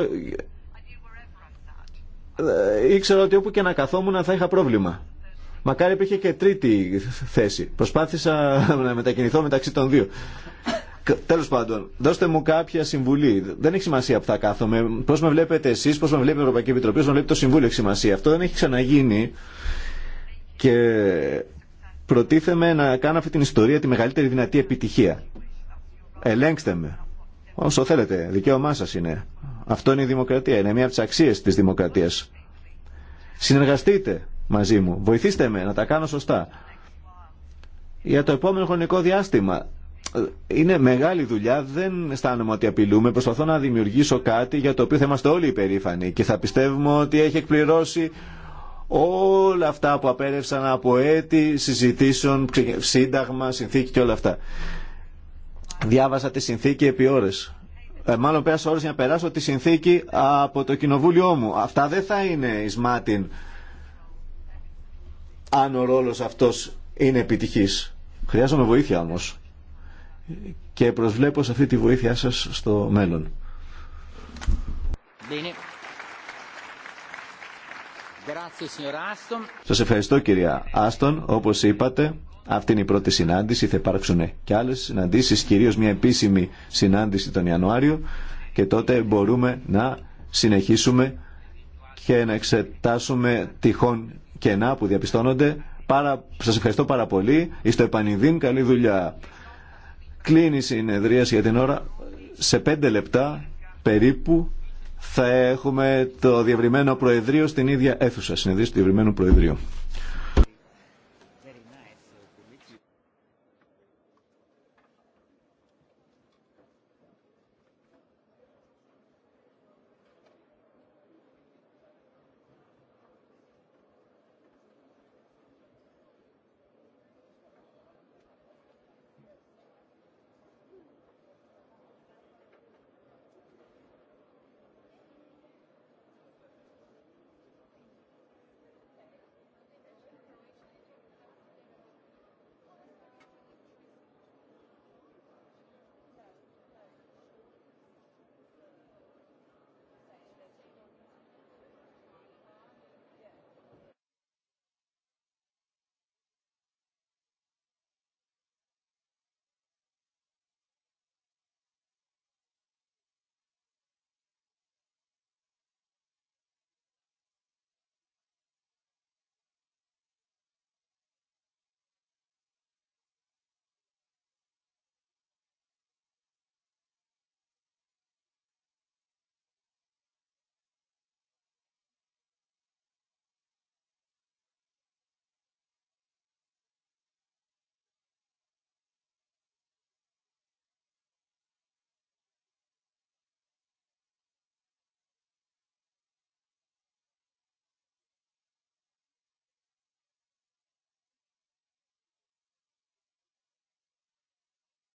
ε, ήξερα ότι όπου και να καθόμουν θα είχα πρόβλημα. Μακάρι υπήρχε και τρίτη θέση. Προσπάθησα να μετακινηθώ μεταξύ των δύο. Τέλο πάντων, δώστε μου κάποια συμβουλή. Δεν έχει σημασία που θα κάθομαι. Πώ με βλέπετε εσεί, πώ με βλέπετε η Ευρωπαϊκή Επιτροπή, πώ με βλέπει το Συμβούλιο, έχει σημασία. Αυτό δεν έχει ξαναγίνει. Και προτίθεμαι να κάνω αυτή την ιστορία τη μεγαλύτερη δυνατή επιτυχία. Ελέγξτε με. Όσο θέλετε. Δικαίωμά σα είναι. Αυτό είναι η δημοκρατία. Είναι μία από τι αξίε τη δημοκρατία. Συνεργαστείτε μαζί μου. Βοηθήστε με να τα κάνω σωστά. Για το επόμενο χρονικό διάστημα είναι μεγάλη δουλειά, δεν αισθάνομαι ότι απειλούμε. Προσπαθώ να δημιουργήσω κάτι για το οποίο θα είμαστε όλοι υπερήφανοι και θα πιστεύουμε ότι έχει εκπληρώσει όλα αυτά που απέρευσαν από έτη συζητήσεων, σύνταγμα, συνθήκη και όλα αυτά. Διάβασα τη συνθήκη επί ώρες. Ε, μάλλον πέρασα ώρες για να περάσω τη συνθήκη από το κοινοβούλιο μου. Αυτά δεν θα είναι εις αν ο ρόλος αυτός είναι επιτυχής. Χρειάζομαι βοήθεια όμως και προσβλέπω σε αυτή τη βοήθειά σας στο μέλλον. Σας ευχαριστώ κυρία Άστον. Όπως είπατε, αυτή είναι η πρώτη συνάντηση. Θα υπάρξουν και άλλες συναντήσεις, κυρίως μια επίσημη συνάντηση τον Ιανουάριο και τότε μπορούμε να συνεχίσουμε και να εξετάσουμε τυχόν κενά που διαπιστώνονται. Πάρα, σας ευχαριστώ πάρα πολύ. Είστε επανειδήν. Καλή δουλειά. Κλείνει η συνεδρίαση για την ώρα. Σε πέντε λεπτά περίπου θα έχουμε το διευρυμένο Προεδρείο στην ίδια αίθουσα. Συνεδρίαση του διευρυμένου Προεδρείου.